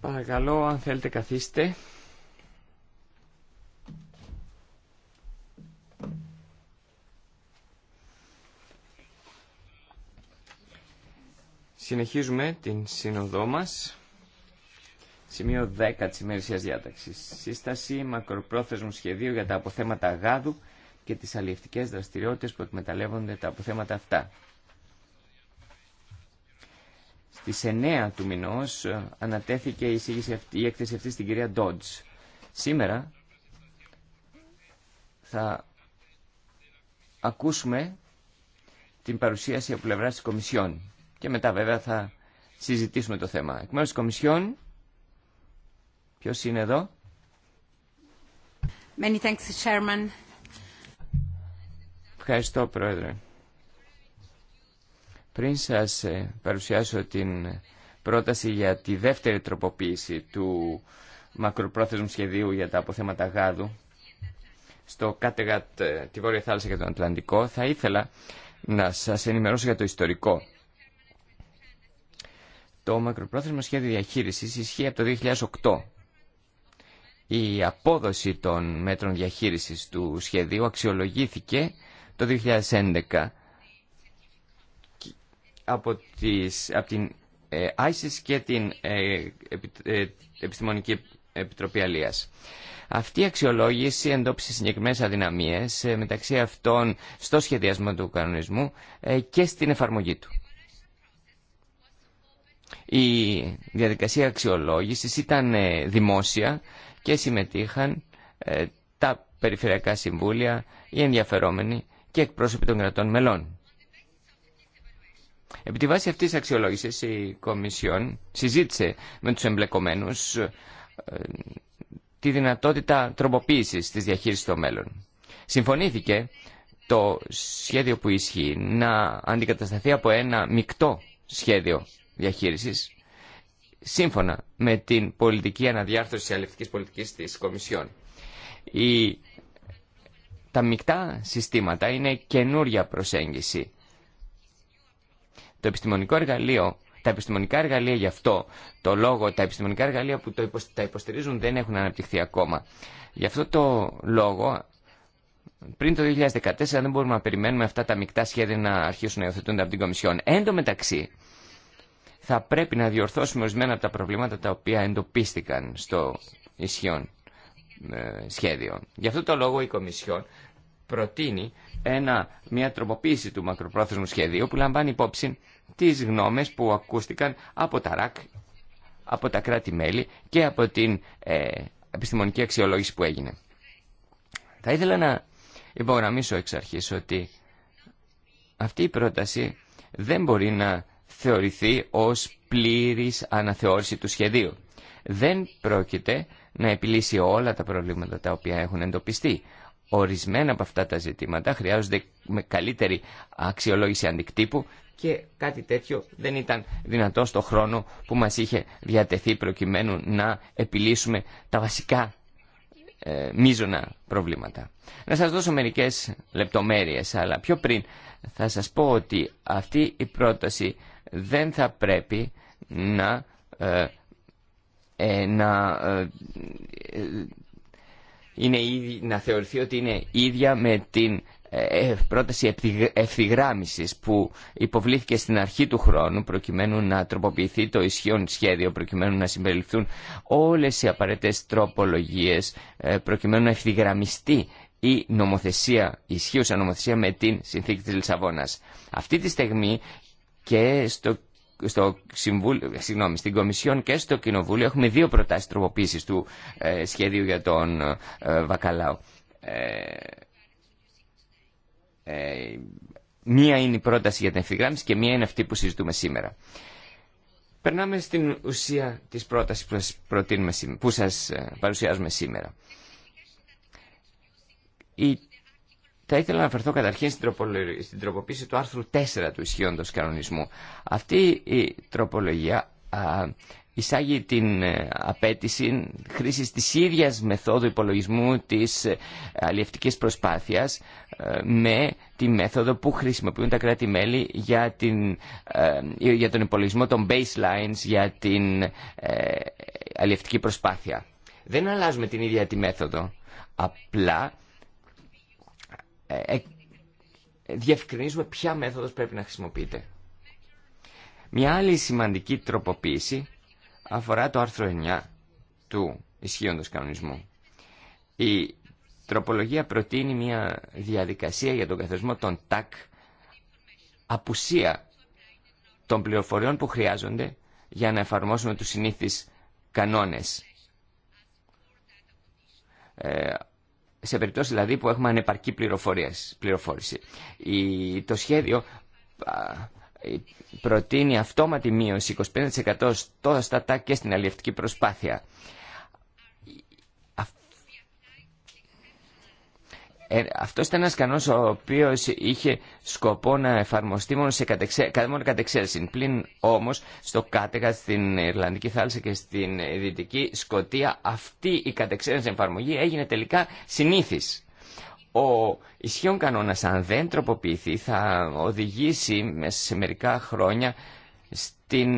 Παρακαλώ, αν θέλετε καθίστε. Συνεχίζουμε την σύνοδό μας. Σημείο 10 της ημερησίας διάταξης. Σύσταση μακροπρόθεσμου σχεδίου για τα αποθέματα γάδου και τις αλλιευτικές δραστηριότητες που εκμεταλλεύονται τα αποθέματα αυτά. Τη 9 του μηνό ε, ανατέθηκε η, αυτή, η έκθεση αυτή στην κυρία Ντότζ. Σήμερα θα ακούσουμε την παρουσίαση από πλευρά τη Κομισιόν και μετά βέβαια θα συζητήσουμε το θέμα. Εκ μέρους της Κομισιόν, ποιος είναι εδώ? Many thanks, Chairman. Ευχαριστώ, Πρόεδρε. Πριν σας ε, παρουσιάσω την πρόταση για τη δεύτερη τροποποίηση του μακροπρόθεσμου σχεδίου για τα αποθέματα γάδου στο Κάτεγατ, ε, τη Βόρεια Θάλασσα και τον Ατλαντικό, θα ήθελα να σας ενημερώσω για το ιστορικό. Το μακροπρόθεσμο σχέδιο διαχείρισης ισχύει από το 2008. Η απόδοση των μέτρων διαχείρισης του σχεδίου αξιολογήθηκε το 2011 από, τις, από την ε, ISIS και την ε, ε, Επιστημονική Επιτροπή Αλίας. Αυτή η αξιολόγηση εντόπισε συγκεκριμένες αδυναμίες ε, μεταξύ αυτών στο σχεδιασμό του κανονισμού και στην εφαρμογή του. Η διαδικασία αξιολόγησης ήταν δημόσια και συμμετείχαν τα περιφερειακά συμβούλια, οι ενδιαφερόμενοι και εκπρόσωποι των κρατών μελών. Επί τη βάση αυτής της αξιολόγησης η Κομισιόν συζήτησε με τους εμπλεκομένους ε, τη δυνατότητα τροποποίησης της διαχείρισης των μέλων. Συμφωνήθηκε το σχέδιο που ισχύει να αντικατασταθεί από ένα μεικτό σχέδιο διαχείρισης σύμφωνα με την πολιτική αναδιάρθρωση της αλληλευτικής πολιτικής της Κομισιόν. Η... Τα μεικτά συστήματα είναι καινούρια προσέγγιση το επιστημονικό εργαλείο, τα επιστημονικά εργαλεία γι' αυτό, το λόγο, τα επιστημονικά εργαλεία που τα υποστηρίζουν δεν έχουν αναπτυχθεί ακόμα. Γι' αυτό το λόγο, πριν το 2014 δεν μπορούμε να περιμένουμε αυτά τα μεικτά σχέδια να αρχίσουν να υιοθετούνται από την Κομισιόν. Εν τω μεταξύ, θα πρέπει να διορθώσουμε ορισμένα από τα προβλήματα τα οποία εντοπίστηκαν στο ισχύον ε, σχέδιο. Γι' αυτό το λόγο η Κομισιόν προτείνει ένα, μια τροποποίηση του μακροπρόθεσμου σχεδίου που λαμβάνει υπόψη τις γνώμες που ακούστηκαν από τα ΡΑΚ, από τα κράτη-μέλη και από την ε, επιστημονική αξιολόγηση που έγινε. Θα ήθελα να υπογραμμίσω εξ αρχής ότι αυτή η πρόταση δεν μπορεί να θεωρηθεί ως πλήρης αναθεώρηση του σχεδίου. Δεν πρόκειται να επιλύσει όλα τα προβλήματα τα οποία έχουν εντοπιστεί. Ορισμένα από αυτά τα ζητήματα χρειάζονται με καλύτερη αξιολόγηση αντικτύπου, και κάτι τέτοιο δεν ήταν δυνατό στο χρόνο που μας είχε διατεθεί προκειμένου να επιλύσουμε τα βασικά ε, προβλήματα. Να σας δώσω μερικές λεπτομέρειες, αλλά πιο πριν θα σας πω ότι αυτή η πρόταση δεν θα πρέπει να, ε, ε να, ε, ε, είναι, να θεωρηθεί ότι είναι ίδια με την πρόταση ευθυγράμμισης που υποβλήθηκε στην αρχή του χρόνου προκειμένου να τροποποιηθεί το ισχύον σχέδιο, προκειμένου να συμπεριληφθούν όλες οι απαραίτητες τροπολογίες, ε, προκειμένου να ευθυγραμμιστεί η νομοθεσία, η ισχύουσα νομοθεσία με την συνθήκη της Λισαβόνας. Αυτή τη στιγμή και στο στο συμβούλιο, συγγνώμη, στην Κομισιόν και στο Κοινοβούλιο έχουμε δύο προτάσεις τροποποίησης του ε, σχεδίου για τον ε, ε, μία είναι η πρόταση για την ευθυγράμμιση και μία είναι αυτή που συζητούμε σήμερα. Περνάμε στην ουσία της πρότασης που σας, προτείνουμε, που σας ε, παρουσιάζουμε σήμερα. Η... Θα ήθελα να αναφερθώ καταρχήν στην, τροπολο... στην τροποποίηση του άρθρου 4 του ισχύοντος κανονισμού. Αυτή η τροπολογία εισάγει την ε, απέτηση χρήσης της ίδιας μεθόδου υπολογισμού της ε, αλλιευτικής προσπάθειας ε, με τη μέθοδο που χρησιμοποιούν τα κράτη-μέλη για, για τον υπολογισμό των baselines για την αλλιευτική προσπάθεια. Δεν αλλάζουμε την ίδια τη μέθοδο, απλά διευκρινίζουμε ποια μέθοδος πρέπει να χρησιμοποιείται. Μια άλλη σημαντική τροποποίηση αφορά το άρθρο 9 του ισχύοντος κανονισμού. Η τροπολογία προτείνει μια διαδικασία για τον καθορισμό των ΤΑΚ απουσία των πληροφοριών που χρειάζονται για να εφαρμόσουμε τους συνήθεις κανόνες. Ε, σε περίπτωση δηλαδή που έχουμε ανεπαρκή πληροφορίες, πληροφόρηση. το σχέδιο προτείνει αυτόματη μείωση 25% στο στατά και στην αλληλευτική προσπάθεια. Ε, αυτό ήταν ένα κανό ο οποίο είχε σκοπό να εφαρμοστεί μόνο, σε κατεξε... Πλην όμω στο Κάτεγα, στην Ιρλανδική θάλασσα και στην Δυτική Σκοτία, αυτή η κατεξέλιξη εφαρμογή έγινε τελικά συνήθι ο ισχύον κανόνας αν δεν τροποποιηθεί θα οδηγήσει μέσα σε μερικά χρόνια στην,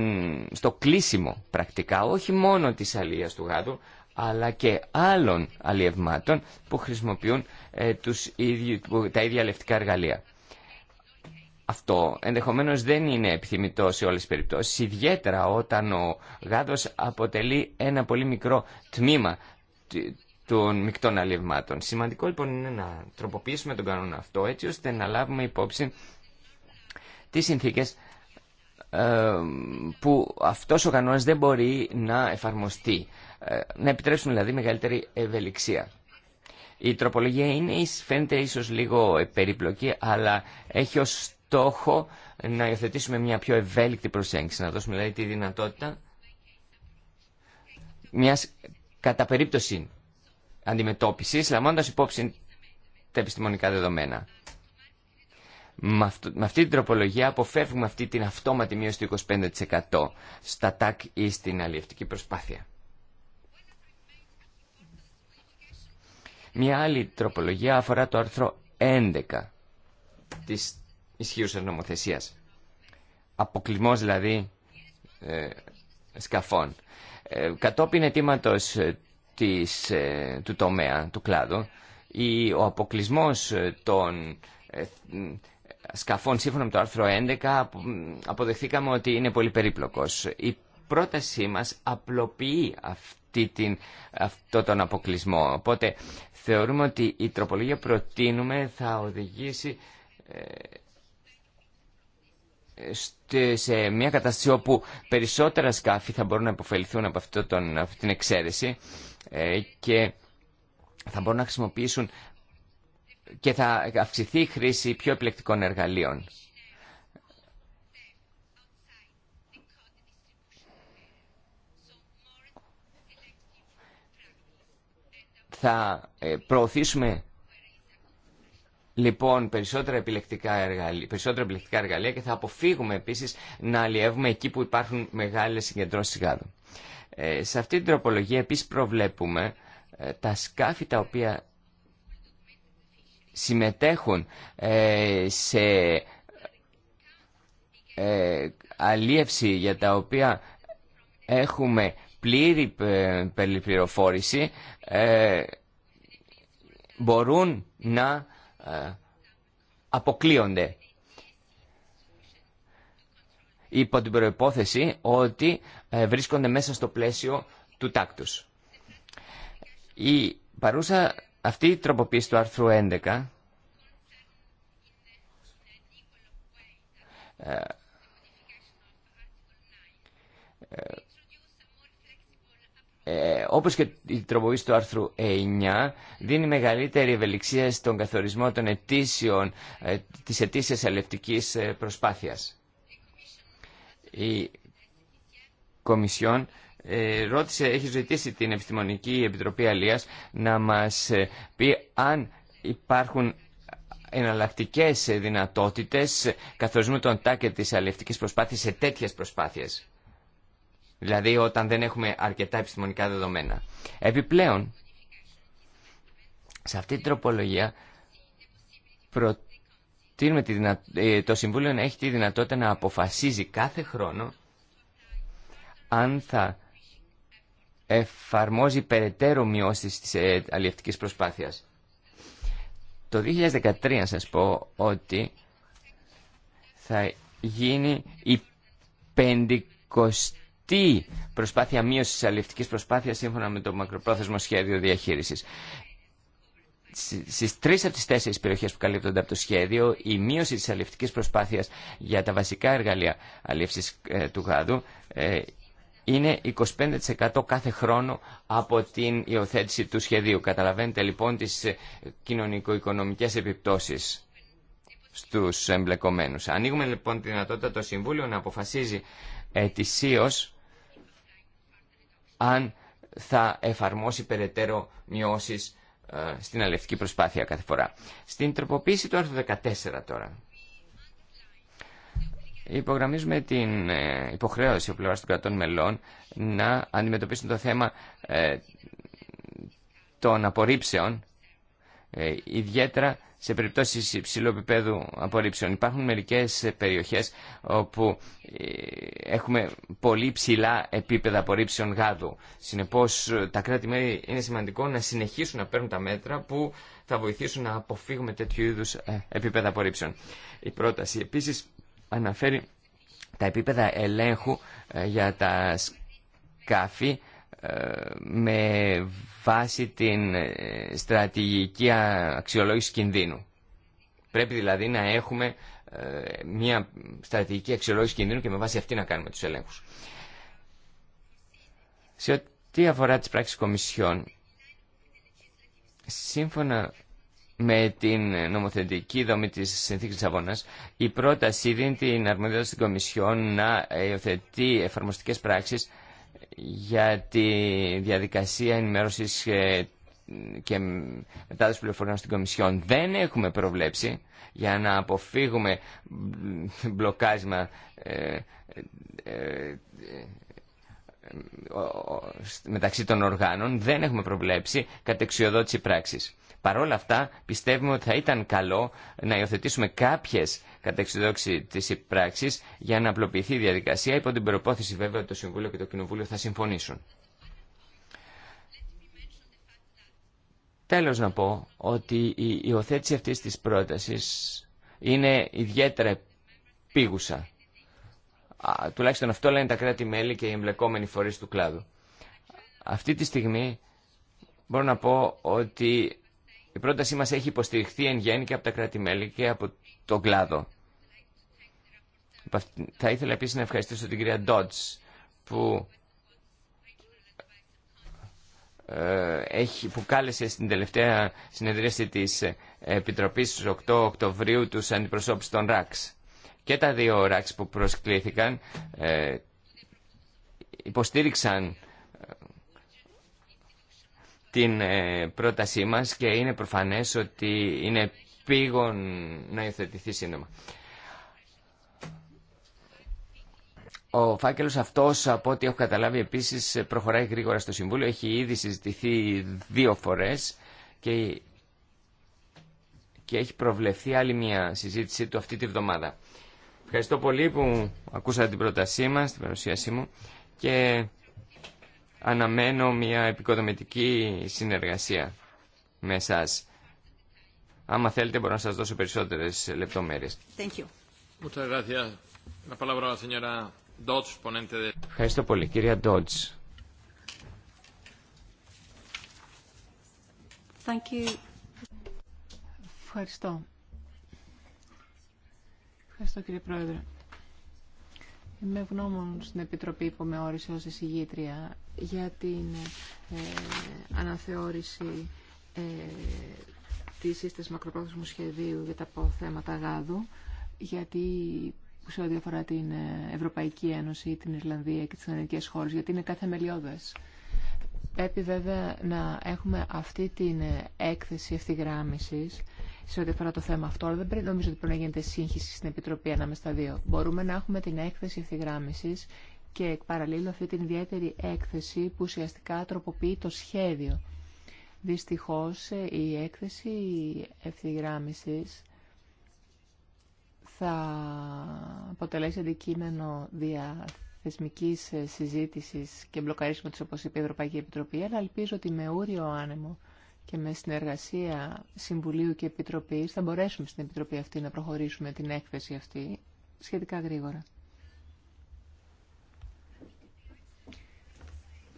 στο κλείσιμο πρακτικά όχι μόνο της αλίας του γάτου αλλά και άλλων αλλιευμάτων που χρησιμοποιούν ε, τους τα ίδια λευτικά εργαλεία. Αυτό ενδεχομένως δεν είναι επιθυμητό σε όλες τις περιπτώσεις, ιδιαίτερα όταν ο γάτος αποτελεί ένα πολύ μικρό τμήμα των μεικτών αλλευμάτων. Σημαντικό λοιπόν είναι να τροποποιήσουμε τον κανόνα αυτό έτσι ώστε να λάβουμε υπόψη τις συνθήκες ε, που αυτός ο κανόνας δεν μπορεί να εφαρμοστεί. Ε, να επιτρέψουμε δηλαδή μεγαλύτερη ευελιξία. Η τροπολογία είναι, φαίνεται ίσως λίγο περίπλοκη, αλλά έχει ως στόχο να υιοθετήσουμε μια πιο ευέλικτη προσέγγιση, να δώσουμε δηλαδή τη δυνατότητα μιας κατά περίπτωση αντιμετώπισης, λαμβάνοντας υπόψη τα επιστημονικά δεδομένα. Με αυτή την τροπολογία αποφεύγουμε αυτή την αυτόματη μείωση του 25% στα ΤΑΚ ή στην αλλιευτική προσπάθεια. Μια άλλη τροπολογία αφορά το άρθρο 11 της ισχύουσας νομοθεσίας. αποκλεισμό δηλαδή ε, σκαφών. Ε, κατόπιν αιτήματος της, ε, του τομέα, του κλάδου, η, ο αποκλεισμό ε, των ε, σκαφών σύμφωνα με το άρθρο 11 αποδεχθήκαμε ότι είναι πολύ περίπλοκος. Η πρότασή μας απλοποιεί αυτή την, αυτό τον αποκλεισμό. Οπότε θεωρούμε ότι η τροπολογία προτείνουμε θα οδηγήσει σε μια κατάσταση όπου περισσότερα σκάφη θα μπορούν να υποφεληθούν από αυτό αυτή την εξαίρεση ε, και θα μπορούν να χρησιμοποιήσουν και θα αυξηθεί η χρήση πιο επιλεκτικών εργαλείων. Θα ε, προωθήσουμε λοιπόν περισσότερα επιλεκτικά, εργαλεία, περισσότερα επιλεκτικά εργαλεία και θα αποφύγουμε επίσης να αλλιεύουμε εκεί που υπάρχουν μεγάλες συγκεντρώσεις γάδων. Ε, σε αυτή την τροπολογία επίσης προβλέπουμε ε, τα σκάφη τα οποία συμμετέχουν ε, σε αλίευση για τα οποία έχουμε πλήρη περιπληροφόρηση μπορούν να αποκλείονται υπό την προϋπόθεση ότι ε, βρίσκονται μέσα στο πλαίσιο του τάκτους. Η παρούσα αυτή η τροποποίηση του άρθρου 11 ε, ε, όπως και η τροποποίηση του άρθρου 9 δίνει μεγαλύτερη ευελιξία στον καθορισμό των αιτήσεων, ε, της αιτήσεως αλευτικής προσπάθειας. Η Κομισιόν ε, ρώτησε, έχει ζητήσει την Επιστημονική Επιτροπή Αλίας να μας ε, πει αν υπάρχουν εναλλακτικές δυνατότητες καθορισμού των τάκετ της αλληλευτικής προσπάθειας σε τέτοιες προσπάθειες. Δηλαδή όταν δεν έχουμε αρκετά επιστημονικά δεδομένα. Επιπλέον, σε αυτή την τροπολογία δυνα... Ε, το Συμβούλιο να έχει τη δυνατότητα να αποφασίζει κάθε χρόνο αν θα εφαρμόζει περαιτέρω μειώσεις της ε, αλληλευτικής προσπάθεια. Το 2013 σας πω ότι θα γίνει η πεντηκοστή προσπάθεια τη αλληλευτικής προσπάθεια σύμφωνα με το μακροπρόθεσμο σχέδιο διαχείρισης στις τρεις από τις τέσσερις περιοχές που καλύπτονται από το σχέδιο η μείωση της αλληλευτικής προσπάθειας για τα βασικά εργαλεία αλληλεύσης ε, του γάδου ε, είναι 25% κάθε χρόνο από την υιοθέτηση του σχεδίου. Καταλαβαίνετε λοιπόν τις ε, κοινωνικο-οικονομικές επιπτώσεις στους εμπλεκομένους. Ανοίγουμε λοιπόν τη δυνατότητα το Συμβούλιο να αποφασίζει ετησίως αν θα εφαρμόσει περαιτέρω μειώσεις ε, στην αλευτική προσπάθεια κάθε φορά. Στην τροποποίηση του άρθρου 14 τώρα. Υπογραμμίζουμε την ε, υποχρέωση ο πλευράς των κρατών μελών να αντιμετωπίσουν το θέμα ε, των απορρίψεων ιδιαίτερα σε περιπτώσεις υψηλού επίπεδου απορρίψεων. Υπάρχουν μερικές περιοχές όπου ε, έχουμε πολύ ψηλά επίπεδα απορρίψεων γάδου. Συνεπώς τα κρατη μελη είναι σημαντικό να συνεχίσουν να παίρνουν τα μέτρα που θα βοηθήσουν να αποφύγουμε τέτοιου είδου ε, επίπεδα απορρίψεων. Η πρόταση επίσης αναφέρει τα επίπεδα ελέγχου ε, για τα σκάφη με βάση την ε, στρατηγική αξιολόγηση κινδύνου. Πρέπει δηλαδή να έχουμε ε, μια στρατηγική αξιολόγηση κινδύνου και με βάση αυτή να κάνουμε τους ελέγχους. Σε ό,τι αφορά τις πράξεις κομισιών, σύμφωνα με την νομοθετική δομή της Συνθήκης Αβώνας, η πρόταση δίνει την αρμοδιότητα στην Κομισιόν να ε, υιοθετεί εφαρμοστικές πράξεις για τη διαδικασία ενημέρωσης ε, και μετάδοση πληροφοριών στην Κομισιόν δεν έχουμε προβλέψει για να αποφύγουμε μπλοκάσμα ε, ε, μεταξύ των οργάνων δεν έχουμε προβλέψει κατεξιοδότηση πράξης. Παρ' όλα αυτά πιστεύουμε ότι θα ήταν καλό να υιοθετήσουμε κάποιες εξειδόξη τη πράξη για να απλοποιηθεί η διαδικασία, υπό την προπόθεση βέβαια ότι το Συμβούλιο και το Κοινοβούλιο θα συμφωνήσουν. Τέλος να πω ότι η υιοθέτηση αυτής της πρότασης είναι ιδιαίτερα πήγουσα. τουλάχιστον αυτό λένε τα κράτη-μέλη και οι εμπλεκόμενοι φορείς του κλάδου. Αυτή τη στιγμή μπορώ να πω ότι η πρότασή μας έχει υποστηριχθεί εν γέννη και από τα κράτη-μέλη και από τον κλάδο. Θα ήθελα επίση να ευχαριστήσω την κυρία Ντότς που, ε, έχει, που κάλεσε στην τελευταία συνεδρίαση της Επιτροπής του 8 Οκτωβρίου τους αντιπροσώπους των ΡΑΚΣ. Και τα δύο ΡΑΚΣ που προσκλήθηκαν ε, υποστήριξαν ε, την πρότασή μας και είναι προφανές ότι είναι πήγον να υιοθετηθεί σύντομα. Ο φάκελο αυτό, από ό,τι έχω καταλάβει, επίση προχωράει γρήγορα στο Συμβούλιο. Έχει ήδη συζητηθεί δύο φορέ και, έχει προβλεφθεί άλλη μια συζήτησή του αυτή τη βδομάδα. Ευχαριστώ πολύ που ακούσατε την πρότασή μα, την παρουσίασή μου και αναμένω μια επικοδομητική συνεργασία με εσά. Άμα θέλετε μπορώ να σα δώσω περισσότερε λεπτομέρειε. Ευχαριστώ πολύ. Κυρία Ντότζ. Ευχαριστώ. Ευχαριστώ κύριε Πρόεδρε. Είμαι ευγνώμων στην Επιτροπή που με όρισε ως εισηγήτρια για την ε, αναθεώρηση ε, της σύστασης μακροπρόθεσμου σχεδίου για τα θέματα γάδου γιατί σε ό,τι αφορά την ε, Ευρωπαϊκή Ένωση, την Ιρλανδία και τι Καναδικές χώρε γιατί είναι κάθε μελιώδες. Πρέπει βέβαια να έχουμε αυτή την ε, έκθεση ευθυγράμμιση σε ό,τι αφορά το θέμα αυτό, αλλά δεν πρέπει, νομίζω ότι πρέπει να γίνεται σύγχυση στην Επιτροπή ανάμεσα στα δύο. Μπορούμε να έχουμε την έκθεση ευθυγράμμιση και εκ αυτή την ιδιαίτερη έκθεση που ουσιαστικά τροποποιεί το σχέδιο. Δυστυχώς ε, η έκθεση ευθυγράμμισης θα αποτελέσει αντικείμενο διαθεσμικής συζήτησης και μπλοκαρίσματος, όπως είπε η Ευρωπαϊκή Επιτροπή, αλλά ελπίζω ότι με ούριο άνεμο και με συνεργασία Συμβουλίου και Επιτροπής θα μπορέσουμε στην Επιτροπή αυτή να προχωρήσουμε την έκθεση αυτή σχετικά γρήγορα.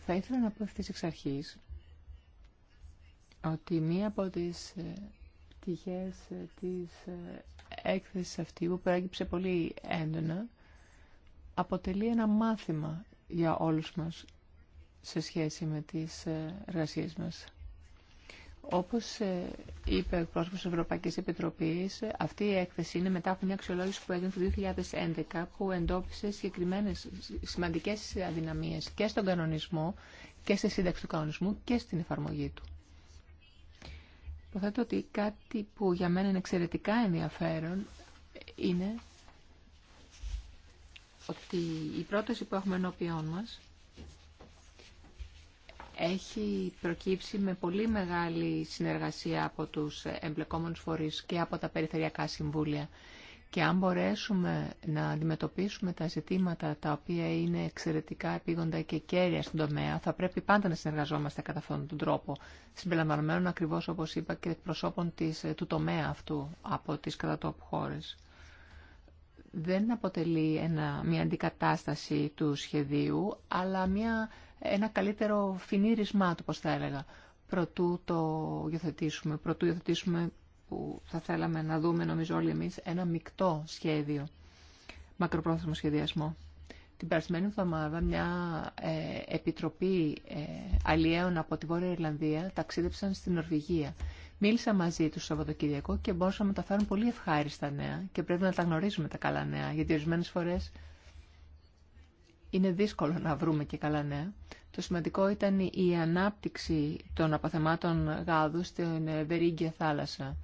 Θα ήθελα να πω αυτή εξ αρχής ότι μία από τις ε, πτυχές ε, της ε, έκθεση αυτή που προέκυψε πολύ έντονα αποτελεί ένα μάθημα για όλους μας σε σχέση με τις ε, εργασίες μας. Όπως ε, είπε ο εκπρόσωπος της Ευρωπαϊκής Επιτροπής, ε, αυτή η έκθεση είναι μετά από μια αξιολόγηση που έγινε το 2011 που εντόπισε συγκεκριμένες σημαντικές αδυναμίες και στον κανονισμό και στη σύνταξη του κανονισμού και στην εφαρμογή του. Υποθέτω ότι κάτι που για μένα είναι εξαιρετικά ενδιαφέρον είναι ότι η πρόταση που έχουμε ενώπιόν μας έχει προκύψει με πολύ μεγάλη συνεργασία από τους εμπλεκόμενους φορείς και από τα περιφερειακά συμβούλια και αν μπορέσουμε να αντιμετωπίσουμε τα ζητήματα τα οποία είναι εξαιρετικά επίγοντα και κέρια στον τομέα, θα πρέπει πάντα να συνεργαζόμαστε κατά αυτόν τον τρόπο, συμπεριλαμβανομένων ακριβώς όπως είπα και προσώπων ε, του τομέα αυτού από τις κατατόπου χώρες. Δεν αποτελεί μια αντικατάσταση του σχεδίου, αλλά μια, ένα καλύτερο φινίρισμά του, όπως θα έλεγα, προτού το υιοθετήσουμε, προτού υιοθετήσουμε που θα θέλαμε να δούμε νομίζω όλοι εμείς ένα μεικτό σχέδιο, μακροπρόθεσμο σχεδιασμό. Την περασμένη εβδομάδα μια ε, επιτροπή ε, αλλιέων από τη Βόρεια Ιρλανδία ταξίδεψαν στην Νορβηγία. Μίλησα μαζί του Σαββατοκύριακο και μπορούσαμε να τα πολύ ευχάριστα νέα και πρέπει να τα γνωρίζουμε τα καλά νέα, γιατί ορισμένε φορέ είναι δύσκολο να βρούμε και καλά νέα. Το σημαντικό ήταν η ανάπτυξη των αποθεμάτων γάδου στην Βερίγκια θάλασσα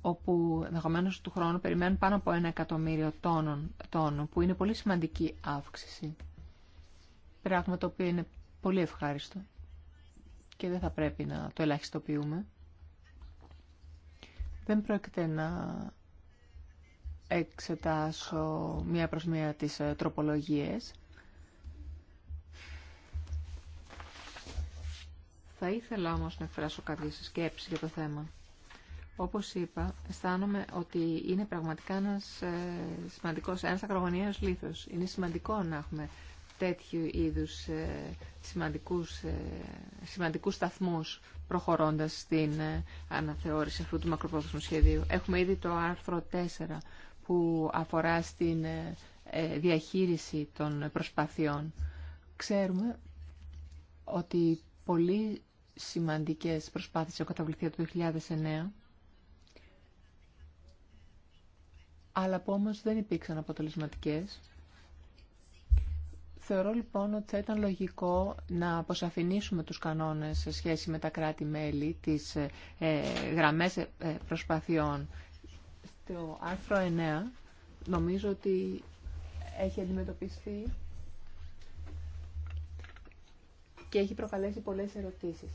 όπου ενδεχομένω του χρόνου περιμένουν πάνω από ένα εκατομμύριο τόνων, τόνων, που είναι πολύ σημαντική αύξηση. Πράγμα το οποίο είναι πολύ ευχάριστο και δεν θα πρέπει να το ελαχιστοποιούμε. Δεν πρόκειται να εξετάσω μία προς μία τις ε, τροπολογίες. Θα ήθελα όμως να εκφράσω κάποιες σκέψεις για το θέμα. Όπως είπα, αισθάνομαι ότι είναι πραγματικά ένας ε, σημαντικός, ένας ακρογωνιαίος λίθος. Είναι σημαντικό να έχουμε τέτοιου είδους ε, σημαντικούς, ε, σημαντικούς σταθμούς προχωρώντας στην αναθεώρηση αυτού του μακροπρόθεσμου σχεδίου. Έχουμε ήδη το άρθρο 4 που αφορά στην διαχείριση των προσπαθειών. Ξέρουμε ότι πολύ σημαντικές προσπάθειες έχουν καταβληθεί από το 2009 αλλά που όμως δεν υπήρξαν αποτελεσματικές. Θεωρώ λοιπόν ότι θα ήταν λογικό να αποσαφηνίσουμε τους κανόνες σε σχέση με τα κράτη-μέλη, τις ε, ε γραμμές ε, ε, προσπαθειών. Το άρθρο 9 νομίζω ότι έχει αντιμετωπιστεί και έχει προκαλέσει πολλές ερωτήσεις.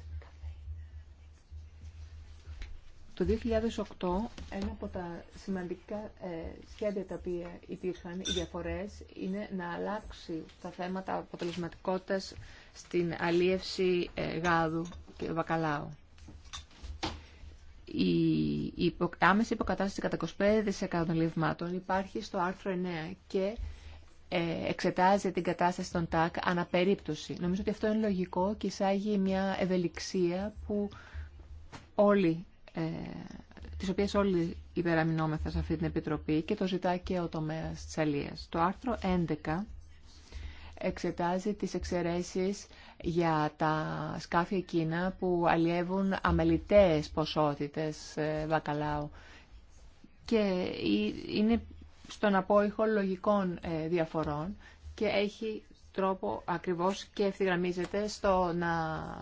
Το 2008 ένα από τα σημαντικά ε, σχέδια τα οποία υπήρχαν, οι διαφορές, είναι να αλλάξει τα θέματα αποτελεσματικότητας στην αλίευση ε, γάδου και βακαλάου. Η άμεση υποκατάσταση κατά 25 των υπάρχει στο άρθρο 9 και ε, εξετάζει την κατάσταση των ΤΑΚ αναπερίπτωση. Νομίζω ότι αυτό είναι λογικό και εισάγει μια ευελιξία που όλοι ε, τις οποίες όλοι υπεραμεινόμεθα σε αυτή την Επιτροπή και το ζητάει και ο τομέας της Αλίας. Το άρθρο 11 εξετάζει τις εξαιρέσεις για τα σκάφη εκείνα που αλλιεύουν αμελητές ποσότητες ε, βακαλάου και είναι στον απόϊχο λογικών ε, διαφορών και έχει τρόπο ακριβώς και ευθυγραμμίζεται στο να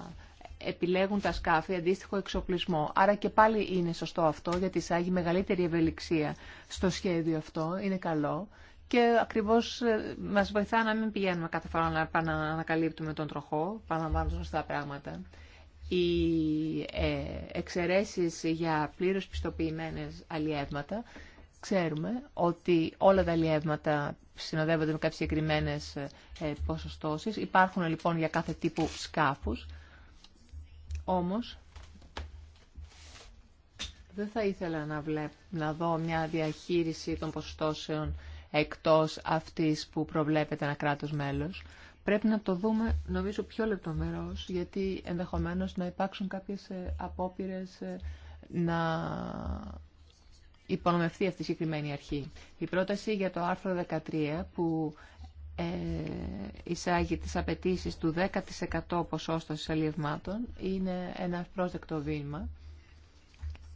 επιλέγουν τα σκάφη αντίστοιχο εξοπλισμό. Άρα και πάλι είναι σωστό αυτό γιατί εισάγει μεγαλύτερη ευελιξία στο σχέδιο αυτό. Είναι καλό και ακριβώς ε, μας βοηθά να μην πηγαίνουμε κάθε φορά να ανακαλύπτουμε τον τροχό, πάνω να σωστά πράγματα. Οι ε, εξαιρεσει για πλήρως πιστοποιημένες αλλιεύματα ξέρουμε ότι όλα τα αλλιεύματα συνοδεύονται με κάποιε συγκεκριμένε ε, ποσοστώσει. Υπάρχουν λοιπόν για κάθε τύπου σκάφου. Όμως, δεν θα ήθελα να, βλέπ, να δω μια διαχείριση των ποστόσεων εκτός αυτής που προβλέπεται ένα κράτος μέλος. Πρέπει να το δούμε, νομίζω, πιο λεπτομερώς, γιατί ενδεχομένως να υπάρξουν κάποιες ε, απόπειρες ε, να υπονομευθεί αυτή η συγκεκριμένη αρχή. Η πρόταση για το άρθρο 13 που ε, εισάγει τις απαιτήσεις του 10% ποσόστος αλλιευμάτων είναι ένα προσδεκτό βήμα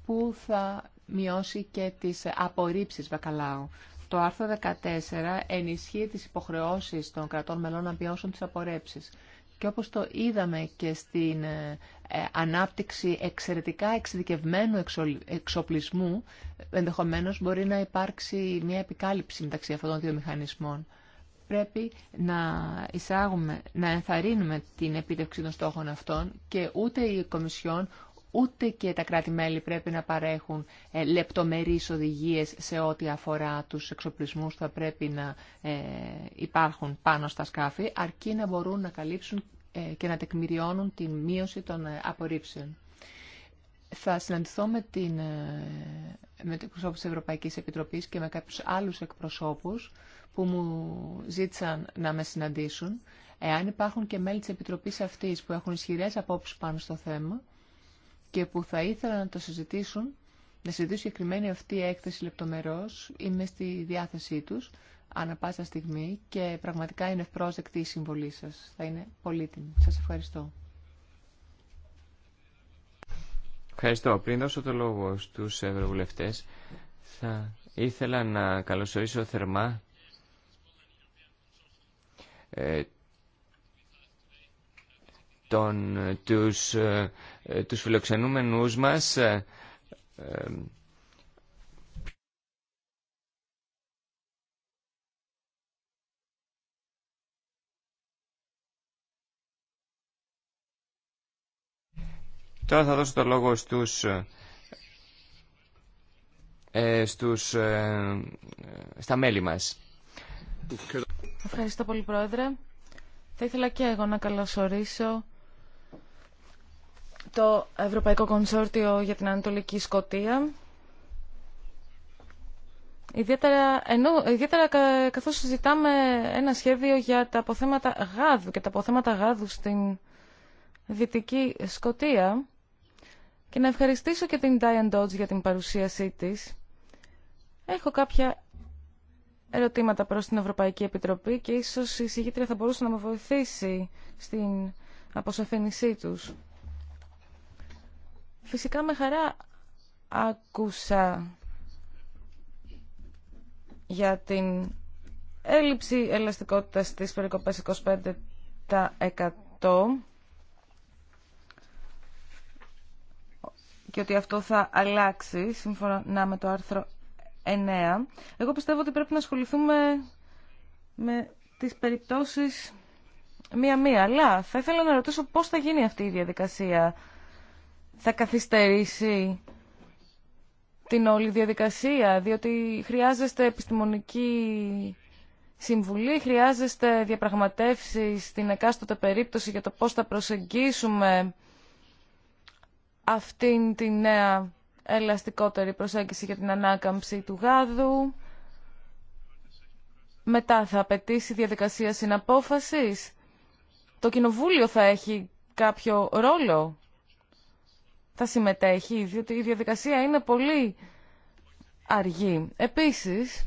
που θα μειώσει και τις απορρίψεις βακαλάου. Το άρθρο 14 ενισχύει τις υποχρεώσεις των κρατών μελών να μειώσουν τις απορρέψεις. Και όπως το είδαμε και στην ε, ε, ανάπτυξη εξαιρετικά εξειδικευμένου εξοπλισμού, ενδεχομένως μπορεί να υπάρξει μια επικάλυψη μεταξύ αυτών των δύο μηχανισμών πρέπει να εισάγουμε, να ενθαρρύνουμε την επίτευξη των στόχων αυτών και ούτε η Κομισιόν, ούτε και τα κράτη-μέλη πρέπει να παρέχουν ε, λεπτομερείς οδηγίες σε ό,τι αφορά τους εξοπλισμούς που θα πρέπει να ε, υπάρχουν πάνω στα σκάφη, αρκεί να μπορούν να καλύψουν ε, και να τεκμηριώνουν την μείωση των απορρίψεων. Θα συναντηθώ με την με εκπροσώπους Ευρωπαϊκής και με κάποιους άλλους εκπροσώπους που μου ζήτησαν να με συναντήσουν. Εάν υπάρχουν και μέλη της Επιτροπής αυτής που έχουν ισχυρέ απόψεις πάνω στο θέμα και που θα ήθελαν να το συζητήσουν, να συζητήσουν συγκεκριμένη αυτή η έκθεση λεπτομερώς, είμαι στη διάθεσή τους ανά πάσα στιγμή και πραγματικά είναι ευπρόσδεκτη η συμβολή σας. Θα είναι πολύτιμη. Σας ευχαριστώ. Ευχαριστώ. Πριν δώσω το λόγο στους ευρωβουλευτές, θα ήθελα να καλωσορίσω θερμά ε, τον, τους, ε, τους φιλοξενούμενους μας ε, Τώρα θα δώσω το λόγο στους, στους, στα μέλη μας. Ευχαριστώ πολύ, Πρόεδρε. Θα ήθελα και εγώ να καλωσορίσω το Ευρωπαϊκό Κονσόρτιο για την Ανατολική Σκοτία. Ιδιαίτερα, ενώ, ιδιαίτερα καθώς συζητάμε ένα σχέδιο για τα αποθέματα γάδου και τα αποθέματα γάδου στην Δυτική Σκοτία και να ευχαριστήσω και την Diane Dodge για την παρουσίασή της. Έχω κάποια ερωτήματα προς την Ευρωπαϊκή Επιτροπή και ίσως η συγγήτρια θα μπορούσε να με βοηθήσει στην αποσαφήνισή τους. Φυσικά με χαρά άκουσα για την έλλειψη ελαστικότητας στις περικοπές 25% και ότι αυτό θα αλλάξει σύμφωνα με το άρθρο 9, εγώ πιστεύω ότι πρέπει να ασχοληθούμε με τις περιπτώσεις μία-μία. Αλλά θα ήθελα να ρωτήσω πώς θα γίνει αυτή η διαδικασία. Θα καθυστερήσει την όλη διαδικασία, διότι χρειάζεστε επιστημονική συμβουλή, χρειάζεστε διαπραγματεύσεις στην εκάστοτε περίπτωση για το πώς θα προσεγγίσουμε αυτήν την νέα ελαστικότερη προσέγγιση για την ανάκαμψη του γάδου. Μετά θα απαιτήσει διαδικασία συναπόφασης. Το Κοινοβούλιο θα έχει κάποιο ρόλο. Θα συμμετέχει, διότι η διαδικασία είναι πολύ αργή. Επίσης,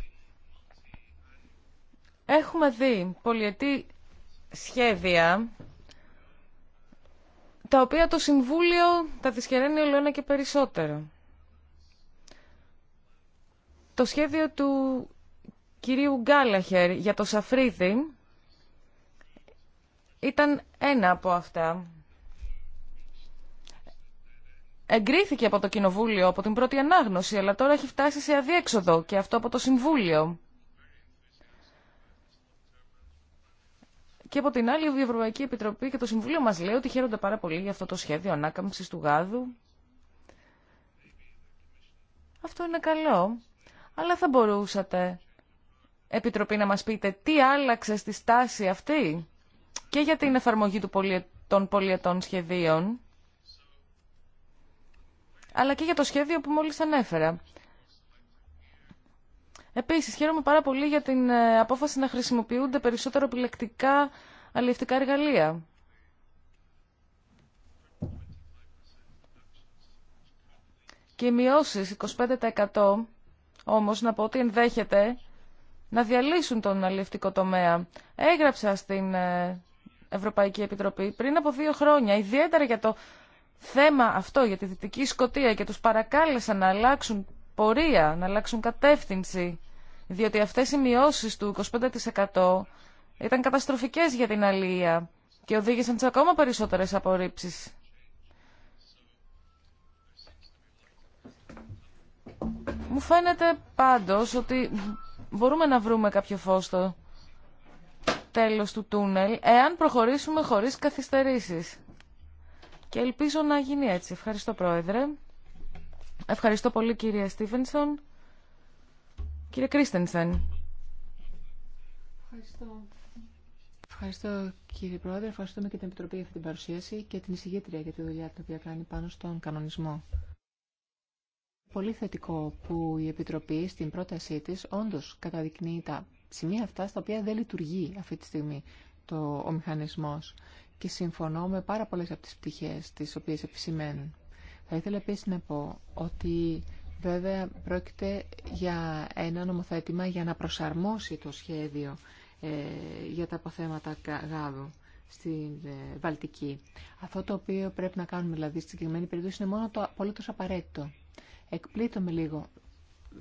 έχουμε δει πολιετή σχέδια τα οποία το Συμβούλιο τα δυσχεραίνει όλο ένα και περισσότερο. Το σχέδιο του κυρίου Γκάλαχερ για το Σαφρίδι ήταν ένα από αυτά. Εγκρίθηκε από το Κοινοβούλιο από την πρώτη ανάγνωση, αλλά τώρα έχει φτάσει σε αδιέξοδο και αυτό από το Συμβούλιο. Και από την άλλη η Ευρωπαϊκή Επιτροπή και το Συμβούλιο μας λέει ότι χαίρονται πάρα πολύ για αυτό το σχέδιο ανάκαμψης του γάδου. Αυτό είναι καλό. Αλλά θα μπορούσατε, Επιτροπή, να μας πείτε τι άλλαξε στη στάση αυτή και για την εφαρμογή του των πολιετών σχεδίων, αλλά και για το σχέδιο που μόλις ανέφερα. Επίσης, χαίρομαι πάρα πολύ για την ε, απόφαση να χρησιμοποιούνται περισσότερο επιλεκτικά αλληλευτικά εργαλεία. Και οι μειώσεις 25% όμως να πω ότι ενδέχεται να διαλύσουν τον αλληλευτικό τομέα. Έγραψα στην ε, Ευρωπαϊκή Επιτροπή πριν από δύο χρόνια, ιδιαίτερα για το θέμα αυτό, για τη Δυτική Σκοτία και τους παρακάλεσαν να αλλάξουν πορεία, να αλλάξουν κατεύθυνση, διότι αυτές οι μειώσεις του 25% ήταν καταστροφικές για την αλληλεία και οδήγησαν σε ακόμα περισσότερες απορρίψεις. Μου φαίνεται πάντως ότι μπορούμε να βρούμε κάποιο φως στο τέλος του τούνελ εάν προχωρήσουμε χωρίς καθυστερήσεις. Και ελπίζω να γίνει έτσι. Ευχαριστώ Πρόεδρε. Ευχαριστώ πολύ κύριε Στίβενσον. Κύριε Κρίστενσεν. Ευχαριστώ. Ευχαριστώ κύριε Πρόεδρε, ευχαριστούμε και την Επιτροπή για αυτή την παρουσίαση και την εισηγήτρια για τη δουλειά την οποία κάνει πάνω στον κανονισμό. Πολύ θετικό που η Επιτροπή στην πρότασή της όντως καταδεικνύει τα σημεία αυτά στα οποία δεν λειτουργεί αυτή τη στιγμή το, ο μηχανισμός και συμφωνώ με πάρα πολλές από τις πτυχές τις οποίες επισημαίνουν. Θα ήθελα επίση να πω ότι βέβαια πρόκειται για ένα νομοθέτημα για να προσαρμόσει το σχέδιο ε, για τα αποθέματα γάδου στην ε, Βαλτική. Αυτό το οποίο πρέπει να κάνουμε δηλαδή στη συγκεκριμένη περίπτωση είναι μόνο το απολύτως απαραίτητο με λίγο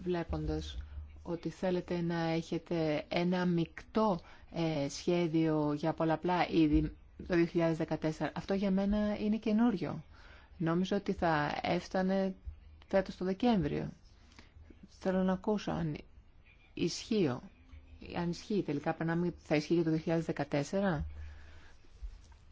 βλέποντας ότι θέλετε να έχετε ένα μεικτό ε, σχέδιο για πολλαπλά ήδη το 2014. Αυτό για μένα είναι καινούριο. Νόμιζα ότι θα έφτανε φέτος το Δεκέμβριο. Θέλω να ακούσω αν ισχύει, αν ισχύει τελικά, θα ισχύει για το 2014.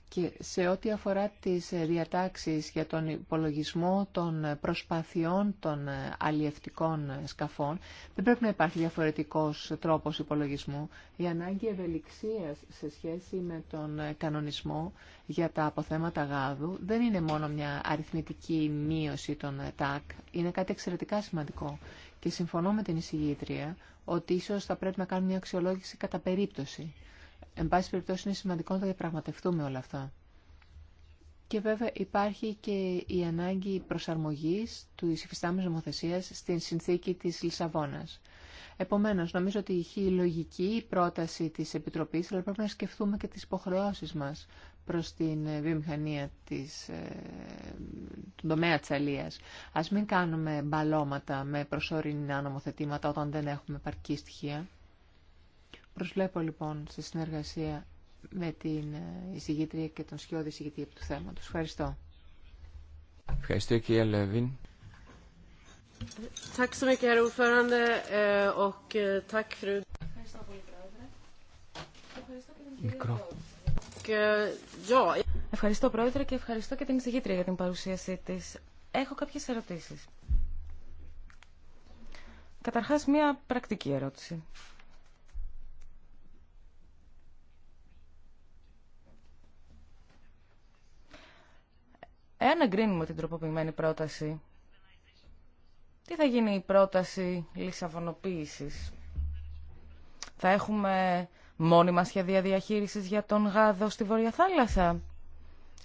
Και σε ό,τι αφορά τις διατάξεις για τον υπολογισμό των προσπαθειών των αλλιευτικών σκαφών, δεν πρέπει να υπάρχει διαφορετικός τρόπος υπολογισμού. Η ανάγκη ευελιξίας σε σχέση με τον κανονισμό για τα αποθέματα γάδου δεν είναι μόνο μια αριθμητική μείωση των ΤΑΚ, είναι κάτι εξαιρετικά σημαντικό. Και συμφωνώ με την εισηγήτρια ότι ίσως θα πρέπει να κάνουμε μια αξιολόγηση κατά περίπτωση. Εν πάση περιπτώσει είναι σημαντικό να τα διαπραγματευτούμε όλα αυτά. Και βέβαια υπάρχει και η ανάγκη προσαρμογής του υφιστάμενης νομοθεσία στην συνθήκη της Λισαβόνας. Επομένως, νομίζω ότι είχε η λογική η πρόταση της Επιτροπής, αλλά πρέπει να σκεφτούμε και τις υποχρεώσεις μας προς την ε, βιομηχανία της, ε, του τομέα της αλίας. Ας μην κάνουμε μπαλώματα με προσωρινά νομοθετήματα όταν δεν έχουμε παρκή στοιχεία. Προσβλέπω λοιπόν στη συνεργασία με την ε, εισηγήτρια και τον σκιώδη εισηγητή του θέματος. Ευχαριστώ. Ευχαριστώ κύριε Λεβίν. Eh, eh, ευχαριστώ πολύ πρόεδρε. Ευχαριστώ πρόεδρε και ευχαριστώ και την εισηγήτρια για την παρουσίασή της. Έχω κάποιες ερωτήσεις. Καταρχάς μία πρακτική ερώτηση. Εάν εγκρίνουμε την τροποποιημένη πρόταση, τι θα γίνει η πρόταση λησαφωνοποίησης. Θα έχουμε μόνιμα σχεδία διαχείρισης για τον γάδο στη Βόρεια Θάλασσα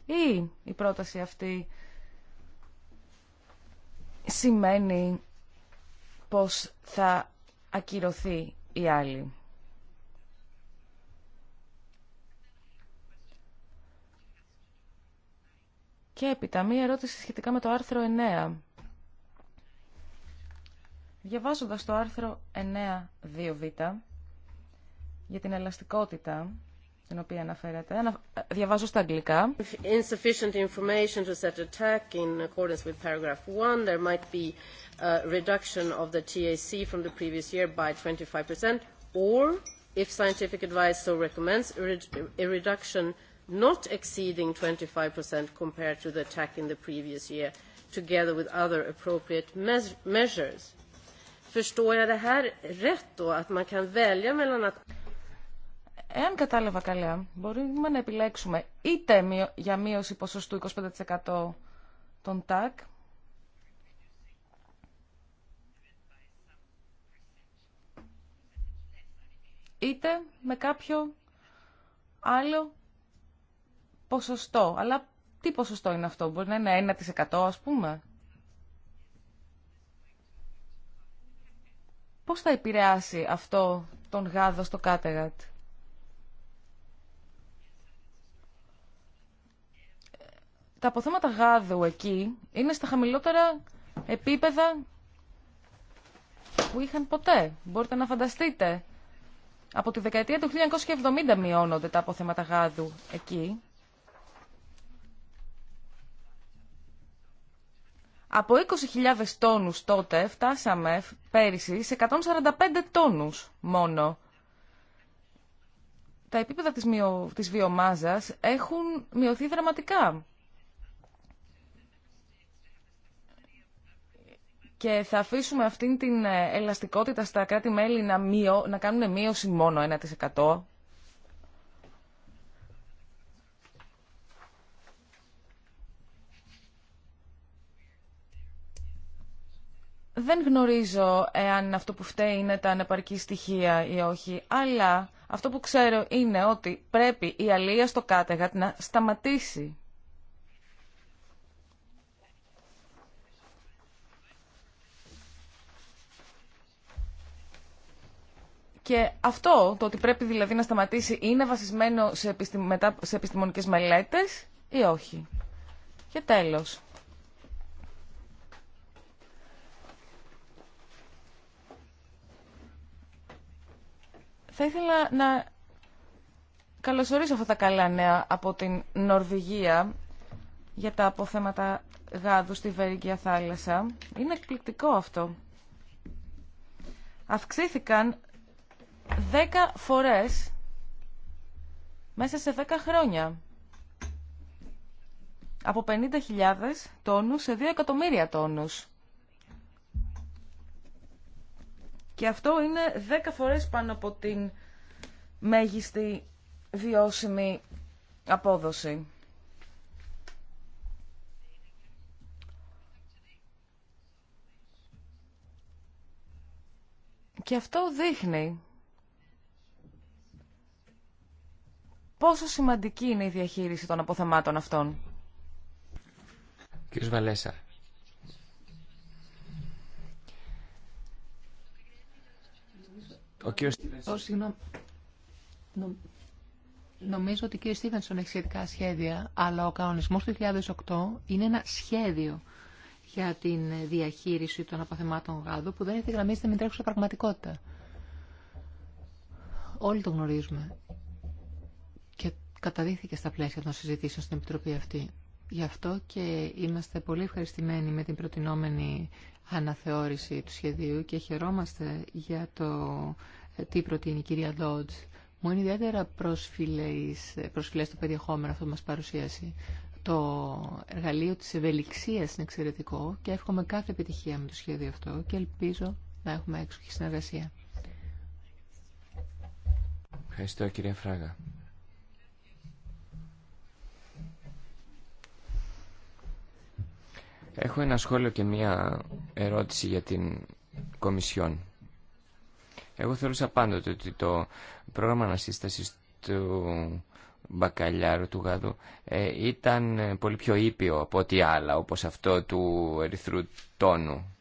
ή η πρόταση αυτή σημαίνει πως θα ακυρωθεί η άλλη. Και έπειτα, μία ερώτηση σχετικά με το άρθρο 9. Διαβάζοντας το άρθρο 9.2β για την ελαστικότητα, την οποία αναφέρατε, διαβάζω στα αγγλικά. Insufficient information to set attack in accordance with paragraph 1, there might be a reduction of the TAC from the previous year by 25%, or, if scientific advice so recommends, a reduction not exceeding 25% compared to the attack in the previous year, together with other appropriate measures. Förstår jag det här rätt då, att man kan välja mellan att... Εάν κατάλαβα καλά, μπορούμε να επιλέξουμε είτε για μείωση ποσοστού 25% των ΤΑΚ, είτε με κάποιο άλλο ποσοστό. Αλλά τι ποσοστό είναι αυτό, μπορεί να είναι 1% ας πούμε. Πώς θα επηρεάσει αυτό τον γάδο στο Κάτεγατ. Τα αποθέματα γάδου εκεί είναι στα χαμηλότερα επίπεδα που είχαν ποτέ. Μπορείτε να φανταστείτε. Από τη δεκαετία του 1970 μειώνονται τα αποθέματα γάδου εκεί. Από 20.000 τόνους τότε φτάσαμε πέρυσι σε 145 τόνους μόνο. Τα επίπεδα της, μειο... της βιομάζας έχουν μειωθεί δραματικά. Και θα αφήσουμε αυτήν την ε, ελαστικότητα στα κράτη-μέλη να, μειω... να κάνουν μείωση μόνο 1% Δεν γνωρίζω εάν αυτό που φταίει είναι τα ανεπαρκή στοιχεία ή όχι, αλλά αυτό που ξέρω είναι ότι πρέπει η αλία στο κάτεγατ να σταματήσει. Και αυτό, το ότι πρέπει δηλαδή να σταματήσει, είναι βασισμένο σε, επιστημονικές μελέτες ή όχι. Και τέλος. Θα ήθελα να καλωσορίσω αυτά τα καλά νέα από την Νορβηγία για τα αποθέματα γάδου στη Βέργια θάλασσα. Είναι εκπληκτικό αυτό. Αυξήθηκαν 10 φορές μέσα σε 10 χρόνια. Από 50.000 τόνους σε 2 εκατομμύρια τόνους. Και αυτό είναι 10 φορές πάνω από την μέγιστη βιώσιμη απόδοση. Και αυτό δείχνει πόσο σημαντική είναι η διαχείριση των αποθεμάτων αυτών. Κύριος Βαλέσα, Ο κύριος... Νομίζω ότι ο κύριος Στίβενσον έχει σχετικά σχέδια, αλλά ο κανονισμός του 2008 είναι ένα σχέδιο για την διαχείριση των αποθεμάτων γάδου που δεν γραμμίσει με τρέχουσα πραγματικότητα. Όλοι το γνωρίζουμε και καταδίθηκε στα πλαίσια των συζητήσεων στην Επιτροπή αυτή. Γι' αυτό και είμαστε πολύ ευχαριστημένοι με την προτινόμενη αναθεώρηση του σχεδίου και χαιρόμαστε για το ε, τι προτείνει η κυρία Ντότζ. Μου είναι ιδιαίτερα προσφυλέ το περιεχόμενο αυτό που μας παρουσίασε. Το εργαλείο της ευελιξίας είναι εξαιρετικό και εύχομαι κάθε επιτυχία με το σχέδιο αυτό και ελπίζω να έχουμε έξοχη συνεργασία. Ευχαριστώ κυρία Φράγα. Έχω ένα σχόλιο και μία ερώτηση για την Κομισιόν. Εγώ θεωρούσα πάντοτε ότι το πρόγραμμα ανασύστασης του μπακαλιάρου του γάδου ε, ήταν ε, πολύ πιο ήπιο από ό,τι άλλα, όπως αυτό του ερυθρού τόνου.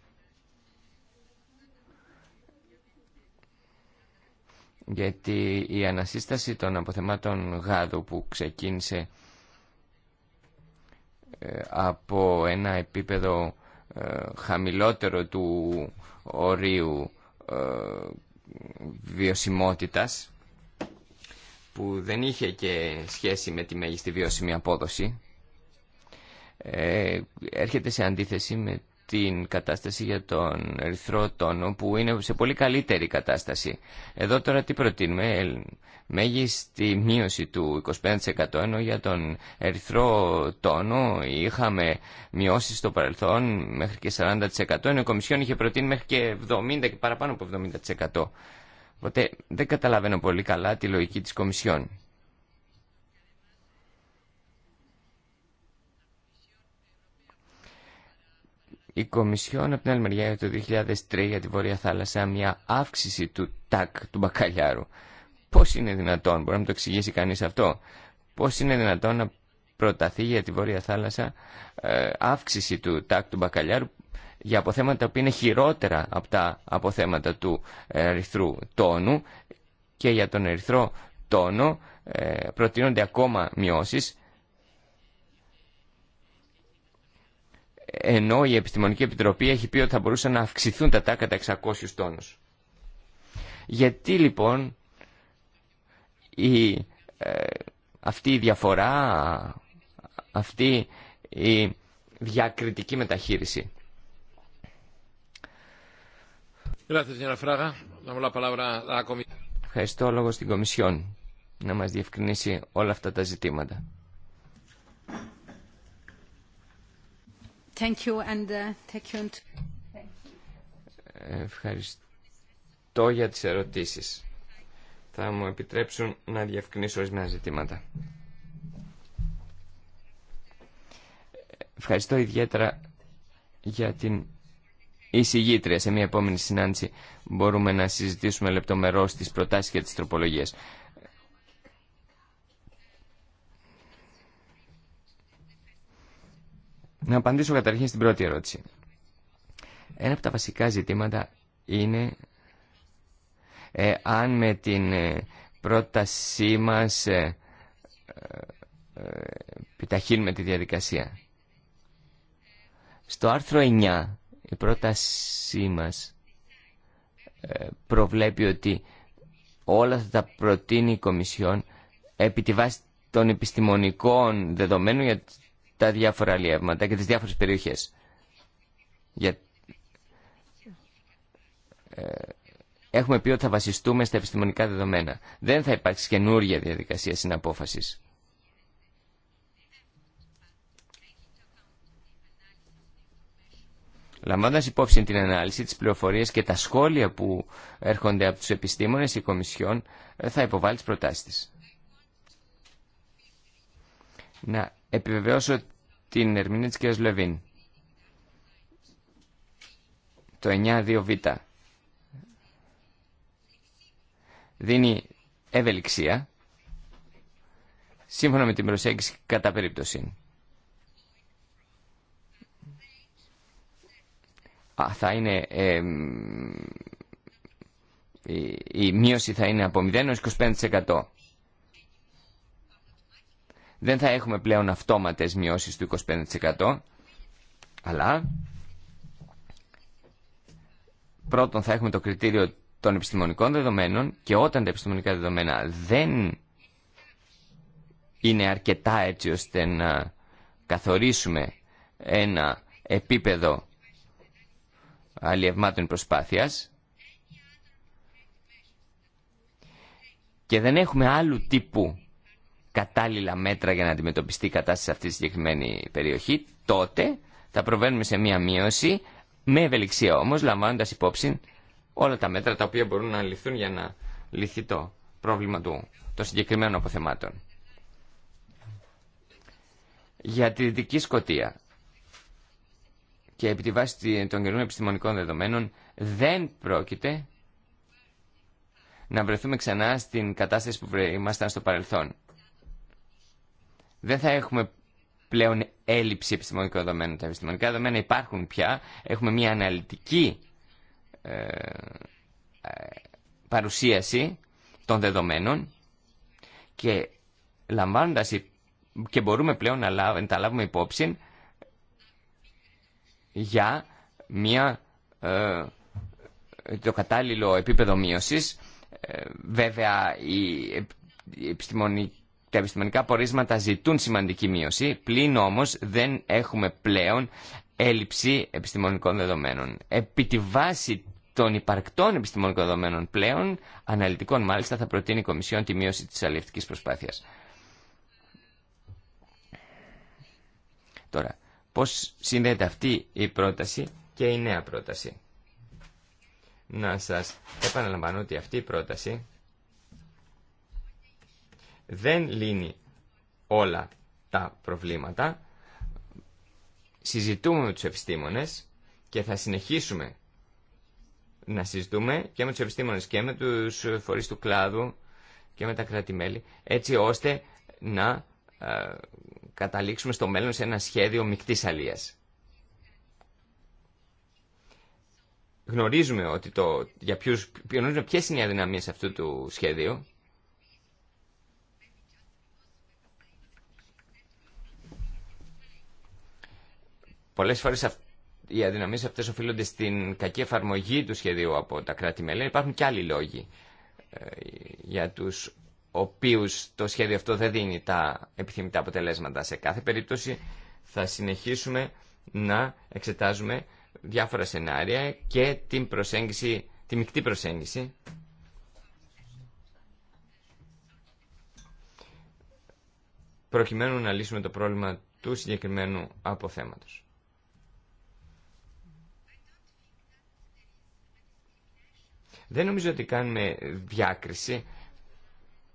Γιατί η ανασύσταση των αποθεμάτων γάδου που ξεκίνησε ε, από ένα επίπεδο ε, χαμηλότερο του ορίου ε, βιωσιμότητας που δεν είχε και σχέση με τη μέγιστη βιώσιμη απόδοση έρχεται σε αντίθεση με την κατάσταση για τον ερυθρό τόνο που είναι σε πολύ καλύτερη κατάσταση. Εδώ τώρα τι προτείνουμε, ε, μέγιστη μείωση του 25% ενώ για τον ερυθρό τόνο είχαμε μειώσει στο παρελθόν μέχρι και 40% ενώ η Κομισιόν είχε προτείνει μέχρι και 70% και παραπάνω από 70%. Οπότε δεν καταλαβαίνω πολύ καλά τη λογική της Κομισιόν. Η Κομισιόν από την άλλη μεριά το 2003 για τη Βόρεια Θάλασσα μια αύξηση του τάκ του μπακαλιάρου. Πώς είναι δυνατόν, μπορεί να το εξηγήσει κανείς αυτό, πώς είναι δυνατόν να προταθεί για τη Βόρεια Θάλασσα ε, αύξηση του τάκ του μπακαλιάρου για αποθέματα που είναι χειρότερα από τα αποθέματα του ερυθρού τόνου και για τον ερυθρό τόνο ε, προτείνονται ακόμα μειώσεις ενώ η Επιστημονική Επιτροπή έχει πει ότι θα μπορούσαν να αυξηθούν τα τάκα τα 600 τόνους. Γιατί λοιπόν η, ε, αυτή η διαφορά, αυτή η διακριτική μεταχείριση. Ευχαριστώ λόγω στην Κομισιόν να μας διευκρινίσει όλα αυτά τα ζητήματα. Uh, Ευχαριστώ για τις ερωτήσεις. Θα μου επιτρέψουν να διευκρινίσω ορισμένα ζητήματα. Ευχαριστώ ιδιαίτερα για την εισηγήτρια. Σε μια επόμενη συνάντηση μπορούμε να συζητήσουμε λεπτομερώς τις προτάσεις και τις τροπολογίες. Να απαντήσω καταρχήν στην πρώτη ερώτηση. Ένα από τα βασικά ζητήματα είναι ε, αν με την ε, πρότασή μας ε, ε, επιταχύνουμε τη διαδικασία. Στο άρθρο 9 η πρότασή μας προβλέπει ότι όλα θα τα προτείνει η Κομισιόν επί τη βάση των επιστημονικών δεδομένων για τα διάφορα αλλιεύματα και τις διάφορες περιοχές. Για... Ε, έχουμε πει ότι θα βασιστούμε στα επιστημονικά δεδομένα. Δεν θα υπάρξει καινούργια διαδικασία συναπόφασης. Λαμβάνοντας υπόψη την ανάλυση, τις πληροφορίες και τα σχόλια που έρχονται από τους επιστήμονες ή κομισιόν, ε, θα υποβάλει τις προτάσεις της. Να επιβεβαιώσω την ερμηνεία της κυρίας Λεβίν. Το 9-2-Β, β δίνει ευελιξία σύμφωνα με την προσέγγιση κατά περίπτωση. Α, θα είναι, ε, η, η μείωση θα είναι από 0 25%. Δεν θα έχουμε πλέον αυτόματες μειώσεις του 25%, αλλά πρώτον θα έχουμε το κριτήριο των επιστημονικών δεδομένων και όταν τα επιστημονικά δεδομένα δεν είναι αρκετά έτσι ώστε να καθορίσουμε ένα επίπεδο αλλιευμάτων προσπάθειας και δεν έχουμε άλλου τύπου κατάλληλα μέτρα για να αντιμετωπιστεί η κατάσταση σε αυτή τη συγκεκριμένη περιοχή, τότε θα προβαίνουμε σε μία μείωση, με ευελιξία όμω, λαμβάνοντα υπόψη όλα τα μέτρα τα οποία μπορούν να ληφθούν για να λυθεί το πρόβλημα του, των συγκεκριμένων αποθεμάτων. Για τη Δυτική Σκοτία και επί τη βάση των καινούργιων επιστημονικών δεδομένων δεν πρόκειται να βρεθούμε ξανά στην κατάσταση που ήμασταν στο παρελθόν δεν θα έχουμε πλέον έλλειψη επιστημονικών δεδομένων. Τα επιστημονικά δεδομένα υπάρχουν πια. Έχουμε μια αναλυτική ε, ε παρουσίαση των δεδομένων και λαμβάνοντας και μπορούμε πλέον να, τα λάβουμε υπόψη για μια, ε, το κατάλληλο επίπεδο μείωσης. Ε, βέβαια, η επιστημονική τα επιστημονικά πορίσματα ζητούν σημαντική μείωση, πλην όμως δεν έχουμε πλέον έλλειψη επιστημονικών δεδομένων. Επί τη βάση των υπαρκτών επιστημονικών δεδομένων πλέον, αναλυτικών μάλιστα, θα προτείνει η Κομισιόν τη μείωση της αλληλευτικής προσπάθειας. Τώρα, πώς συνδέεται αυτή η πρόταση και η νέα πρόταση. Να σας επαναλαμβάνω ότι αυτή η πρόταση δεν λύνει όλα τα προβλήματα. Συζητούμε με τους επιστήμονες και θα συνεχίσουμε να συζητούμε και με τους επιστήμονες και με τους φορείς του κλάδου και με τα κρατη έτσι ώστε να ε, καταλήξουμε στο μέλλον σε ένα σχέδιο μικτής αλίας. Γνωρίζουμε, ότι το, για ποιους, γνωρίζουμε ποιες είναι οι αδυναμίες αυτού του σχέδιου Πολλές φορές οι αδυναμίε αυτέ οφείλονται στην κακή εφαρμογή του σχεδίου από τα κράτη-μέλη. Υπάρχουν και άλλοι λόγοι ε, για τους οποίους το σχέδιο αυτό δεν δίνει τα επιθυμητά αποτελέσματα. Σε κάθε περίπτωση θα συνεχίσουμε να εξετάζουμε διάφορα σενάρια και την προσέγγιση, τη μεικτή προσέγγιση προκειμένου να λύσουμε το πρόβλημα του συγκεκριμένου αποθέματος. Δεν νομίζω ότι κάνουμε διάκριση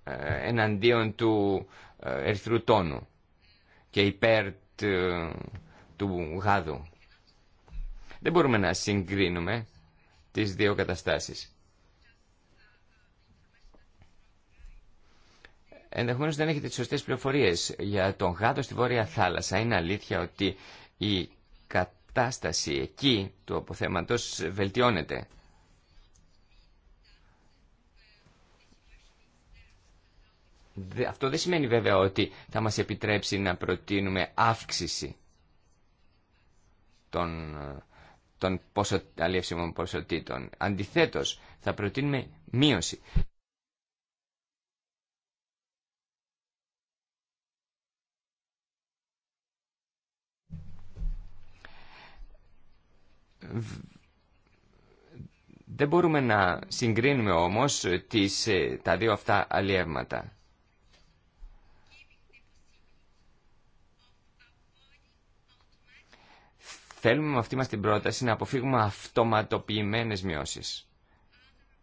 ε, εναντίον του ε, ερθρού τόνου και υπέρ του γάδου. Δεν μπορούμε να συγκρίνουμε τις δύο καταστάσεις. Ενδεχομένω δεν έχετε τι σωστέ πληροφορίε για τον γάτο στη Βόρεια Θάλασσα. Είναι αλήθεια ότι η κατάσταση εκεί του αποθέματο βελτιώνεται. Αυτό δεν σημαίνει βέβαια ότι θα μας επιτρέψει να προτείνουμε αύξηση των, των ποσο, αλλιεύσιμων ποσοτήτων. Αντιθέτως, θα προτείνουμε μείωση. Δεν μπορούμε να συγκρίνουμε όμως τις, τα δύο αυτά αλλιεύματα. Θέλουμε με αυτή μας την πρόταση να αποφύγουμε αυτοματοποιημένες μειώσεις.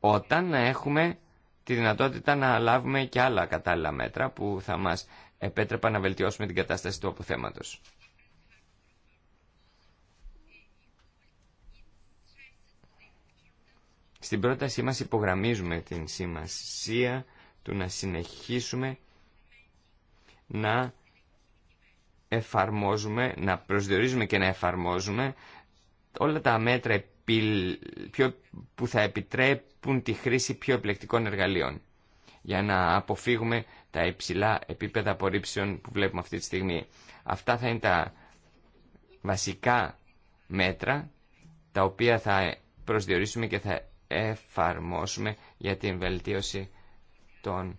Όταν να έχουμε τη δυνατότητα να λάβουμε και άλλα κατάλληλα μέτρα που θα μας επέτρεπαν να βελτιώσουμε την κατάσταση του αποθέματος. Στην πρότασή μας υπογραμμίζουμε την σημασία του να συνεχίσουμε να εφαρμόζουμε, να προσδιορίζουμε και να εφαρμόζουμε όλα τα μέτρα που θα επιτρέπουν τη χρήση πιο επιλεκτικών εργαλείων για να αποφύγουμε τα υψηλά επίπεδα απορρίψεων που βλέπουμε αυτή τη στιγμή. Αυτά θα είναι τα βασικά μέτρα τα οποία θα προσδιορίσουμε και θα εφαρμόσουμε για την βελτίωση των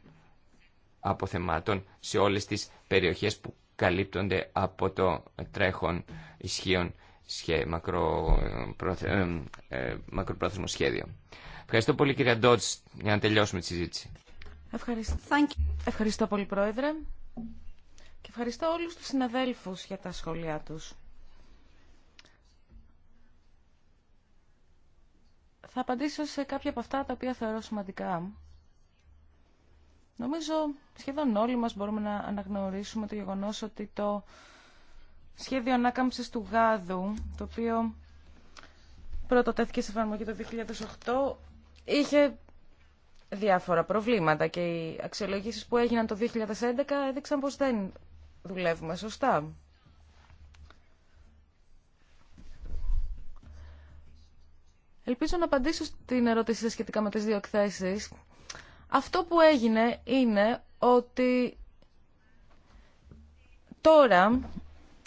αποθεμάτων σε όλες τις περιοχές που καλύπτονται από το τρέχον ισχύον σχέ, ε, ε, μακροπρόθεσμο σχέδιο. Ευχαριστώ πολύ κυρία Ντότς για να τελειώσουμε τη συζήτηση. Ευχαριστώ, Thank you. ευχαριστώ πολύ Πρόεδρε και ευχαριστώ όλους τους συναδέλφους για τα σχόλιά τους. Θα απαντήσω σε κάποια από αυτά τα οποία θεωρώ σημαντικά. Νομίζω σχεδόν όλοι μας μπορούμε να αναγνωρίσουμε το γεγονός ότι το σχέδιο ανάκαμψης του γάδου, το οποίο πρωτοτέθηκε σε εφαρμογή το 2008, είχε διάφορα προβλήματα και οι αξιολογήσεις που έγιναν το 2011 έδειξαν πως δεν δουλεύουμε σωστά. Ελπίζω να απαντήσω στην ερώτησή σχετικά με τις δύο εκθέσεις αυτό που έγινε είναι ότι τώρα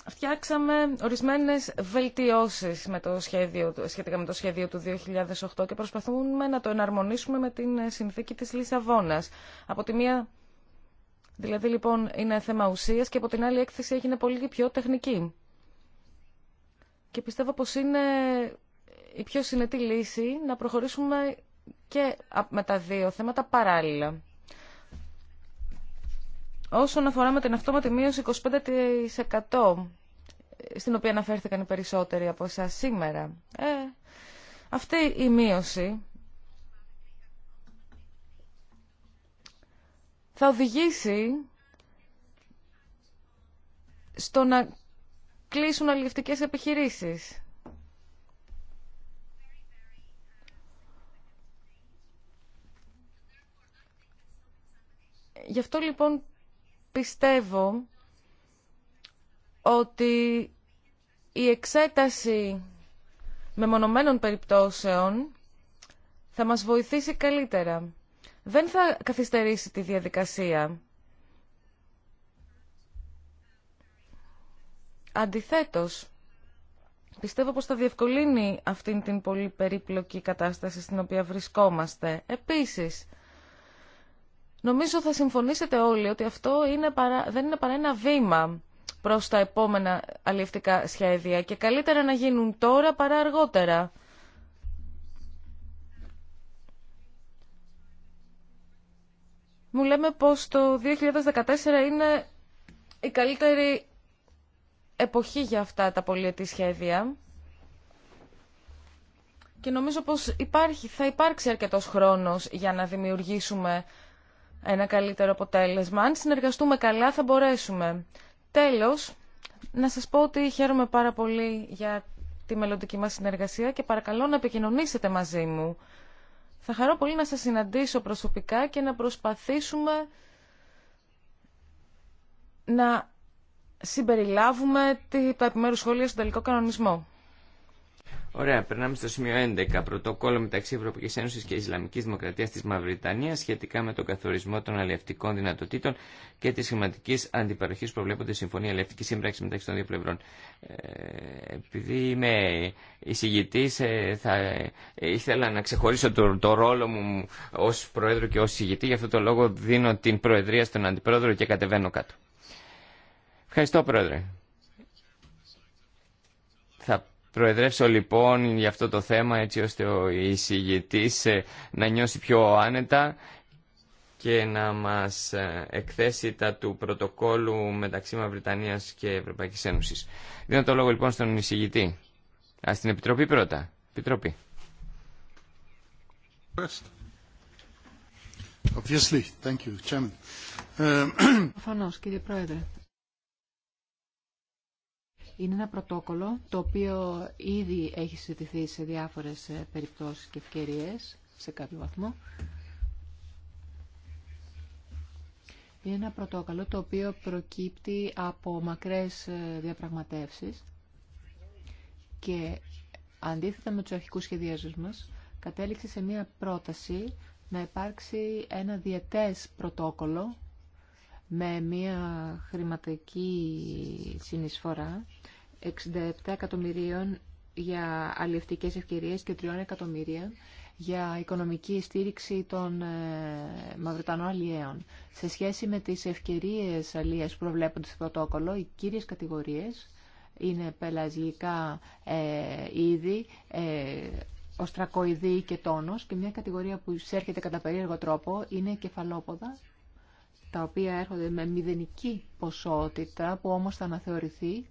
φτιάξαμε ορισμένες βελτιώσεις με το σχέδιο, σχετικά με το σχέδιο του 2008 και προσπαθούμε να το εναρμονίσουμε με την συνθήκη της Λισαβόνας. Από τη μία, δηλαδή λοιπόν είναι θέμα ουσίας και από την άλλη έκθεση έγινε πολύ πιο τεχνική. Και πιστεύω πως είναι η πιο συνετή λύση να προχωρήσουμε και με τα δύο θέματα παράλληλα. Όσον αφορά με την αυτόματη μείωση 25% στην οποία αναφέρθηκαν οι περισσότεροι από εσά σήμερα. Ε, αυτή η μείωση θα οδηγήσει στο να κλείσουν αλληλευτικές επιχειρήσεις. Γι' αυτό λοιπόν πιστεύω ότι η εξέταση μεμονωμένων περιπτώσεων θα μας βοηθήσει καλύτερα. Δεν θα καθυστερήσει τη διαδικασία. Αντιθέτως, πιστεύω πως θα διευκολύνει αυτήν την πολύ περίπλοκη κατάσταση στην οποία βρισκόμαστε. Επίσης, Νομίζω θα συμφωνήσετε όλοι ότι αυτό είναι δεν είναι παρά ένα βήμα προς τα επόμενα αλληλευτικά σχέδια και καλύτερα να γίνουν τώρα παρά αργότερα. Μου λέμε πως το 2014 είναι η καλύτερη εποχή για αυτά τα πολιετή σχέδια και νομίζω πως υπάρχει, θα υπάρξει αρκετός χρόνος για να δημιουργήσουμε ένα καλύτερο αποτέλεσμα. Αν συνεργαστούμε καλά θα μπορέσουμε. Τέλος, να σας πω ότι χαίρομαι πάρα πολύ για τη μελλοντική μας συνεργασία και παρακαλώ να επικοινωνήσετε μαζί μου. Θα χαρώ πολύ να σας συναντήσω προσωπικά και να προσπαθήσουμε να συμπεριλάβουμε τα επιμέρους σχόλια στον τελικό κανονισμό. Ωραία, περνάμε στο σημείο 11. Πρωτοκόλλο μεταξύ Ευρωπαϊκή Ένωση και Ισλαμική Δημοκρατία τη Μαυριτανία σχετικά με τον καθορισμό των αλληλευτικών δυνατοτήτων και τη χρηματική αντιπαροχή που προβλέπονται στη Συμφωνία Αλληλευτική Σύμπραξη μεταξύ των δύο πλευρών. Ε, επειδή είμαι εισηγητή, ε, θα ήθελα να ξεχωρίσω το, το ρόλο μου ω πρόεδρο και ω εισηγητή. Γι' αυτό το λόγο δίνω την Προεδρία στον Αντιπρόεδρο και κατεβαίνω κάτω. Ευχαριστώ, Πρόεδρε. Θα Προεδρεύσω λοιπόν για αυτό το θέμα έτσι ώστε ο εισηγητής ε, να νιώσει πιο άνετα και να μας ε, εκθέσει τα του πρωτοκόλου μεταξύ Βρετανίας και Ευρωπαϊκής Ένωσης. Δίνω το λόγο λοιπόν στον εισηγητή. Α, στην Επιτροπή πρώτα. Επιτροπή. Obviously. Thank you, Chairman. Ε, κύριε Πρόεδρε. Είναι ένα πρωτόκολλο το οποίο ήδη έχει συζητηθεί σε διάφορες ε, περιπτώσεις και ευκαιρίες σε κάποιο βαθμό. Είναι ένα πρωτόκολλο το οποίο προκύπτει από μακρές ε, διαπραγματεύσεις και αντίθετα με τους αρχικούς σχεδιασμούς μας κατέληξε σε μια πρόταση να υπάρξει ένα διετές πρωτόκολλο με μια χρηματική συνεισφορά 67 εκατομμυρίων για αλληλευτικές ευκαιρίες και 3 εκατομμύρια για οικονομική στήριξη των ε, Μαυρετανών αλλιέων. Σε σχέση με τις ευκαιρίες αλλιές που προβλέπονται στο πρωτόκολλο, οι κύριες κατηγορίες είναι πελαζικά ε, είδη, ε, οστρακοειδή και τόνος και μια κατηγορία που εισέρχεται κατά περίεργο τρόπο είναι κεφαλόποδα, τα οποία έρχονται με μηδενική ποσότητα που όμως θα αναθεωρηθεί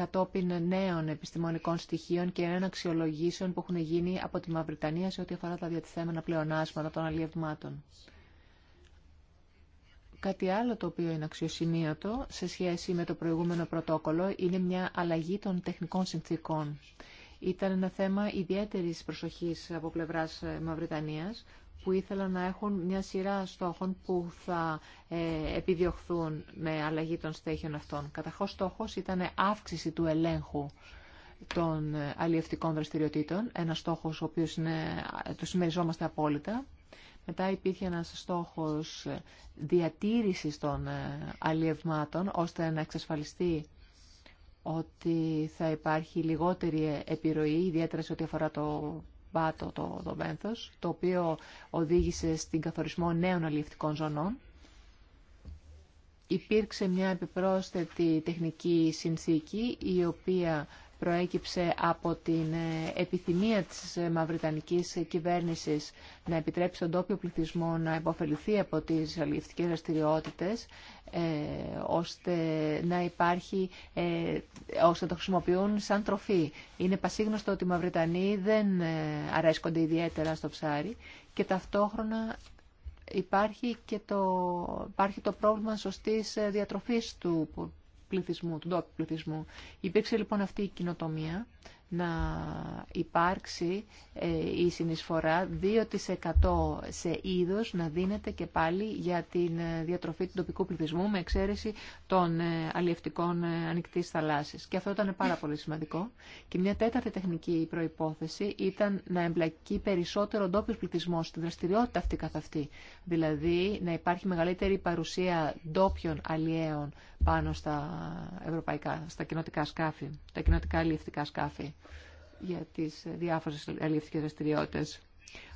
κατόπιν νέων επιστημονικών στοιχείων και νέων αξιολογήσεων που έχουν γίνει από τη Μαυριτανία σε ό,τι αφορά τα διατηθέμενα πλεονάσματα των αλλιευμάτων. Κάτι άλλο το οποίο είναι αξιοσημείωτο σε σχέση με το προηγούμενο πρωτόκολλο είναι μια αλλαγή των τεχνικών συνθήκων. Ήταν ένα θέμα ιδιαίτερης προσοχής από πλευράς ε, Μαυριτανίας που ήθελαν να έχουν μια σειρά στόχων που θα ε, επιδιωχθούν με αλλαγή των στέχιων αυτών. Καταρχώς στόχος ήταν αύξηση του ελέγχου των ε, αλλιευτικών δραστηριοτήτων, ένας στόχος ο οποίος είναι, ε, το συμμεριζόμαστε απόλυτα. Μετά υπήρχε ένας στόχος διατήρησης των αλλιευμάτων, ώστε να εξασφαλιστεί ότι θα υπάρχει λιγότερη επιρροή, ιδιαίτερα σε ό,τι αφορά το βάτο το, το το οποίο οδήγησε στην καθορισμό νέων αλληλευτικών ζωνών. Υπήρξε μια επιπρόσθετη τεχνική συνθήκη η οποία προέκυψε από την ε, επιθυμία της ε, μαυριτανικής κυβέρνησης να επιτρέψει τον τόπιο πληθυσμό να υποφεληθεί από τις αλληλευτικές δραστηριότητε, ε, ώστε να υπάρχει, ώστε το χρησιμοποιούν σαν τροφή. Είναι πασίγνωστο ότι οι Μαυριτανοί δεν αρέσκονται ιδιαίτερα στο ψάρι και ταυτόχρονα υπάρχει και το, υπάρχει το πρόβλημα σωστής διατροφής του πληθυσμού, του ντόπιου πληθυσμού. Υπήρξε λοιπόν αυτή η κοινοτομία να υπάρξει ε, η συνεισφορά 2% σε είδος να δίνεται και πάλι για την ε, διατροφή του τοπικού πληθυσμού με εξαίρεση των ε, αλλιευτικών ανοιχτής θαλάσσης. Και αυτό ήταν πάρα πολύ σημαντικό. Και μια τέταρτη τεχνική προϋπόθεση ήταν να εμπλακεί περισσότερο ντόπιος πληθυσμός στη δραστηριότητα αυτή καθ' αυτή. Δηλαδή να υπάρχει μεγαλύτερη παρουσία ντόπιων αλλιέων πάνω στα ευρωπαϊκά, στα κοινοτικά σκάφη, τα κοινοτικά αλληλευτικά σκάφη για τις διάφορες αλληλευτικές δραστηριότητε.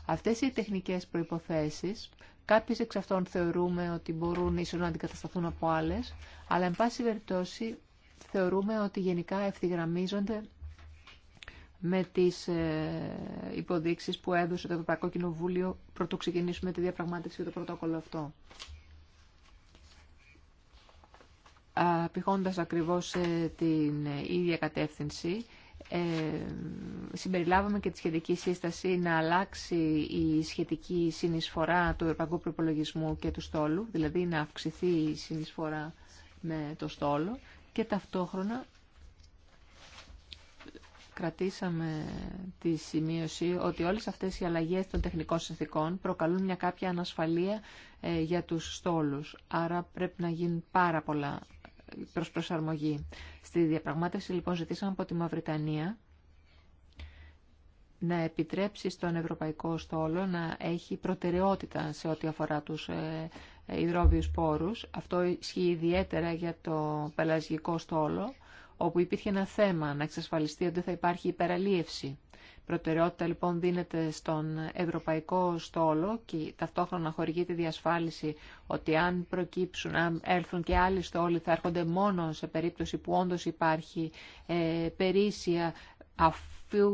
Αυτές οι τεχνικές προϋποθέσεις, κάποιες εξ αυτών θεωρούμε ότι μπορούν ίσως να αντικατασταθούν από άλλες, αλλά εν πάση περιπτώσει θεωρούμε ότι γενικά ευθυγραμμίζονται με τις ε, υποδείξεις που έδωσε το Ευρωπαϊκό Κοινοβούλιο πρωτού ξεκινήσουμε τη διαπραγμάτευση για το πρωτόκολλο αυτό πηγώντας ακριβώς ε, την ε, ίδια κατεύθυνση, ε, συμπεριλάβαμε και τη σχετική σύσταση να αλλάξει η σχετική συνεισφορά του ευρωπαϊκού προπολογισμού και του στόλου, δηλαδή να αυξηθεί η συνεισφορά με το στόλο και ταυτόχρονα κρατήσαμε τη σημείωση ότι όλες αυτές οι αλλαγές των τεχνικών συνθήκων προκαλούν μια κάποια ανασφαλεία για τους στόλους. Άρα πρέπει να γίνουν πάρα πολλά προς προσαρμογή. Στη διαπραγμάτευση λοιπόν ζητήσαμε από τη Μαυριτανία να επιτρέψει στον ευρωπαϊκό στόλο να έχει προτεραιότητα σε ό,τι αφορά τους ε, ε, υδρόβιους πόρους. Αυτό ισχύει ιδιαίτερα για το πελασγικό στόλο, όπου υπήρχε ένα θέμα να εξασφαλιστεί ότι θα υπάρχει υπεραλίευση. Προτεραιότητα λοιπόν δίνεται στον ευρωπαϊκό στόλο και ταυτόχρονα τη διασφάλιση ότι αν προκύψουν, αν έρθουν και άλλοι στόλοι θα έρχονται μόνο σε περίπτωση που όντως υπάρχει ε, περίσσια αφού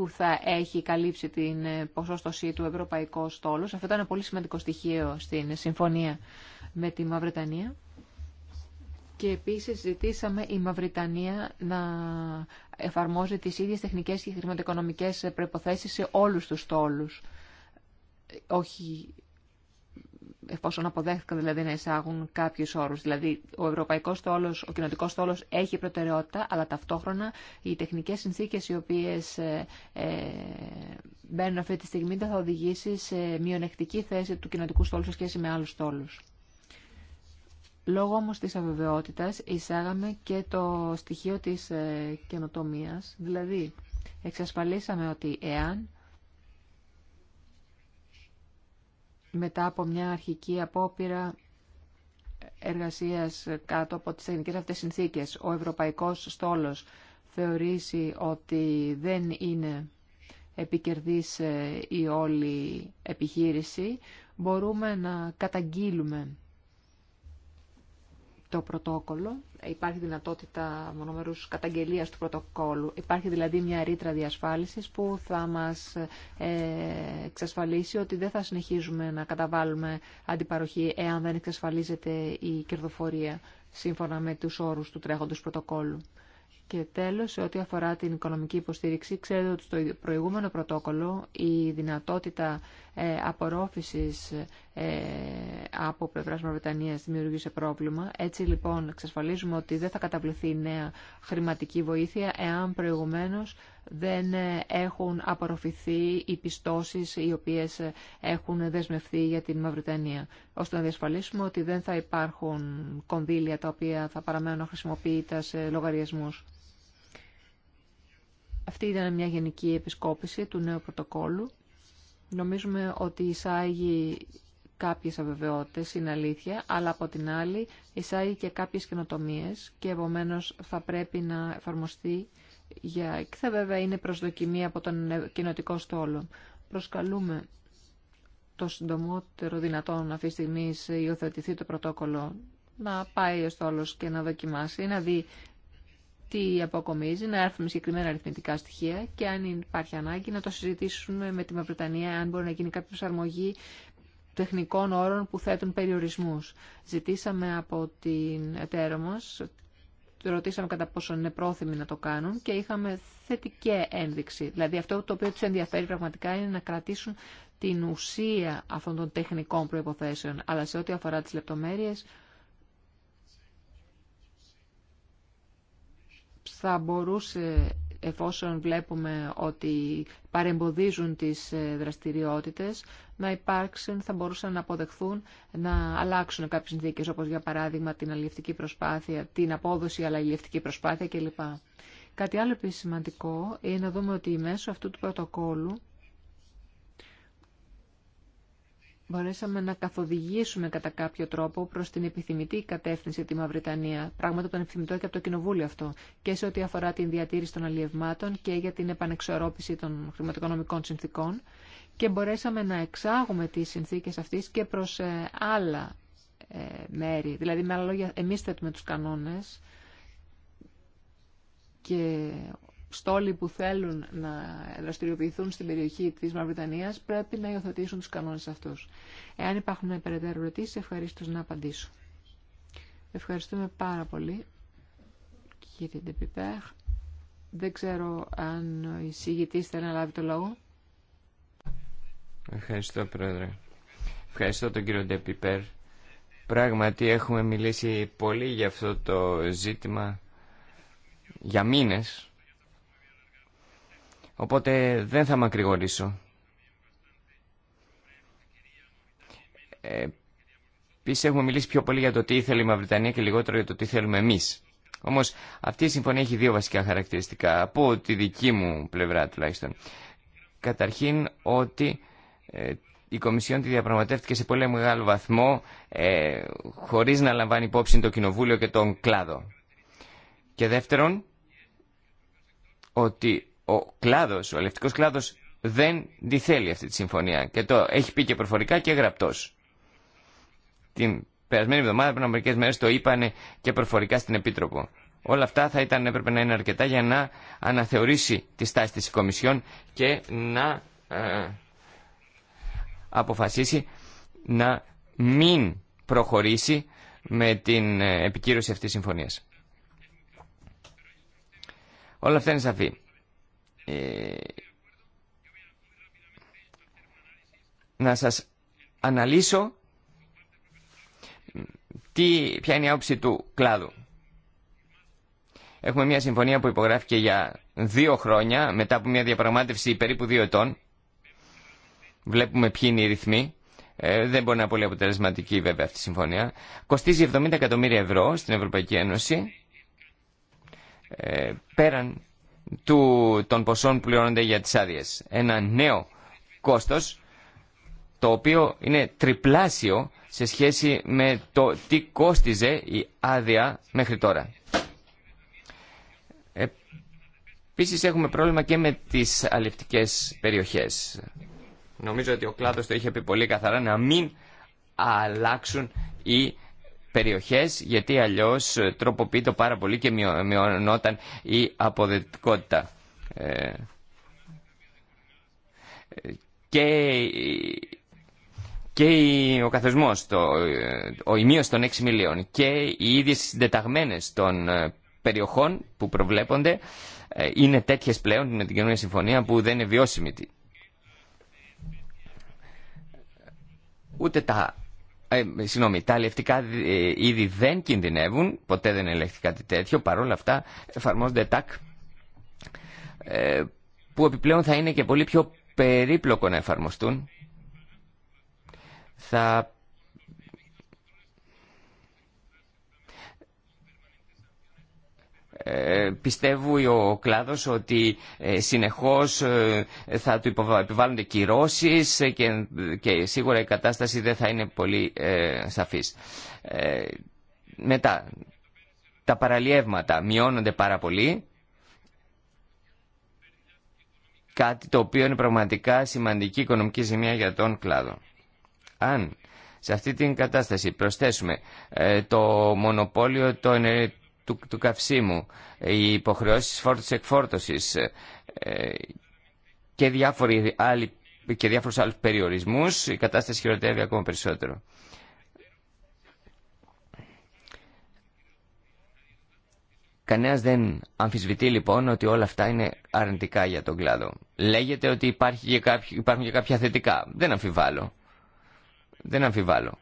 θα έχει καλύψει την ε, ποσόστοσή του Ευρωπαϊκού Στόλου. Αυτό ήταν ένα πολύ σημαντικό στοιχείο στην συμφωνία με τη Μαυρετανία. Και επίσης ζητήσαμε η Μαυριτανία να εφαρμόζει τις ίδιες τεχνικές και χρηματοοικονομικές προϋποθέσεις σε όλους τους τόλους. Όχι εφόσον αποδέχθηκαν δηλαδή να εισάγουν κάποιου όρου. Δηλαδή, ο ευρωπαϊκό στόλο, ο κοινοτικό στόλο έχει προτεραιότητα, αλλά ταυτόχρονα οι τεχνικέ συνθήκε οι οποίε ε, ε, μπαίνουν αυτή τη στιγμή δεν θα οδηγήσει σε μειονεκτική θέση του κοινοτικού στόλου σε σχέση με άλλου στόλου. Λόγω όμως της αβεβαιότητας εισάγαμε και το στοιχείο της ε, καινοτομίας, δηλαδή εξασφαλίσαμε ότι εάν μετά από μια αρχική απόπειρα εργασίας κάτω από τις τεχνικές αυτές συνθήκες, ο ευρωπαϊκός στόλος θεωρήσει ότι δεν είναι επικερδής ε, η όλη επιχείρηση, μπορούμε να καταγγείλουμε το πρωτόκολλο. Υπάρχει δυνατότητα μονομερούς καταγγελίας του πρωτοκόλλου. Υπάρχει δηλαδή μια ρήτρα διασφάλισης που θα μας ε, εξασφαλίσει ότι δεν θα συνεχίζουμε να καταβάλουμε αντιπαροχή εάν δεν εξασφαλίζεται η κερδοφορία σύμφωνα με τους όρους του τρέχοντος πρωτοκόλλου. Και τέλος, σε ό,τι αφορά την οικονομική υποστήριξη, ξέρετε ότι στο προηγούμενο πρωτόκολλο η δυνατότητα ε, απορρόφησης ε, από πλευρά Μαυρετανία δημιουργήσε πρόβλημα. Έτσι λοιπόν εξασφαλίζουμε ότι δεν θα καταβληθεί νέα χρηματική βοήθεια εάν προηγουμένω δεν έχουν απορροφηθεί οι πιστώσει οι οποίε έχουν δεσμευθεί για την Μαυρετανία. ώστε να διασφαλίσουμε ότι δεν θα υπάρχουν κονδύλια τα οποία θα παραμένουν χρησιμοποιητά σε λογαριασμού. Αυτή ήταν μια γενική επισκόπηση του νέου πρωτοκόλου. Νομίζουμε ότι εισάγει κάποιες αβεβαιότητες, είναι αλήθεια, αλλά από την άλλη εισάγει και κάποιες καινοτομίε και επομένως θα πρέπει να εφαρμοστεί για... και θα βέβαια είναι προσδοκιμή από τον κοινοτικό στόλο. Προσκαλούμε το συντομότερο δυνατόν αυτή τη στιγμή σε υιοθετηθεί το πρωτόκολλο να πάει ο στόλος και να δοκιμάσει, να δει τι αποκομίζει, να έρθουμε συγκεκριμένα αριθμητικά στοιχεία και αν υπάρχει ανάγκη να το συζητήσουμε με τη Μαυριτανία, αν μπορεί να γίνει κάποια προσαρμογή τεχνικών όρων που θέτουν περιορισμούς. Ζητήσαμε από την εταίρο μας, ρωτήσαμε κατά πόσο είναι πρόθυμοι να το κάνουν και είχαμε θετική ένδειξη. Δηλαδή αυτό το οποίο τους ενδιαφέρει πραγματικά είναι να κρατήσουν την ουσία αυτών των τεχνικών προϋποθέσεων. Αλλά σε ό,τι αφορά τις λεπτομέρειες, θα μπορούσε εφόσον βλέπουμε ότι παρεμποδίζουν τις ε, δραστηριότητες, να υπάρξουν, θα μπορούσαν να αποδεχθούν να αλλάξουν κάποιες συνθήκες, όπως για παράδειγμα την αλληλευτική προσπάθεια, την απόδοση αλλά αλληλευτική προσπάθεια κλπ. Κάτι άλλο επίσης σημαντικό είναι να δούμε ότι μέσω αυτού του πρωτοκόλου μπορέσαμε να καθοδηγήσουμε κατά κάποιο τρόπο προς την επιθυμητή κατεύθυνση τη Μαυριτανία, πράγματα που τον επιθυμητό και από το Κοινοβούλιο αυτό, και σε ό,τι αφορά την διατήρηση των αλλιευμάτων και για την επανεξορρόπηση των χρηματοοικονομικών συνθήκων και μπορέσαμε να εξάγουμε τις συνθήκες αυτέ και προς ε, άλλα ε, μέρη. Δηλαδή, με άλλα λόγια, εμεί θέτουμε του κανόνε. και στόλοι που θέλουν να δραστηριοποιηθούν στην περιοχή της Μαυριτανίας πρέπει να υιοθετήσουν τους κανόνες αυτούς. Εάν υπάρχουν περαιτέρω ερωτήσει, ευχαρίστω να απαντήσω. Ευχαριστούμε πάρα πολύ, κύριε Ντεπιπέρ. Δεν ξέρω αν ο εισηγητής θέλει να λάβει το λόγο. Ευχαριστώ, Πρόεδρε. Ευχαριστώ τον κύριο Ντεπιπέρ. Πράγματι έχουμε μιλήσει πολύ για αυτό το ζήτημα για μήνες Οπότε δεν θα μακρηγορήσω. Ε, Επίση έχουμε μιλήσει πιο πολύ για το τι ήθελε η Μαυριτανία και λιγότερο για το τι θέλουμε εμείς. Όμως αυτή η συμφωνία έχει δύο βασικά χαρακτηριστικά, από τη δική μου πλευρά τουλάχιστον. Καταρχήν ότι ε, η Κομισιόν τη διαπραγματεύτηκε σε πολύ μεγάλο βαθμό ε, χωρίς να λαμβάνει υπόψη το Κοινοβούλιο και τον κλάδο. Και δεύτερον, ότι ο κλάδος, ο κλάδος δεν τη θέλει αυτή τη συμφωνία και το έχει πει και προφορικά και γραπτός. Την περασμένη εβδομάδα πριν από μερικές μέρες το είπανε και προφορικά στην Επίτροπο. Όλα αυτά θα ήταν, έπρεπε να είναι αρκετά για να αναθεωρήσει τη στάση της Κομισιόν και να ε, αποφασίσει να μην προχωρήσει με την ε, επικύρωση αυτής της συμφωνίας. Όλα αυτά είναι σαφή. Ε, να σας αναλύσω τι, ποια είναι η άποψη του κλάδου. Έχουμε μια συμφωνία που υπογράφηκε για δύο χρόνια, μετά από μια διαπραγμάτευση περίπου δύο ετών. Βλέπουμε ποιοι είναι οι ρυθμοί. Ε, δεν μπορεί να είναι πολύ αποτελεσματική βέβαια αυτή η συμφωνία. Κοστίζει 70 εκατομμύρια ευρώ στην Ευρωπαϊκή Ένωση. Ε, πέραν του, των ποσών που πληρώνονται για τις άδειε. Ένα νέο κόστος το οποίο είναι τριπλάσιο σε σχέση με το τι κόστιζε η άδεια μέχρι τώρα. Επίση έχουμε πρόβλημα και με τις αληφτικές περιοχές. Νομίζω ότι ο κλάδος το είχε πει πολύ καθαρά να μην αλλάξουν οι περιοχές γιατί αλλιώς ε, τροποποιεί το πάρα πολύ και μειωνόταν η αποδετικότητα. Ε, και, και ο καθεσμός, το, ε, ο ημείος των 6 μιλίων και οι ίδιες συντεταγμένες των περιοχών που προβλέπονται είναι τέτοιες πλέον με την καινούργια συμφωνία που δεν είναι βιώσιμη. Ούτε τα ε, συγγνώμη, τα αλληλευτικά ε, είδη δεν κινδυνεύουν, ποτέ δεν ελέγχθηκε κάτι τέτοιο, παρόλα αυτά εφαρμόζονται τάκ, ε, που επιπλέον θα είναι και πολύ πιο περίπλοκο να εφαρμοστούν. Θα Ε, Πιστεύω ο κλάδος ότι ε, συνεχώς ε, θα του επιβάλλονται κυρώσεις και, σίγουρα η κατάσταση δεν θα είναι πολύ σαφής. Μετά, τα παραλιεύματα μειώνονται πάρα πολύ. Κάτι το οποίο είναι πραγματικά σημαντική οικονομική ζημία για τον κλάδο. Αν σε αυτή την κατάσταση προσθέσουμε το μονοπόλιο των του, καυσίμου, οι υποχρεώσεις φόρτωσης εκφόρτωσης ε, και, διάφοροι άλλοι, και διάφορους άλλους περιορισμούς, η κατάσταση χειροτεύει ακόμα περισσότερο. Κανένα δεν αμφισβητεί λοιπόν ότι όλα αυτά είναι αρνητικά για τον κλάδο. Λέγεται ότι υπάρχει και κάποιο, υπάρχουν και κάποια θετικά. Δεν αμφιβάλλω. Δεν αμφιβάλλω.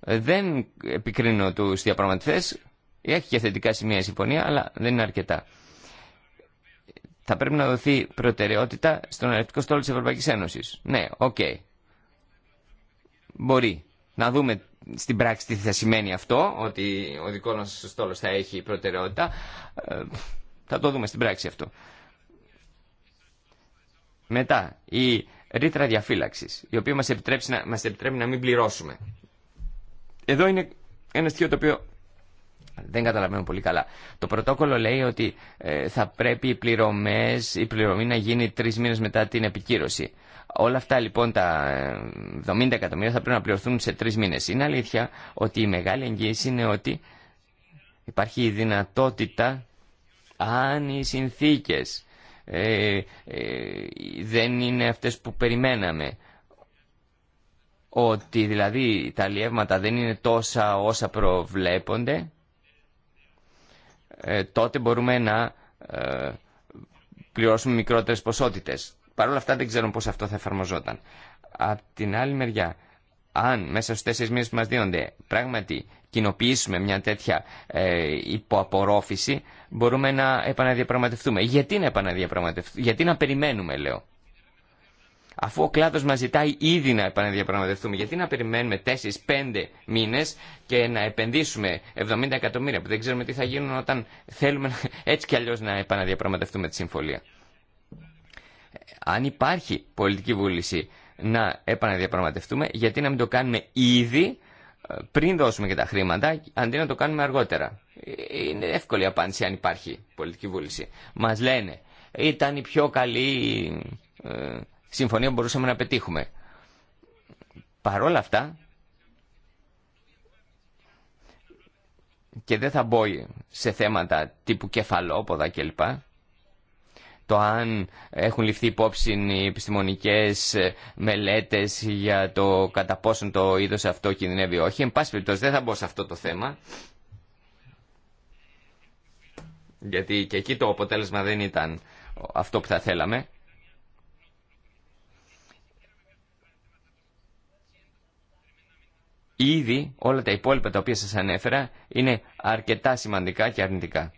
Ε, δεν επικρίνω τους διαπραγματευτές, έχει και θετικά σημεία η συμφωνία, αλλά δεν είναι αρκετά. Θα πρέπει να δοθεί προτεραιότητα στον ελεκτικό στόλο τη Ευρωπαϊκή Ένωση. Ναι, οκ. Okay. Μπορεί να δούμε στην πράξη τι θα σημαίνει αυτό, ότι ο δικό μας στόλος θα έχει προτεραιότητα. Ε, θα το δούμε στην πράξη αυτό. Μετά, η ρήτρα διαφύλαξη, η οποία μα επιτρέπει να, μας επιτρέπει να μην πληρώσουμε. Εδώ είναι ένα στοιχείο το οποίο δεν καταλαβαίνω πολύ καλά. Το πρωτόκολλο λέει ότι ε, θα πρέπει οι η πληρωμή να γίνει τρεις μήνες μετά την επικύρωση. Όλα αυτά λοιπόν τα 70 ε, εκατομμύρια θα πρέπει να πληρωθούν σε τρεις μήνες. Είναι αλήθεια ότι η μεγάλη εγγύηση είναι ότι υπάρχει η δυνατότητα αν οι συνθήκες ε, ε δεν είναι αυτές που περιμέναμε ότι δηλαδή τα αλλιεύματα δεν είναι τόσα όσα προβλέπονται ε, τότε μπορούμε να ε, πληρώσουμε μικρότερες ποσότητες. Παρ' όλα αυτά δεν ξέρουμε πώς αυτό θα εφαρμοζόταν. Απ' την άλλη μεριά, αν μέσα στους τέσσερις μήνες που μας δίνονται πράγματι κοινοποιήσουμε μια τέτοια ε, υποαπορρόφηση, μπορούμε να επαναδιαπραγματευτούμε. Γιατί να επαναδιαπραγματευτούμε, γιατί να περιμένουμε λέω. Αφού ο κλάδο μα ζητάει ήδη να επαναδιαπραγματευτούμε, γιατί να περιμένουμε 4-5 μήνε και να επενδύσουμε 70 εκατομμύρια που δεν ξέρουμε τι θα γίνουν όταν θέλουμε έτσι κι αλλιώ να επαναδιαπραγματευτούμε τη συμφωνία. Αν υπάρχει πολιτική βούληση να επαναδιαπραγματευτούμε, γιατί να μην το κάνουμε ήδη ε, πριν δώσουμε και τα χρήματα, αντί να το κάνουμε αργότερα. Ε, είναι εύκολη απάντηση αν υπάρχει πολιτική βούληση. Μας λένε, ήταν η πιο καλή ε, συμφωνία μπορούσαμε να πετύχουμε. Παρόλα αυτά, και δεν θα μπω σε θέματα τύπου κεφαλόποδα κλπ. Το αν έχουν ληφθεί υπόψη οι επιστημονικές μελέτες για το κατά πόσον το είδος αυτό κινδυνεύει όχι. Εν πάση περιπτώσει δεν θα μπω σε αυτό το θέμα. Γιατί και εκεί το αποτέλεσμα δεν ήταν αυτό που θα θέλαμε. Ήδη όλα τα υπόλοιπα τα οποία σας ανέφερα είναι αρκετά σημαντικά και αρνητικά.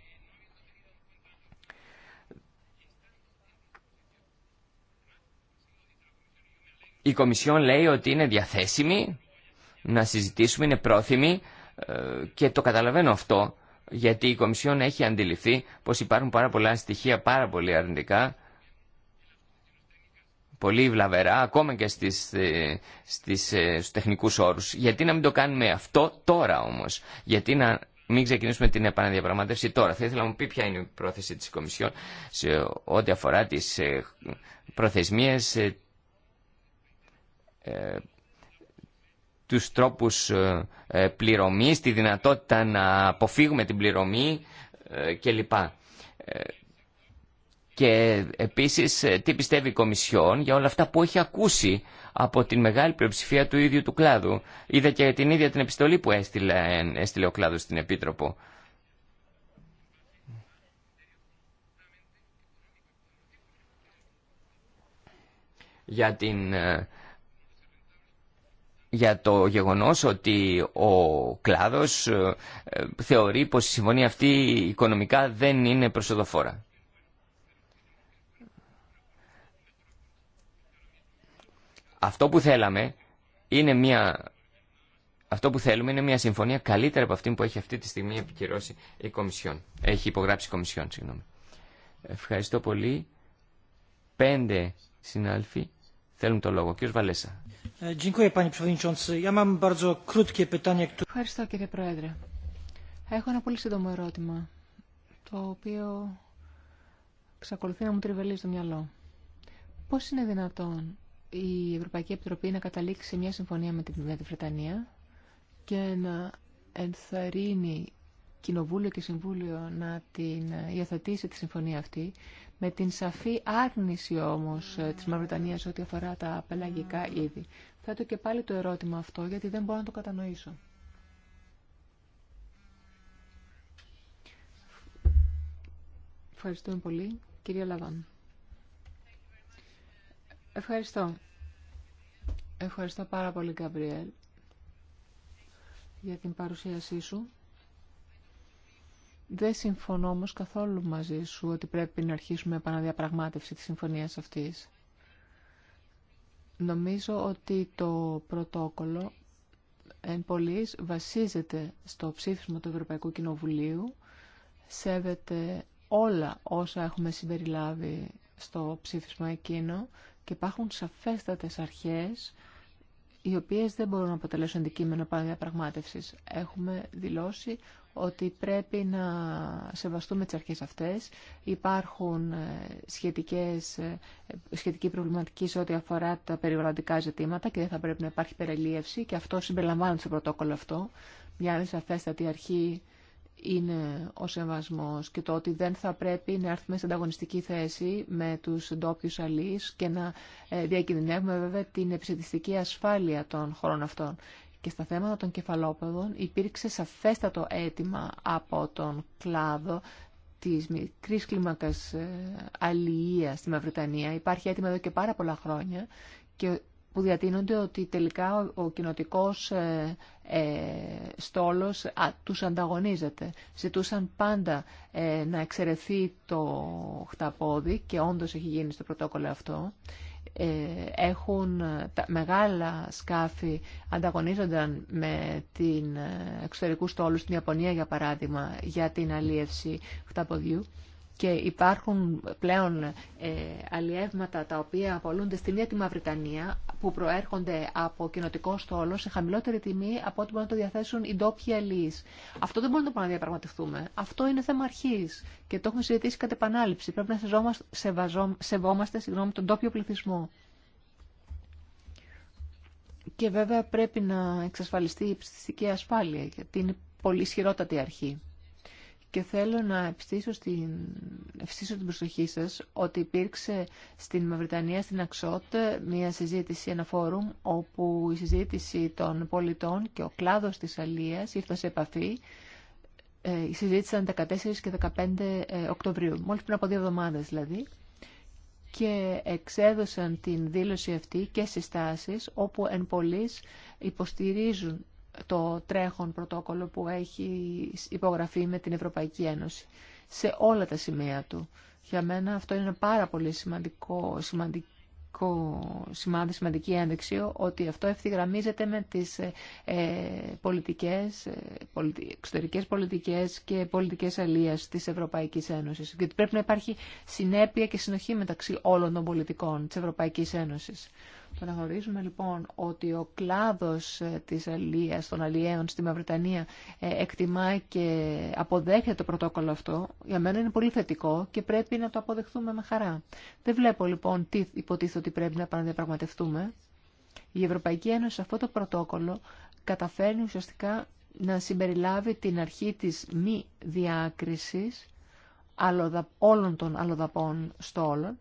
Η Κομισιόν λέει ότι είναι διαθέσιμη να συζητήσουμε, είναι πρόθυμη ε, και το καταλαβαίνω αυτό γιατί η Κομισιόν έχει αντιληφθεί πως υπάρχουν πάρα πολλά στοιχεία πάρα πολύ αρνητικά πολύ βλαβερά, ακόμα και στις, ε, στις, ε, στους τεχνικούς όρους. Γιατί να μην το κάνουμε αυτό τώρα όμως. Γιατί να μην ξεκινήσουμε την επαναδιαπραγμάτευση τώρα. Θα ήθελα να μου πει ποια είναι η πρόθεση της Κομισιόν σε ό,τι αφορά τις ε, προθεσμίες, τους τρόπους πληρωμής, τη δυνατότητα να αποφύγουμε την πληρωμή κλπ. Και επίσης ε, τι πιστεύει η Κομισιόν για όλα αυτά που έχει ακούσει από την μεγάλη πλειοψηφία του ίδιου του κλάδου. Είδα και την ίδια την επιστολή που έστειλε, ε, έστειλε ο κλάδος στην Επίτροπο. Για, την, ε, για το γεγονός ότι ο κλάδος θεωρεί πως η συμφωνία αυτή οικονομικά δεν είναι προσοδοφόρα. Αυτό που θέλαμε είναι μια... Αυτό που θέλουμε είναι μια συμφωνία καλύτερα από αυτή που έχει αυτή τη στιγμή επικυρώσει η Κομισιόν. Έχει υπογράψει η Κομισιόν, συγγνώμη. Ευχαριστώ πολύ. Πέντε συνάλφοι θέλουν το λόγο. Κύριος Βαλέσα. Ε, Ευχαριστώ κύριε Πρόεδρε. Έχω ένα πολύ σύντομο ερώτημα, το οποίο εξακολουθεί να μου τριβελεί στο μυαλό. Πώς είναι δυνατόν η Ευρωπαϊκή Επιτροπή να καταλήξει μια συμφωνία με την Βρετανία και να ενθαρρύνει Κοινοβούλιο και Συμβούλιο να την ε, υιοθετήσει τη συμφωνία αυτή, με την σαφή άρνηση όμως ε, της Μαυριτανίας ό,τι αφορά τα πελαγικά είδη. Θέτω και πάλι το ερώτημα αυτό, γιατί δεν μπορώ να το κατανοήσω. Ευχαριστούμε πολύ. Κυρία Λαβάν. Ευχαριστώ. Ευχαριστώ πάρα πολύ, Καμπριέλ, για την παρουσίασή σου. Δεν συμφωνώ όμω καθόλου μαζί σου ότι πρέπει να αρχίσουμε επαναδιαπραγμάτευση της συμφωνίας αυτής. Νομίζω ότι το πρωτόκολλο εν πολλής βασίζεται στο ψήφισμα του Ευρωπαϊκού Κοινοβουλίου, σέβεται όλα όσα έχουμε συμπεριλάβει στο ψήφισμα εκείνο και υπάρχουν σαφέστατες αρχές οι οποίες δεν μπορούν να αποτελέσουν αντικείμενο παραδιαπραγμάτευση. Έχουμε δηλώσει ότι πρέπει να σεβαστούμε τις αρχές αυτές. Υπάρχουν ε, σχετικές, ε, σχετική προβληματική σε ό,τι αφορά τα περιβαλλοντικά ζητήματα και δεν θα πρέπει να υπάρχει περιελίευση και αυτό συμπεριλαμβάνεται στο πρωτόκολλο αυτό. Μια σαφέστατη αρχή είναι ο σεβασμό και το ότι δεν θα πρέπει να έρθουμε σε ανταγωνιστική θέση με τους ντόπιου αλείς και να ε, διακινδυνεύουμε βέβαια την επιστημιστική ασφάλεια των χωρών αυτών. Και στα θέματα των κεφαλόπεδων υπήρξε σαφέστατο αίτημα από τον κλάδο της μικρής κλίμακας ε, αλληλείας στη Μαυριτανία. Υπάρχει αίτημα εδώ και πάρα πολλά χρόνια και που διατείνονται ότι τελικά ο κοινοτικός ε, ε, στόλος α, τους ανταγωνίζεται. Ζητούσαν πάντα ε, να εξαιρεθεί το χταπόδι και όντως έχει γίνει στο πρωτόκολλο αυτό. Ε, έχουν τα μεγάλα σκάφη ανταγωνίζονταν με την ε, εξωτερικού στόλου στην Ιαπωνία για παράδειγμα για την αλίευση χταποδιού και υπάρχουν πλέον ε, αλλιεύματα τα οποία απολούνται στην ίδια τη που προέρχονται από κοινοτικό στόλο σε χαμηλότερη τιμή από ό,τι μπορούν να το διαθέσουν οι ντόπιοι αλληλείς. Αυτό δεν μπορούμε να το πάμε να διαπραγματευτούμε. Αυτό είναι θέμα αρχή και το έχουμε συζητήσει κατά επανάληψη. Πρέπει να σεβόμαστε συγγνώμη, τον ντόπιο πληθυσμό. Και βέβαια πρέπει να εξασφαλιστεί η ψηφιστική ασφάλεια, γιατί είναι πολύ ισχυρότατη αρχή και θέλω να ευστήσω, στην, ευστήσω την προσοχή σας ότι υπήρξε στην Μαυριτανία, στην Αξότ, μια συζήτηση, ένα φόρουμ, όπου η συζήτηση των πολιτών και ο κλάδος της Αλίας ήρθαν σε επαφή. Ε, συζήτησαν 14 και 15 ε, Οκτωβρίου, μόλις πριν από δύο εβδομάδες δηλαδή και εξέδωσαν την δήλωση αυτή και συστάσεις όπου εν πολλής υποστηρίζουν το τρέχον πρωτόκολλο που έχει υπογραφεί με την Ευρωπαϊκή Ένωση σε όλα τα σημεία του. Για μένα αυτό είναι ένα πάρα πολύ σημαντικό, σημαντικό σημάδι, σημαντική ένδειξη ότι αυτό ευθυγραμμίζεται με τις ε, ε πολιτικές, ε, εξωτερικές πολιτικές και πολιτικές αλίας της Ευρωπαϊκής Ένωσης. Γιατί πρέπει να υπάρχει συνέπεια και συνοχή μεταξύ όλων των πολιτικών της Ευρωπαϊκής Ένωσης. Το να γνωρίζουμε λοιπόν ότι ο κλάδος ε, της αλίας, των αλλιέων στη Μαυριτανία ε, εκτιμά και αποδέχεται το πρωτόκολλο αυτό, για μένα είναι πολύ θετικό και πρέπει να το αποδεχθούμε με χαρά. Δεν βλέπω λοιπόν τι υποτίθεται ότι πρέπει να παραδιαπραγματευτούμε. Η Ευρωπαϊκή Ένωση σε αυτό το πρωτόκολλο καταφέρνει ουσιαστικά να συμπεριλάβει την αρχή της μη διάκρισης όλων των αλλοδαπών στόλων,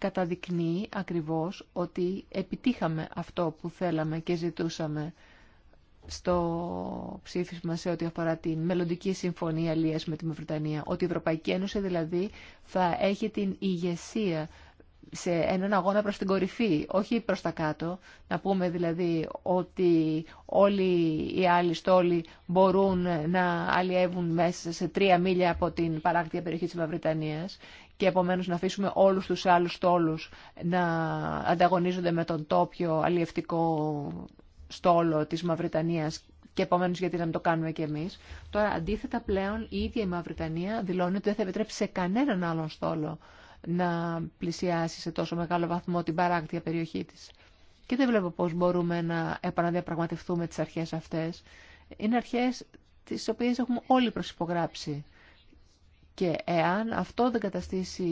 καταδεικνύει ακριβώς ότι επιτύχαμε αυτό που θέλαμε και ζητούσαμε στο ψήφισμα σε ό,τι αφορά την μελλοντική συμφωνία Λίας με τη Βρετανία. Ότι η Ευρωπαϊκή Ένωση δηλαδή θα έχει την ηγεσία σε έναν αγώνα προς την κορυφή, όχι προς τα κάτω. Να πούμε δηλαδή ότι όλοι οι άλλοι στόλοι μπορούν να αλλιεύουν μέσα σε τρία μίλια από την παράκτια περιοχή της Μαυριτανίας και επομένως να αφήσουμε όλους τους άλλους στόλους να ανταγωνίζονται με τον τόπιο αλλιευτικό στόλο της Μαυριτανίας και επομένω γιατί να μην το κάνουμε και εμεί. Τώρα, αντίθετα, πλέον η ίδια η Μαυριτανία δηλώνει ότι δεν θα επιτρέψει σε κανέναν άλλον στόλο να πλησιάσει σε τόσο μεγάλο βαθμό την παράκτια περιοχή τη. Και δεν βλέπω πώ μπορούμε να επαναδιαπραγματευτούμε τι αρχέ αυτέ. Είναι αρχέ τι οποίε έχουμε όλοι προσυπογράψει. Και εάν αυτό δεν καταστήσει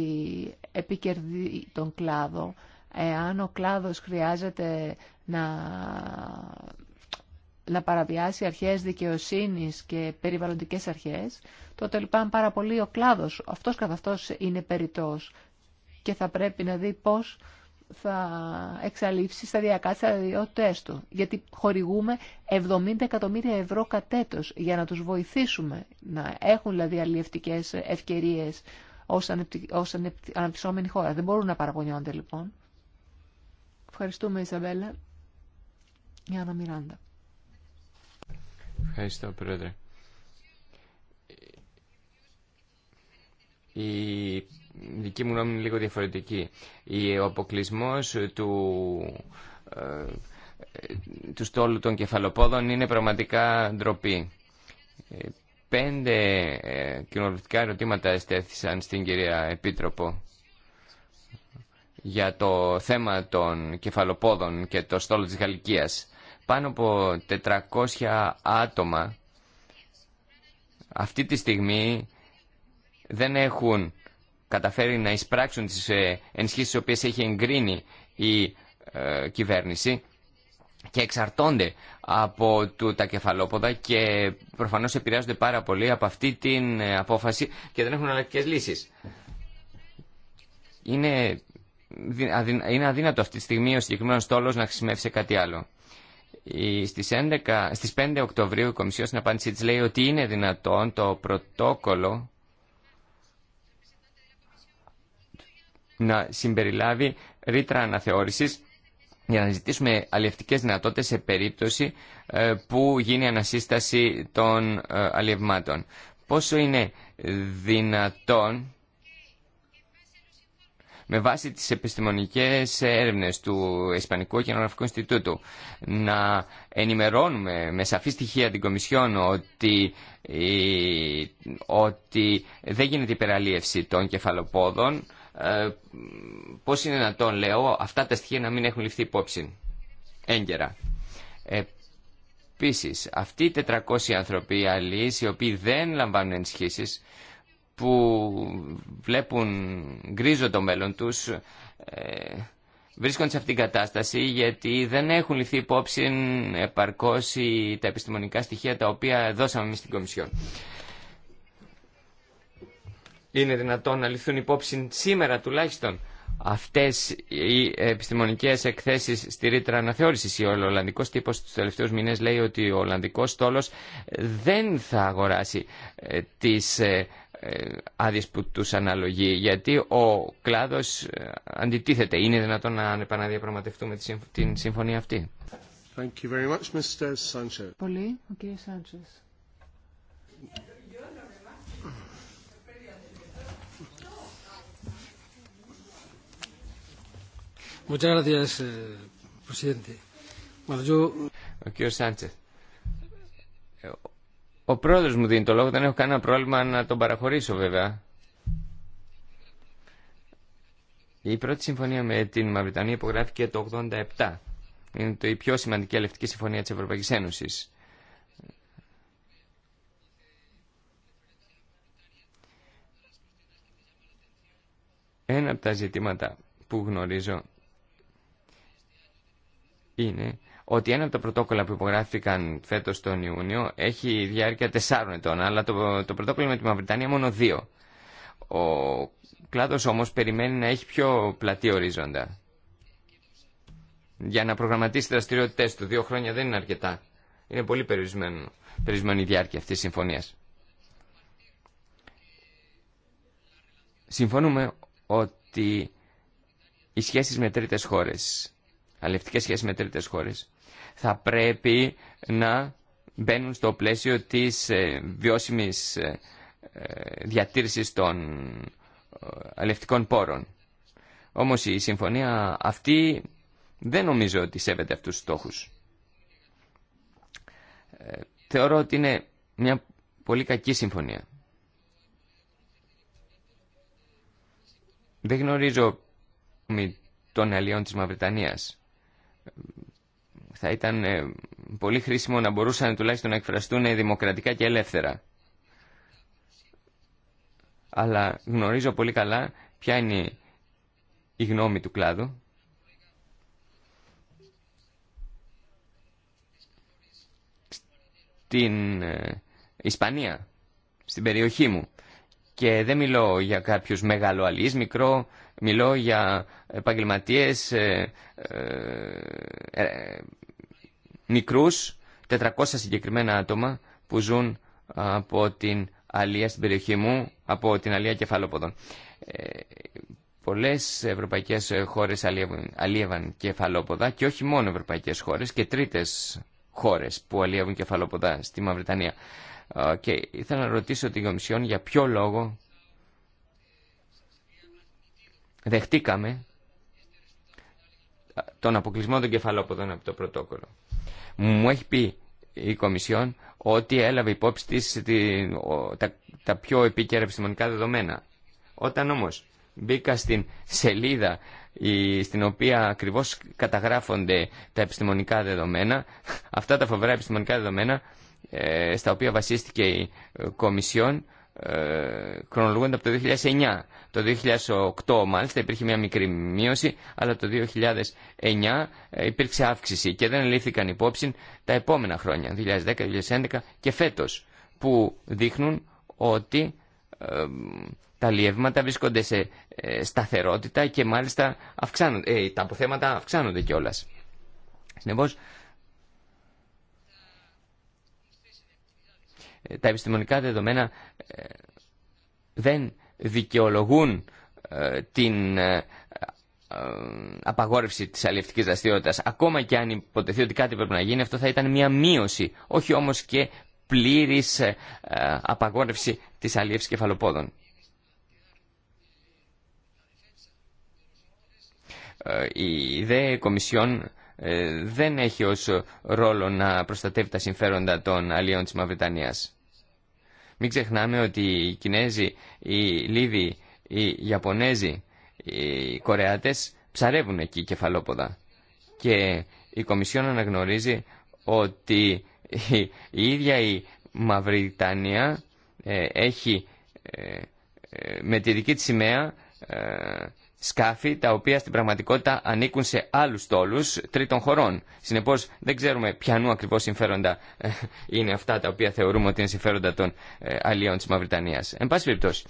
επικερδή τον κλάδο, εάν ο κλάδος χρειάζεται να, να παραβιάσει αρχές δικαιοσύνης και περιβαλλοντικές αρχές, τότε λοιπόν πάρα πολύ ο κλάδος. Αυτός καθ' αυτός είναι περιττός και θα πρέπει να δει πώς θα εξαλείψει σταδιακά τι αδειότητέ του. Γιατί χορηγούμε 70 εκατομμύρια ευρώ κατέτος για να τους βοηθήσουμε να έχουν δηλαδή αλληλευτικέ ευκαιρίες ω αναπτυσσόμενη χώρα. Δεν μπορούν να παραπονιόνται, λοιπόν. Ευχαριστούμε Ισαβέλα. Γιάννα Μιράντα. Ευχαριστώ Πρόεδρε. Η δική μου γνώμη είναι λίγο διαφορετική. Ο αποκλεισμό του, ε, του στόλου των κεφαλοπόδων είναι πραγματικά ντροπή. Ε, πέντε ε, κοινοβουλευτικά ερωτήματα εστέθησαν στην κυρία Επίτροπο για το θέμα των κεφαλοπόδων και το στόλο της Γαλλικίας. Πάνω από 400 άτομα αυτή τη στιγμή δεν έχουν καταφέρει να εισπράξουν τις ε, ενισχύσεις τις οποίες έχει εγκρίνει η ε, κυβέρνηση και εξαρτώνται από του, τα κεφαλόποδα και προφανώς επηρεάζονται πάρα πολύ από αυτή την ε, απόφαση και δεν έχουν αλλακτικές λύσεις. Είναι, είναι αδύνατο αυτή τη στιγμή ο συγκεκριμένος στόλος να χρησιμεύσει σε κάτι άλλο. Στις, 11, στις 5 Οκτωβρίου η Κομισιόν στην απάντησή της λέει ότι είναι δυνατόν το πρωτόκολλο να συμπεριλάβει ρήτρα αναθεώρησης για να ζητήσουμε αλλιευτικές δυνατότητες σε περίπτωση ε, που γίνει ανασύσταση των ε, αλλιευμάτων. Πόσο είναι δυνατόν με βάση τις επιστημονικές έρευνες του Ισπανικού Κοινογραφικού Ινστιτούτου να ενημερώνουμε με σαφή στοιχεία την Κομισιόν ότι, ε, ότι δεν γίνεται υπεραλίευση των κεφαλοπόδων ε, πώς είναι να τον λέω, αυτά τα στοιχεία να μην έχουν ληφθεί υπόψη έγκαιρα. Επίση, αυτοί οι 400 άνθρωποι αλλοί, οι οποίοι δεν λαμβάνουν ενισχύσει, που βλέπουν γκρίζο το μέλλον τους, ε, βρίσκονται σε αυτήν την κατάσταση γιατί δεν έχουν ληφθεί υπόψη επαρκώς τα επιστημονικά στοιχεία τα οποία δώσαμε εμεί στην Κομισιόν είναι δυνατόν να ληφθούν υπόψη σήμερα τουλάχιστον αυτές οι επιστημονικές εκθέσεις στη ρήτρα αναθεώρησης. Ο Ολλανδικός τύπος του τελευταίου μήνες λέει ότι ο Ολλανδικός στόλος δεν θα αγοράσει ε, τις ε, ε, άδειε που του αναλογεί γιατί ο κλάδος αντιτίθεται. Είναι δυνατόν να επαναδιαπραγματευτούμε την συμφωνία αυτή. Thank you very much, Mr. Πολύ, ο κύριος Eh, Ο κύριος Σάντσες. Ο πρόεδρος μου δίνει το λόγο, δεν έχω κανένα πρόβλημα να τον παραχωρήσω βέβαια. Η πρώτη συμφωνία με την Μαυριτανία υπογράφηκε το 1987. Είναι το η πιο σημαντική ελευτική συμφωνία της Ευρωπαϊκής Ένωσης. Ένα από τα ζητήματα που γνωρίζω είναι ότι ένα από τα πρωτόκολλα που υπογράφηκαν φέτο τον Ιούνιο έχει διάρκεια τεσσάρων ετών, αλλά το, το πρωτόκολλο με τη Μαυριτανία μόνο δύο. Ο κλάδος όμω περιμένει να έχει πιο πλατή ορίζοντα. Για να προγραμματίσει δραστηριότητε του δύο χρόνια δεν είναι αρκετά. Είναι πολύ περιορισμένο, περιορισμένη η διάρκεια αυτής της συμφωνίας. Συμφωνούμε ότι οι σχέσεις με τρίτες χώρες αλληλευτικές σχέσεις με τρίτες χώρες θα πρέπει να μπαίνουν στο πλαίσιο της ε, βιώσιμης ε, ε, διατήρησης των αλευτικών πόρων. Όμως η συμφωνία αυτή δεν νομίζω ότι σέβεται αυτούς τους στόχους. Θεωρώ ότι είναι μια πολύ κακή συμφωνία. Δεν γνωρίζω των αλλιών της Μαυριτανίας θα ήταν ε, πολύ χρήσιμο να μπορούσαν τουλάχιστον να εκφραστούν ε, δημοκρατικά και ελεύθερα. Αλλά γνωρίζω πολύ καλά ποια είναι η γνώμη του κλάδου. Στην ε, Ισπανία, στην περιοχή μου. Και δεν μιλώ για κάποιους μεγαλοαλείς, μικρό, μιλώ για επαγγελματίες ε, ε, ε μικρούς, 400 συγκεκριμένα άτομα που ζουν από την αλία στην περιοχή μου, από την αλία κεφαλόποδων. Ε, πολλές ευρωπαϊκές χώρες αλίευαν κεφαλόποδα και όχι μόνο ευρωπαϊκές χώρες και τρίτες χώρες που αλίευουν κεφαλόποδα στη Μαυριτανία και ήθελα να ρωτήσω την Κομισιόν για ποιο λόγο δεχτήκαμε τον αποκλεισμό των κεφαλόποδων από το πρωτόκολλο. Μου έχει πει η Κομισιόν ότι έλαβε υπόψη της τα, τα πιο επίκαιρα επιστημονικά δεδομένα. Όταν όμως μπήκα στην σελίδα στην οποία ακριβώς καταγράφονται τα επιστημονικά δεδομένα, αυτά τα φοβερά επιστημονικά δεδομένα ε, στα οποία βασίστηκε η ε, Κομισιόν ε, χρονολογούνται από το 2009. Το 2008 μάλιστα υπήρχε μια μικρή μείωση, αλλά το 2009 υπήρξε αύξηση και δεν λύθηκαν υπόψη τα επόμενα χρόνια, 2010, 2011 και φέτος, που δείχνουν ότι τα λιεύματα βρίσκονται σε σταθερότητα και μάλιστα αυξάνονται, τα αποθέματα αυξάνονται κιόλας. Συνεπώς, τα επιστημονικά δεδομένα ε, δεν δικαιολογούν ε, την ε, απαγόρευση της αλληλευτικής δραστηριότητα. Ακόμα και αν υποτεθεί ότι κάτι πρέπει να γίνει, αυτό θα ήταν μια μείωση, όχι όμως και πλήρης απαγόρευση της αλληλεύσης κεφαλοπόδων. Η ΔΕ Κομισιόν δεν έχει ως ρόλο να προστατεύει τα συμφέροντα των αλλιών της Μαυριτανίας. Μην ξεχνάμε ότι οι Κινέζοι, οι Λίβοι, οι Ιαπωνέζοι, οι Κορεάτες ψαρεύουν εκεί κεφαλόποδα. Και η Κομισιόν αναγνωρίζει ότι η ίδια η Μαυριτανία ε, έχει ε, ε, με τη δική της σημαία σκάφη τα οποία στην πραγματικότητα ανήκουν σε άλλους τόλους τρίτων χωρών. Συνεπώς δεν ξέρουμε ποιανού ακριβώς συμφέροντα ε, είναι αυτά τα οποία θεωρούμε ότι είναι συμφέροντα των ε, αλλιών της Μαυριτανίας. Εν πάση περιπτώσει,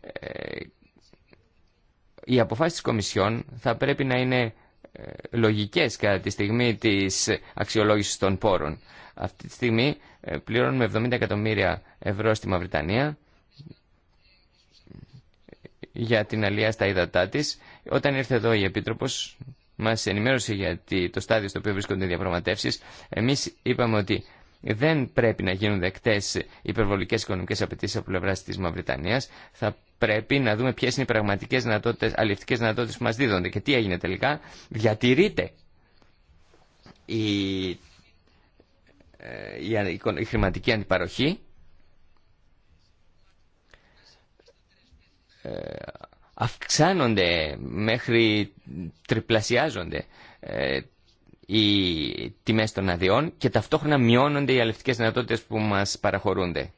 ε, οι αποφάσεις της Κομισιόν θα πρέπει να είναι λογικές κατά τη στιγμή της αξιολόγησης των πόρων. Αυτή τη στιγμή πληρώνουμε 70 εκατομμύρια ευρώ στη Μαυριτανία για την αλία στα ύδατά τη, Όταν ήρθε εδώ η επίτροπο, μα ενημέρωσε για το στάδιο στο οποίο βρίσκονται οι διαπραγματεύσει, εμεί είπαμε ότι δεν πρέπει να γίνουν δεκτές υπερβολικέ οικονομικέ απαιτήσει από πλευρά τη Μαυριτανία. Θα πρέπει να δούμε ποιε είναι οι πραγματικέ δυνατότητε, αληφτικές δυνατότητε που μα δίδονται. Και τι έγινε τελικά. Διατηρείται η, ε, η, η χρηματική αντιπαροχή Ε, αυξάνονται μέχρι τριπλασιάζονται ε, οι τιμές των αδειών και ταυτόχρονα μειώνονται οι αλευτικές δυνατότητε που μας παραχωρούνται.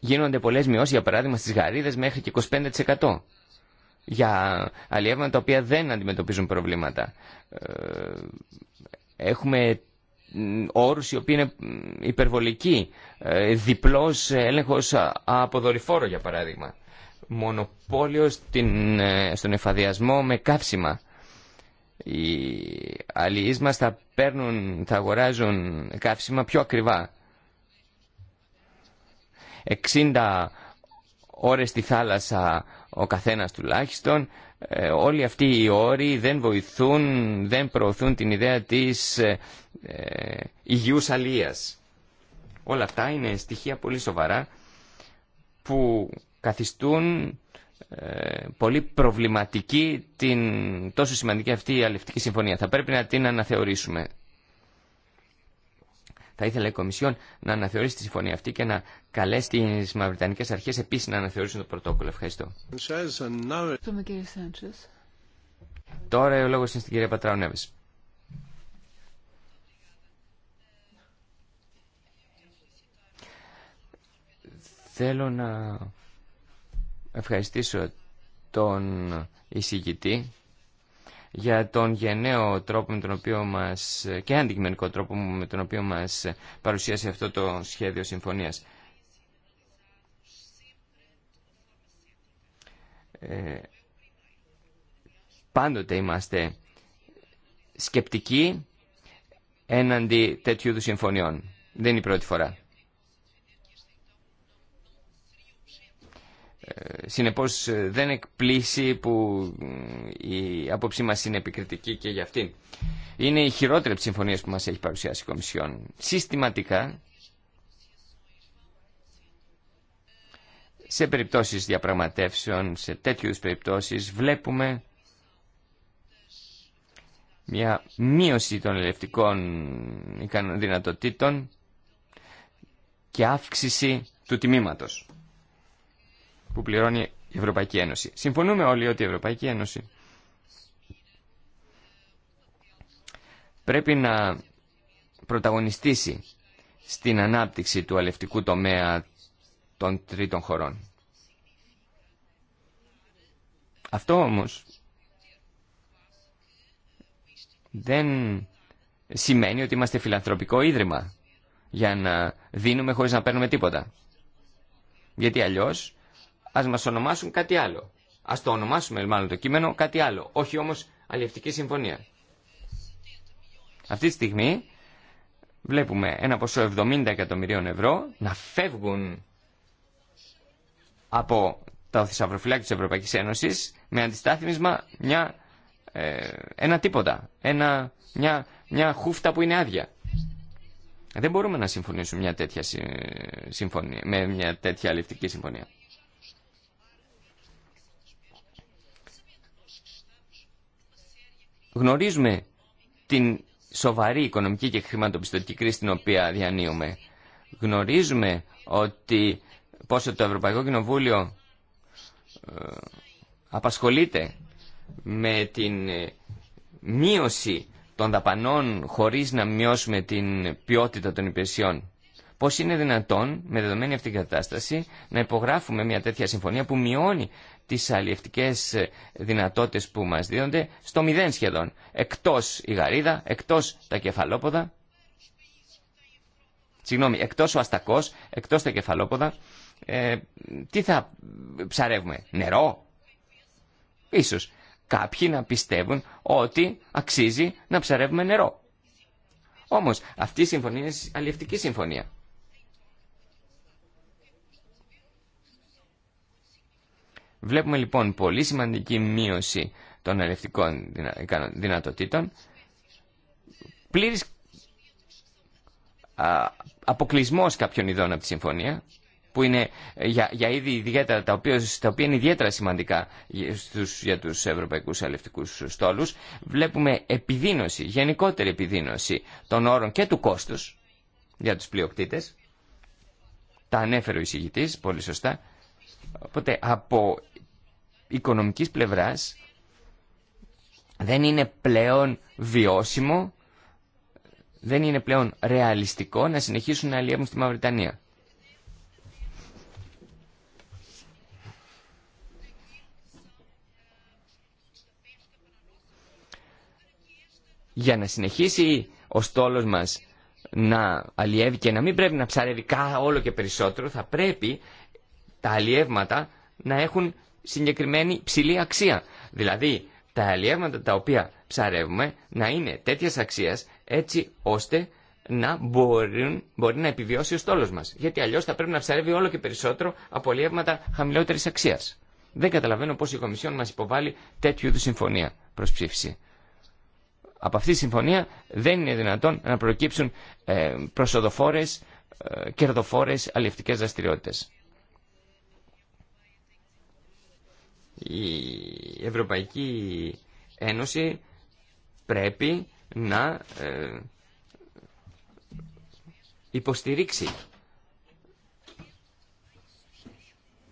Γίνονται πολλές μειώσεις, για παράδειγμα, στις γαρίδες μέχρι και 25% για αλλιεύματα τα οποία δεν αντιμετωπίζουν προβλήματα. Ε, έχουμε όρους οι οποίοι είναι υπερβολικοί. Ε, διπλός έλεγχος από δορυφόρο για παράδειγμα. Μονοπόλιο ε, στον εφαδιασμό με καύσιμα. Οι αλληλείς μας θα, παίρνουν, θα αγοράζουν καύσιμα πιο ακριβά. 60 ώρες στη θάλασσα ο καθένας τουλάχιστον, ε, όλοι αυτοί οι όροι δεν βοηθούν, δεν προωθούν την ιδέα της ε, ε υγιούς Όλα αυτά είναι στοιχεία πολύ σοβαρά που καθιστούν ε, πολύ προβληματική την τόσο σημαντική αυτή η αλευτική συμφωνία. Θα πρέπει να την αναθεωρήσουμε. Θα ήθελα η Κομισιόν να αναθεωρήσει τη συμφωνία αυτή και να καλέσει τι μαυριτανικέ αρχέ επίση να αναθεωρήσουν το πρωτόκολλο. Ευχαριστώ. Τώρα ο λόγο είναι στην κυρία Πατράου Θέλω να ευχαριστήσω τον εισηγητή για τον γενναίο τρόπο με τον οποίο μας, και αντικειμενικό τρόπο με τον οποίο μας παρουσίασε αυτό το σχέδιο συμφωνίας. Ε, πάντοτε είμαστε σκεπτικοί έναντι τέτοιου είδους συμφωνιών. Δεν είναι η πρώτη φορά. Ε, συνεπώς ε, δεν εκπλήσει που η άποψή μας είναι επικριτική και για αυτή. Είναι η χειρότερη από συμφωνίες που μας έχει παρουσιάσει η Κομισιόν. Συστηματικά, σε περιπτώσεις διαπραγματεύσεων, σε τέτοιους περιπτώσεις, βλέπουμε μια μείωση των ελευτικών δυνατοτήτων και αύξηση του τιμήματος που πληρώνει η Ευρωπαϊκή Ένωση. Συμφωνούμε όλοι ότι η Ευρωπαϊκή Ένωση πρέπει να πρωταγωνιστήσει στην ανάπτυξη του αλευτικού τομέα των τρίτων χωρών. Αυτό όμως δεν σημαίνει ότι είμαστε φιλανθρωπικό ίδρυμα για να δίνουμε χωρίς να παίρνουμε τίποτα. Γιατί αλλιώς Ας μας ονομάσουν κάτι άλλο. Ας το ονομάσουμε μάλλον το κείμενο κάτι άλλο. Όχι όμως αλληλευτική συμφωνία. Αυτή τη στιγμή βλέπουμε ένα ποσό 70 εκατομμυρίων ευρώ να φεύγουν από τα οθυσαυροφυλάκια της Ευρωπαϊκής Ένωσης με αντιστάθμισμα μια, ε, ένα τίποτα, ένα, μια, μια χούφτα που είναι άδεια. Δεν μπορούμε να συμφωνήσουμε μια τέτοια συμφωνία, με μια τέτοια αλληλευτική συμφωνία. Γνωρίζουμε την σοβαρή οικονομική και χρηματοπιστωτική κρίση την οποία διανύουμε. Γνωρίζουμε ότι πόσο το Ευρωπαϊκό Κοινοβούλιο ε, απασχολείται με την ε, μείωση των δαπανών χωρίς να μειώσουμε την ποιότητα των υπηρεσιών. Πώς είναι δυνατόν, με δεδομένη αυτή την κατάσταση, να υπογράφουμε μια τέτοια συμφωνία που μειώνει τις αλλιευτικέ ε, δυνατότητες που μας δίνονται στο μηδέν σχεδόν. Εκτός η γαρίδα, εκτός τα κεφαλόποδα, συγγνώμη, εκτός ο αστακός, εκτός τα κεφαλόποδα, ε, τι θα ψαρεύουμε, νερό. Ίσως κάποιοι να πιστεύουν ότι αξίζει να ψαρεύουμε νερό. Όμως αυτή η συμφωνία είναι αλλιευτική συμφωνία. Βλέπουμε λοιπόν πολύ σημαντική μείωση των ελευτικών δυνατοτήτων, πλήρης αποκλεισμό κάποιων ειδών από τη συμφωνία, που είναι ε, για, για ιδιαίτερα, τα οποία, είναι ιδιαίτερα σημαντικά για τους ευρωπαϊκούς αλευτικούς στόλους, βλέπουμε επιδίνωση, γενικότερη επιδίνωση των όρων και του κόστους για τους πλειοκτήτες. Τα ανέφερε ο εισηγητής, πολύ σωστά. Οπότε από οικονομικής πλευράς δεν είναι πλέον βιώσιμο, δεν είναι πλέον ρεαλιστικό να συνεχίσουν να αλλιεύουν στη Μαυριτανία. Για να συνεχίσει ο στόλος μας να αλλιεύει και να μην πρέπει να ψαρεύει όλο και περισσότερο, θα πρέπει τα αλλιεύματα να έχουν συγκεκριμένη ψηλή αξία. Δηλαδή τα αλλιεύματα τα οποία ψαρεύουμε να είναι τέτοια αξία έτσι ώστε να μπορούν, μπορεί να επιβιώσει ο στόλος μας. Γιατί αλλιώς θα πρέπει να ψαρεύει όλο και περισσότερο από αλλιεύματα χαμηλότερης αξίας. Δεν καταλαβαίνω πώς η Κομισιόν μας υποβάλλει τέτοιου είδου συμφωνία προς ψήφιση. Από αυτή τη συμφωνία δεν είναι δυνατόν να προκύψουν ε, προσοδοφόρες, ε, κερδοφόρες δραστηριότητε. η Ευρωπαϊκή Ένωση πρέπει να ε, υποστηρίξει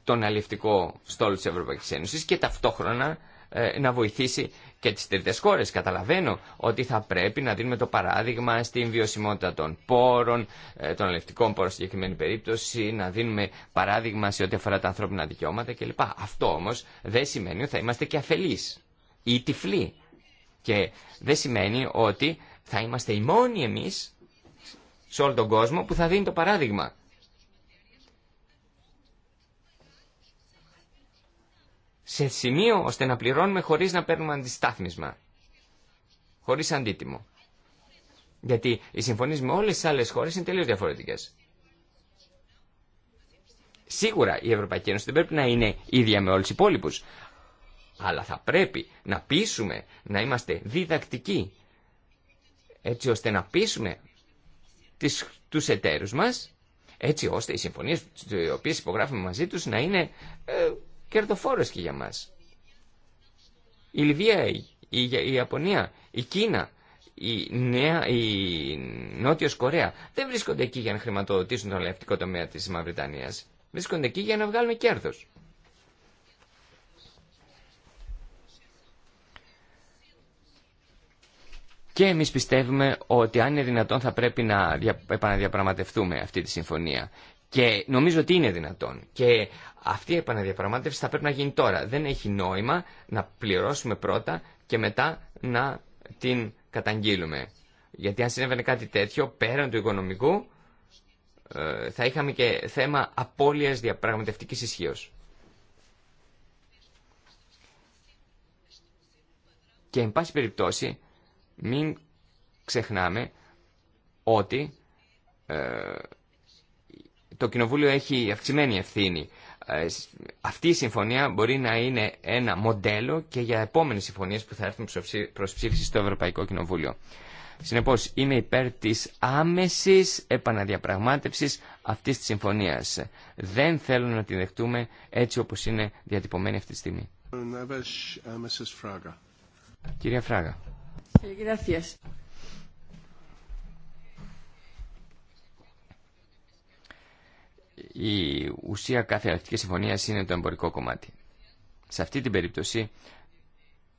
τον αλληλευτικό στόλο της Ευρωπαϊκής Ένωσης και ταυτόχρονα ε, να βοηθήσει και τις τρίτες χώρες. Καταλαβαίνω ότι θα πρέπει να δίνουμε το παράδειγμα στην βιωσιμότητα των πόρων, ε, των ελευτικών πόρων στη συγκεκριμένη περίπτωση, να δίνουμε παράδειγμα σε ό,τι αφορά τα ανθρώπινα δικαιώματα κλπ. Αυτό όμως δεν σημαίνει ότι θα είμαστε και αφελείς ή τυφλοί. Και δεν σημαίνει ότι θα είμαστε οι μόνοι εμείς σε όλο τον κόσμο που θα δίνει το παράδειγμα. σε σημείο ώστε να πληρώνουμε χωρίς να παίρνουμε αντιστάθμισμα. Χωρίς αντίτιμο. Γιατί οι συμφωνίες με όλες τις άλλες χώρες είναι τελείως διαφορετικές. Σίγουρα η Ευρωπαϊκή Ένωση δεν πρέπει να είναι ίδια με όλους τους υπόλοιπους. Αλλά θα πρέπει να πείσουμε, να είμαστε διδακτικοί, έτσι ώστε να πείσουμε τις, τους εταίρους μας, έτσι ώστε οι συμφωνίες τις οποίες υπογράφουμε μαζί τους να είναι ε, κερδοφόρες και για μας. Η Λιβύα, η, η, Ιαπωνία, η Κίνα, η, Νέα, η Νότιος Κορέα δεν βρίσκονται εκεί για να χρηματοδοτήσουν τον ελευτικό τομέα της Μαυριτανίας. Βρίσκονται εκεί για να βγάλουμε κέρδος. Και εμείς πιστεύουμε ότι αν είναι δυνατόν θα πρέπει να επαναδιαπραγματευτούμε αυτή τη συμφωνία. Και νομίζω ότι είναι δυνατόν. Και αυτή η επαναδιαπραγμάτευση θα πρέπει να γίνει τώρα. Δεν έχει νόημα να πληρώσουμε πρώτα και μετά να την καταγγείλουμε. Γιατί αν συνέβαινε κάτι τέτοιο, πέραν του οικονομικού, ε, θα είχαμε και θέμα απώλειας διαπραγματευτικής ισχύω. Και εν πάση περιπτώσει, μην ξεχνάμε ότι ε, το Κοινοβούλιο έχει αυξημένη ευθύνη. Ε, αυτή η συμφωνία μπορεί να είναι ένα μοντέλο και για επόμενες συμφωνίε που θα έρθουν προ ψήφιση στο Ευρωπαϊκό Κοινοβούλιο. Συνεπώς, είμαι υπέρ τη άμεσης επαναδιαπραγμάτευσης αυτής της συμφωνία. Δεν θέλω να τη δεχτούμε έτσι όπως είναι διατυπωμένη αυτή τη στιγμή. Ε, Κυρία Φράγα. Ε, η ουσία κάθε αρχική συμφωνία είναι το εμπορικό κομμάτι. Σε αυτή την περίπτωση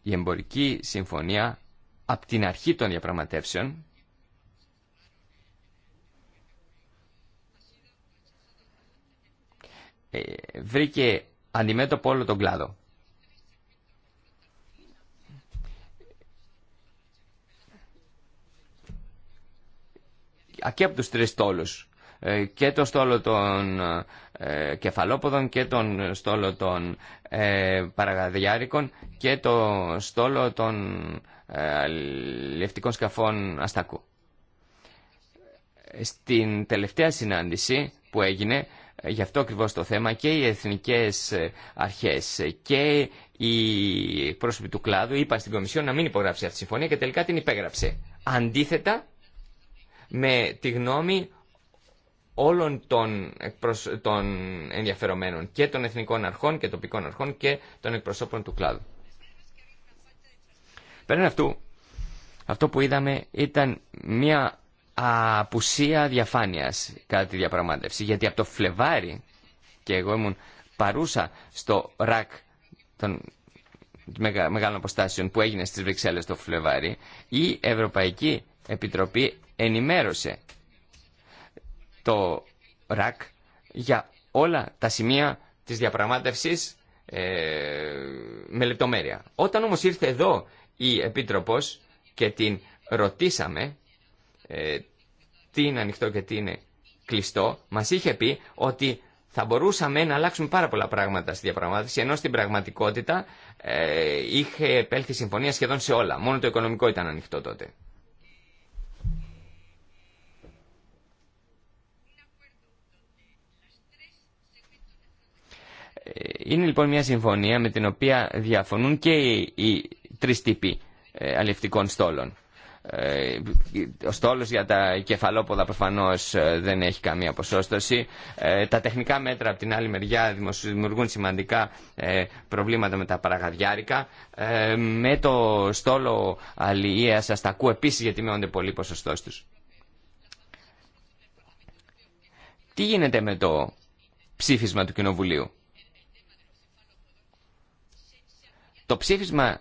η εμπορική συμφωνία από την αρχή των διαπραγματεύσεων ε, βρήκε αντιμέτωπο όλο τον κλάδο. Και από τους τρεις τόλους ε, και το στόλο των ε, κεφαλόποδων και τον στόλο των ε, παραγαδιάρικων και το στόλο των λευτικών σκαφών Αστακού. Στην τελευταία συνάντηση που έγινε, γι' αυτό ακριβώς το θέμα, και οι εθνικές αρχές και οι πρόσωποι του κλάδου είπαν στην Κομισιόν να μην υπογράψει αυτή τη συμφωνία και τελικά την υπέγραψε. Αντίθετα με τη γνώμη όλων των, των ενδιαφερομένων και των εθνικών αρχών και τοπικών αρχών και των εκπροσώπων του κλάδου. Πέραν αυτού, αυτό που είδαμε ήταν μια απουσία διαφάνειας κατά τη διαπραγμάτευση, γιατί από το Φλεβάρι, και εγώ ήμουν παρούσα στο ΡΑΚ των μεγάλων αποστάσεων που έγινε στις Βρυξέλλες το Φλεβάρι, η Ευρωπαϊκή Επιτροπή ενημέρωσε το ΡΑΚ για όλα τα σημεία της διαπραγμάτευσης ε, με λεπτομέρεια. Όταν όμως ήρθε εδώ η Επίτροπος και την ρωτήσαμε ε, τι είναι ανοιχτό και τι είναι κλειστό, μας είχε πει ότι θα μπορούσαμε να αλλάξουμε πάρα πολλά πράγματα στη διαπραγμάτευση, ενώ στην πραγματικότητα ε, είχε επέλθει συμφωνία σχεδόν σε όλα. Μόνο το οικονομικό ήταν ανοιχτό τότε. Είναι λοιπόν μια συμφωνία με την οποία διαφωνούν και οι, οι τρεις τύποι ε, αλληλευτικών στόλων. Ε, ο στόλος για τα κεφαλόποδα προφανώς ε, δεν έχει καμία ποσόστοση. Ε, τα τεχνικά μέτρα από την άλλη μεριά δημιουργούν σημαντικά προβλήματα με τα παραγαδιάρικα. Με το στόλο αλληλείας αστακού επίσης γιατί μειώνται πολύ ποσοστό τους. Τι γίνεται με το ψήφισμα του Κοινοβουλίου. Το ψήφισμα,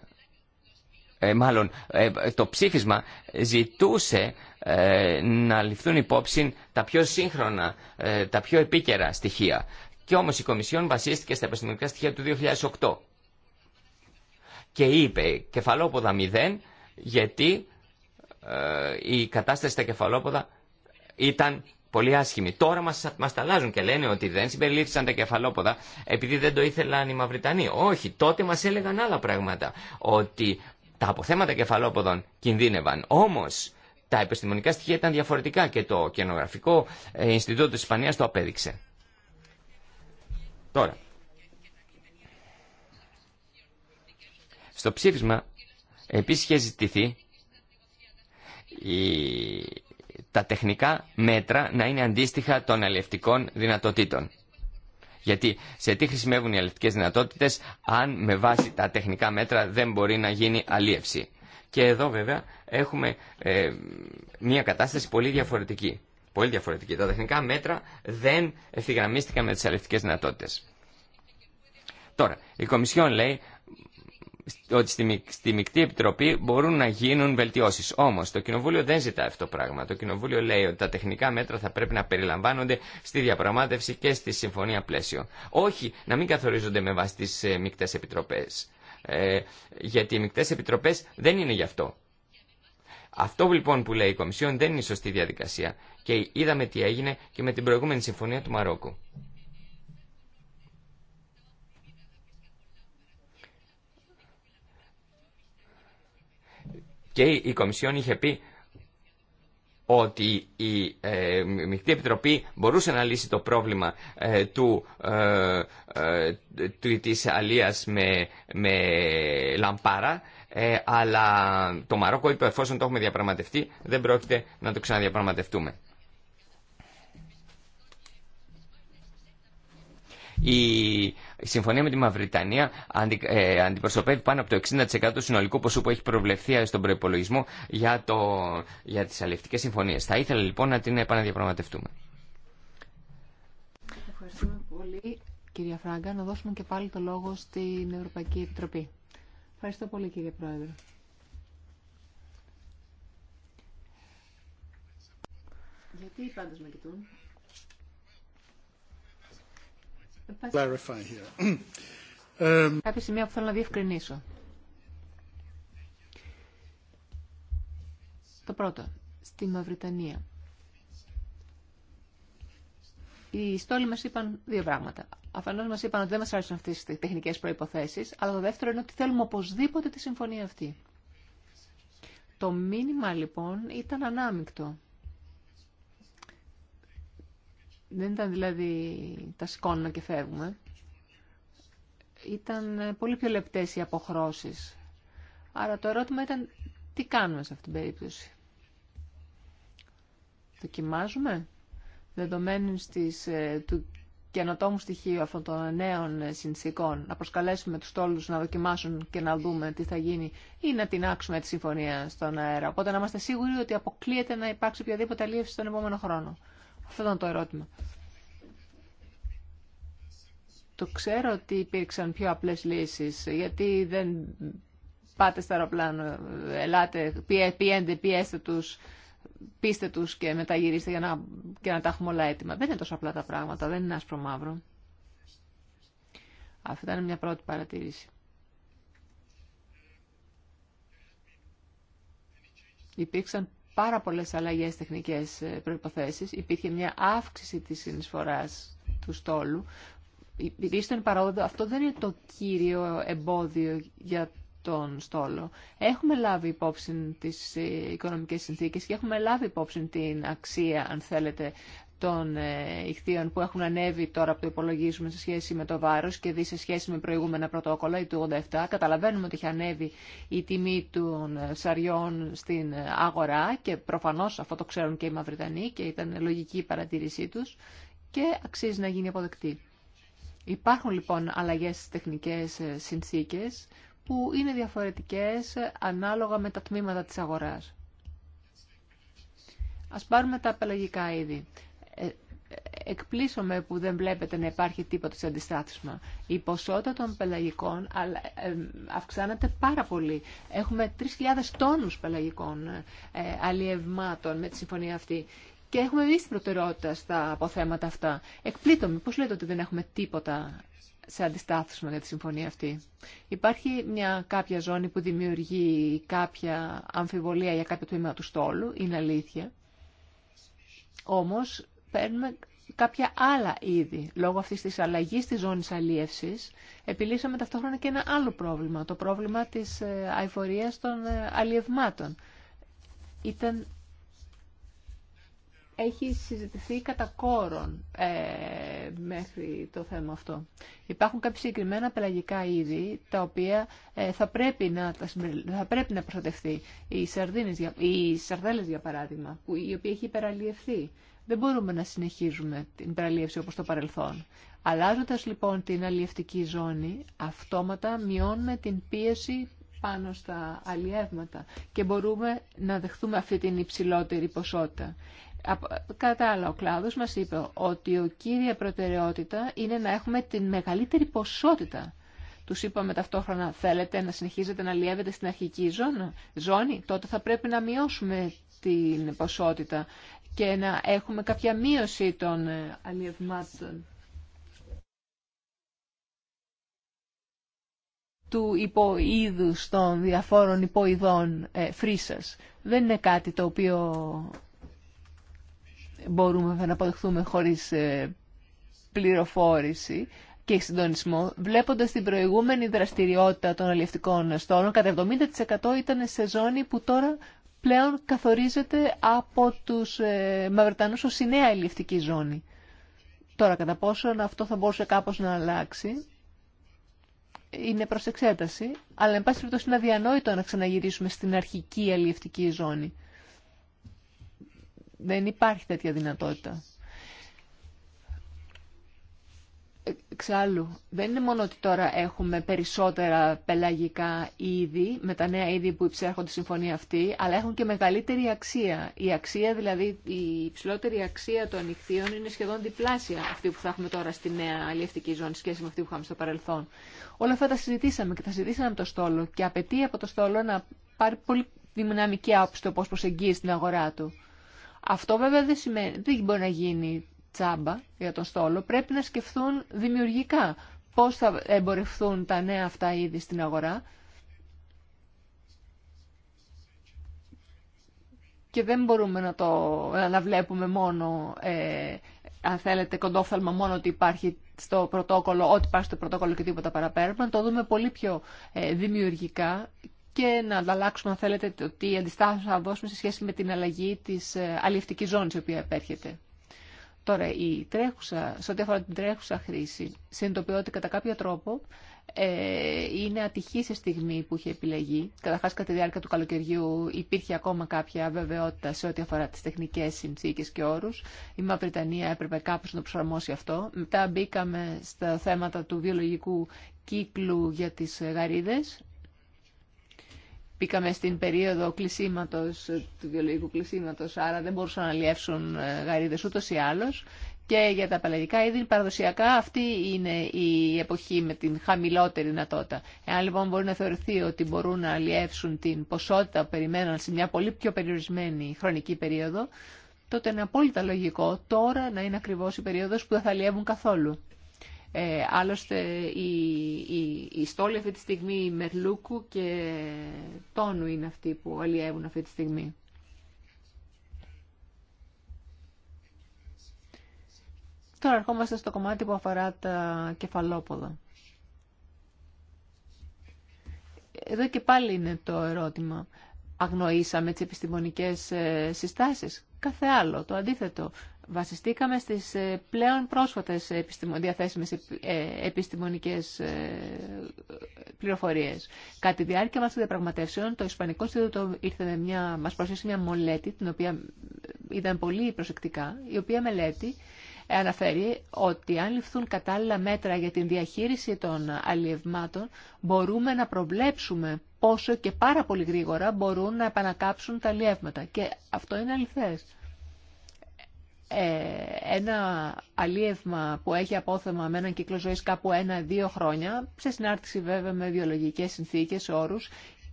ε, μάλλον, ε, το ψήφισμα ζητούσε ε, να ληφθούν υπόψη τα πιο σύγχρονα, ε, τα πιο επίκαιρα στοιχεία. Και όμως η Κομισιόν βασίστηκε στα επιστημονικά στοιχεία του 2008. Και είπε κεφαλόποδα μηδέν γιατί η κατάσταση στα κεφαλόποδα ήταν πολύ άσχημη. Τώρα μας, μας τα αλλάζουν και λένε ότι δεν συμπεριλήφθησαν τα κεφαλόποδα επειδή δεν το ήθελαν οι Μαυριτανοί. Όχι, τότε μας έλεγαν άλλα πράγματα. Ότι τα αποθέματα κεφαλόποδων κινδύνευαν. Όμως τα επιστημονικά στοιχεία ήταν διαφορετικά και το Κενογραφικό ε, Ινστιτούτο της Ισπανίας το απέδειξε. Τώρα, στο ψήφισμα επίσης είχε ζητηθεί η τα τεχνικά μέτρα να είναι αντίστοιχα των αλληλευτικών δυνατοτήτων. Γιατί σε τι χρησιμεύουν οι αλληλευτικές δυνατότητες αν με βάση τα τεχνικά μέτρα δεν μπορεί να γίνει αλλίευση. Και εδώ βέβαια έχουμε ε, μια κατάσταση πολύ διαφορετική. Πολύ διαφορετική. Τα τεχνικά μέτρα δεν ευθυγραμμίστηκαν με τις αλληλευτικές δυνατότητες. Τώρα, η Κομισιόν λέει ότι στη, στη Μικτή Επιτροπή μπορούν να γίνουν βελτιώσεις. Όμως το Κοινοβούλιο δεν ζητά αυτό το πράγμα. Το Κοινοβούλιο λέει ότι τα τεχνικά μέτρα θα πρέπει να περιλαμβάνονται στη διαπραγμάτευση και στη συμφωνία πλαίσιο. Όχι να μην καθορίζονται με βάση τις ε, Μικτές Επιτροπές. Ε, γιατί οι Μικτές Επιτροπές δεν είναι γι' αυτό. Αυτό λοιπόν που λέει η Κομισιόν δεν είναι η σωστή διαδικασία. Και είδαμε τι έγινε και με την προηγούμενη συμφωνία του Μαρόκου. Και η Κομισιόν είχε πει ότι η ε, Μικτή Επιτροπή μπορούσε να λύσει το πρόβλημα ε, του, ε, ε, του, της αλίας με, με λαμπάρα, ε, αλλά το Μαρόκο είπε εφόσον το έχουμε διαπραγματευτεί δεν πρόκειται να το ξαναδιαπραγματευτούμε. Η συμφωνία με τη Μαυριτανία αντι, ε, αντιπροσωπεύει πάνω από το 60% του συνολικού ποσού που έχει προβλεφθεί στον προπολογισμό για, το, για τις αλληλευτικές συμφωνίες. Θα ήθελα λοιπόν να την επαναδιαπραγματευτούμε. Ευχαριστούμε πολύ κυρία Φράγκα. Να δώσουμε και πάλι το λόγο στην Ευρωπαϊκή Επιτροπή. Ευχαριστώ πολύ κύριε Πρόεδρε. Γιατί με κοιτούν. Um, Κάποια σημεία που θέλω να διευκρινίσω. Το πρώτο, στη Μαυριτανία. Οι στόλοι μα είπαν δύο πράγματα. Αφενό μας είπαν ότι δεν μα άρεσαν αυτέ τι τεχνικές προϋποθέσεις, αλλά το δεύτερο είναι ότι θέλουμε οπωσδήποτε τη συμφωνία αυτή. Το μήνυμα λοιπόν ήταν ανάμεικτο. Δεν ήταν δηλαδή τα σηκώνουμε και φεύγουμε. Ήταν ε, πολύ πιο λεπτές οι αποχρώσεις. Άρα το ερώτημα ήταν τι κάνουμε σε αυτήν την περίπτωση. Δοκιμάζουμε δεδομένου στις ε, του καινοτόμου στοιχείου αυτών των νέων ε, συνθήκων, να προσκαλέσουμε τους τόλους να δοκιμάσουν και να δούμε τι θα γίνει ή να την άξουμε τη συμφωνία στον αέρα. Οπότε να είμαστε σίγουροι ότι αποκλείεται να υπάρξει οποιαδήποτε αλίευση στον επόμενο χρόνο. Αυτό ήταν το ερώτημα. Το ξέρω ότι υπήρξαν πιο απλές λύσεις, γιατί δεν πάτε στα αεροπλάνο, ελάτε, πιέντε, πιέστε τους, πείστε τους και μετά γυρίστε για να, και να τα έχουμε όλα έτοιμα. Δεν είναι τόσο απλά τα πράγματα, δεν είναι άσπρο μαύρο. Αυτή ήταν μια πρώτη παρατήρηση. Υπήρξαν πάρα πολλές αλλαγές τεχνικές ε, προϋποθέσεις. Υπήρχε μια αύξηση της συνεισφοράς του στόλου. αυτό δεν είναι το κύριο εμπόδιο για τον στόλο. Έχουμε λάβει υπόψη τις ε, οικονομικές συνθήκες και έχουμε λάβει υπόψη την αξία, αν θέλετε, των ε, ηχθείων που έχουν ανέβει τώρα που το υπολογίζουμε σε σχέση με το βάρο και δει σε σχέση με προηγούμενα πρωτόκολλα ή του 87. Καταλαβαίνουμε ότι έχει ανέβει η τιμή των ε, σαριών στην αγορά και προφανώ αυτό το ξέρουν και οι Μαυριτανοί και ήταν λογική η παρατήρησή του και αξίζει να γίνει αποδεκτή. Υπάρχουν λοιπόν αλλαγέ στι τεχνικέ ε, συνθήκε που είναι διαφορετικές ανάλογα με τα τμήματα της αγοράς. Ας πάρουμε τα απελαγικά είδη. Ε, ε, εκπλήσωμαι που δεν βλέπετε να υπάρχει τίποτα σε αντιστάθισμα. Η ποσότητα των πελαγικών ε, αυξάνεται πάρα πολύ. Έχουμε 3.000 τόνους πελαγικών αλλιευμάτων με τη συμφωνία αυτή. Και έχουμε εμεί την προτεραιότητα στα αποθέματα αυτά. Εκπλήτωμαι. Πώς λέτε ότι δεν έχουμε τίποτα σε αντιστάθισμα για τη συμφωνία αυτή. Υπάρχει μια κάποια ζώνη που δημιουργεί κάποια αμφιβολία για κάποιο τμήμα του στόλου. Είναι αλήθεια. Όμως παίρνουμε κάποια άλλα είδη. Λόγω αυτής της αλλαγής της ζώνης αλίευσης επιλύσαμε ταυτόχρονα και ένα άλλο πρόβλημα, το πρόβλημα της ε, αηφορίας των ε, αλλιευμάτων. Ήταν... Έχει συζητηθεί κατά κόρον ε, μέχρι το θέμα αυτό. Υπάρχουν κάποια συγκεκριμένα πελαγικά είδη τα οποία θα, πρέπει να, θα πρέπει να προστατευτεί. Οι, σαρδίνες, οι σαρδέλες για παράδειγμα, που, η οποία έχει υπεραλιευθεί. Δεν μπορούμε να συνεχίζουμε την παραλίευση όπως το παρελθόν. Αλλάζοντας λοιπόν την αλλιευτική ζώνη, αυτόματα μειώνουμε την πίεση πάνω στα αλλιεύματα και μπορούμε να δεχθούμε αυτή την υψηλότερη ποσότητα. Κατά άλλα, ο κλάδος μας είπε ότι η κύρια προτεραιότητα είναι να έχουμε την μεγαλύτερη ποσότητα. Τους είπαμε ταυτόχρονα, θέλετε να συνεχίζετε να αλλιεύετε στην αρχική ζώνη, ζώνη, τότε θα πρέπει να μειώσουμε την ποσότητα και να έχουμε κάποια μείωση των ε, αλλιευμάτων του υποείδους των διαφόρων υποειδών ε, φρύσας. Δεν είναι κάτι το οποίο μπορούμε να αποδεχθούμε χωρίς ε, πληροφόρηση και συντονισμό, βλέποντας την προηγούμενη δραστηριότητα των αλληλευτικών στόλων, κατά 70% ήταν σε ζώνη που τώρα πλέον καθορίζεται από τους ε, Μαυρτανούς ως η νέα ελληνική ζώνη. Τώρα, κατά πόσον αυτό θα μπορούσε κάπως να αλλάξει, είναι προς εξέταση, αλλά εν πάση περιπτώσει είναι αδιανόητο να ξαναγυρίσουμε στην αρχική αλληλευτική ζώνη. Δεν υπάρχει τέτοια δυνατότητα. Εξάλλου, δεν είναι μόνο ότι τώρα έχουμε περισσότερα πελαγικά είδη με τα νέα είδη που υψέρχονται στη συμφωνία αυτή, αλλά έχουν και μεγαλύτερη αξία. Η αξία, δηλαδή η υψηλότερη αξία των νυχθείων είναι σχεδόν διπλάσια αυτή που θα έχουμε τώρα στη νέα αλληλευτική ζώνη σχέση με αυτή που είχαμε στο παρελθόν. Όλα αυτά τα συζητήσαμε και τα συζητήσαμε από το στόλο και απαιτεί από το στόλο να πάρει πολύ δυναμική άποψη το πώ προσεγγίζει την αγορά του. Αυτό βέβαια σημαίνει, δεν μπορεί να γίνει τσάμπα για τον στόλο, πρέπει να σκεφτούν δημιουργικά πώς θα εμπορευθούν τα νέα αυτά είδη στην αγορά. Και δεν μπορούμε να, το, να βλέπουμε μόνο, ε, αν θέλετε, κοντόφθαλμα μόνο ότι υπάρχει στο πρωτόκολλο, ό,τι υπάρχει στο πρωτόκολλο και τίποτα παραπέρα. Να το δούμε πολύ πιο ε, δημιουργικά και να ανταλλάξουμε, αν θέλετε, ότι τι αντιστάσεις θα δώσουμε σε σχέση με την αλλαγή της ε, αλληλευτικής ζώνης η οποία επέρχεται. Τώρα, η τρέχουσα, σε ό,τι αφορά την τρέχουσα χρήση, συνειδητοποιώ ότι κατά κάποιο τρόπο ε, είναι ατυχή σε στιγμή που είχε επιλεγεί. Καταρχά, κατά τη διάρκεια του καλοκαιριού υπήρχε ακόμα κάποια αβεβαιότητα σε ό,τι αφορά τι τεχνικέ συνθήκε και όρου. Η Μαυριτανία έπρεπε κάπω να το προσαρμόσει αυτό. Μετά μπήκαμε στα θέματα του βιολογικού κύκλου για τι γαρίδε. Πήκαμε στην περίοδο κλεισίματος, ε, του βιολογικού κλεισίματο, άρα δεν μπορούσαν να αλλιεύσουν ε, γαρίδες ούτω ή άλλω. Και για τα πελαγικά είδη παραδοσιακά αυτή είναι η εποχή με την χαμηλότερη δυνατότητα. Εάν λοιπόν μπορεί να θεωρηθεί ότι μπορούν να αλλιεύσουν την ποσότητα που περιμέναν σε μια πολύ πιο περιορισμένη χρονική περίοδο, τότε είναι απόλυτα λογικό τώρα να είναι ακριβώ η περίοδο που δεν θα αλλιεύουν καθόλου. Ε, άλλωστε, η η, αυτή τη στιγμή, Μερλούκου και Τόνου είναι αυτοί που αλλιεύουν αυτή τη στιγμή. Τώρα ερχόμαστε στο κομμάτι που αφορά τα κεφαλόποδα. Εδώ και πάλι είναι το ερώτημα. Αγνοήσαμε τις επιστημονικές ε, συστάσεις. Κάθε άλλο, το αντίθετο. Βασιστήκαμε στις ε, πλέον πρόσφατες διαθέσιμες ε, επιστημονικές ε, πληροφορίες. Κατά τη διάρκεια μας των διαπραγματεύσεων, το Ισπανικό Ινστιτούτο ήρθε με μια, μας προσθέσει μια μολέτη, την οποία είδαμε πολύ προσεκτικά, η οποία μελέτη αναφέρει ότι αν ληφθούν κατάλληλα μέτρα για την διαχείριση των αλλιευμάτων, μπορούμε να προβλέψουμε πόσο και πάρα πολύ γρήγορα μπορούν να επανακάψουν τα αλλιεύματα. Και αυτό είναι αληθές. Ε, ένα αλίευμα που έχει απόθεμα με έναν κύκλο ζωής κάπου ένα-δύο χρόνια, σε συνάρτηση βέβαια με βιολογικές συνθήκες, όρους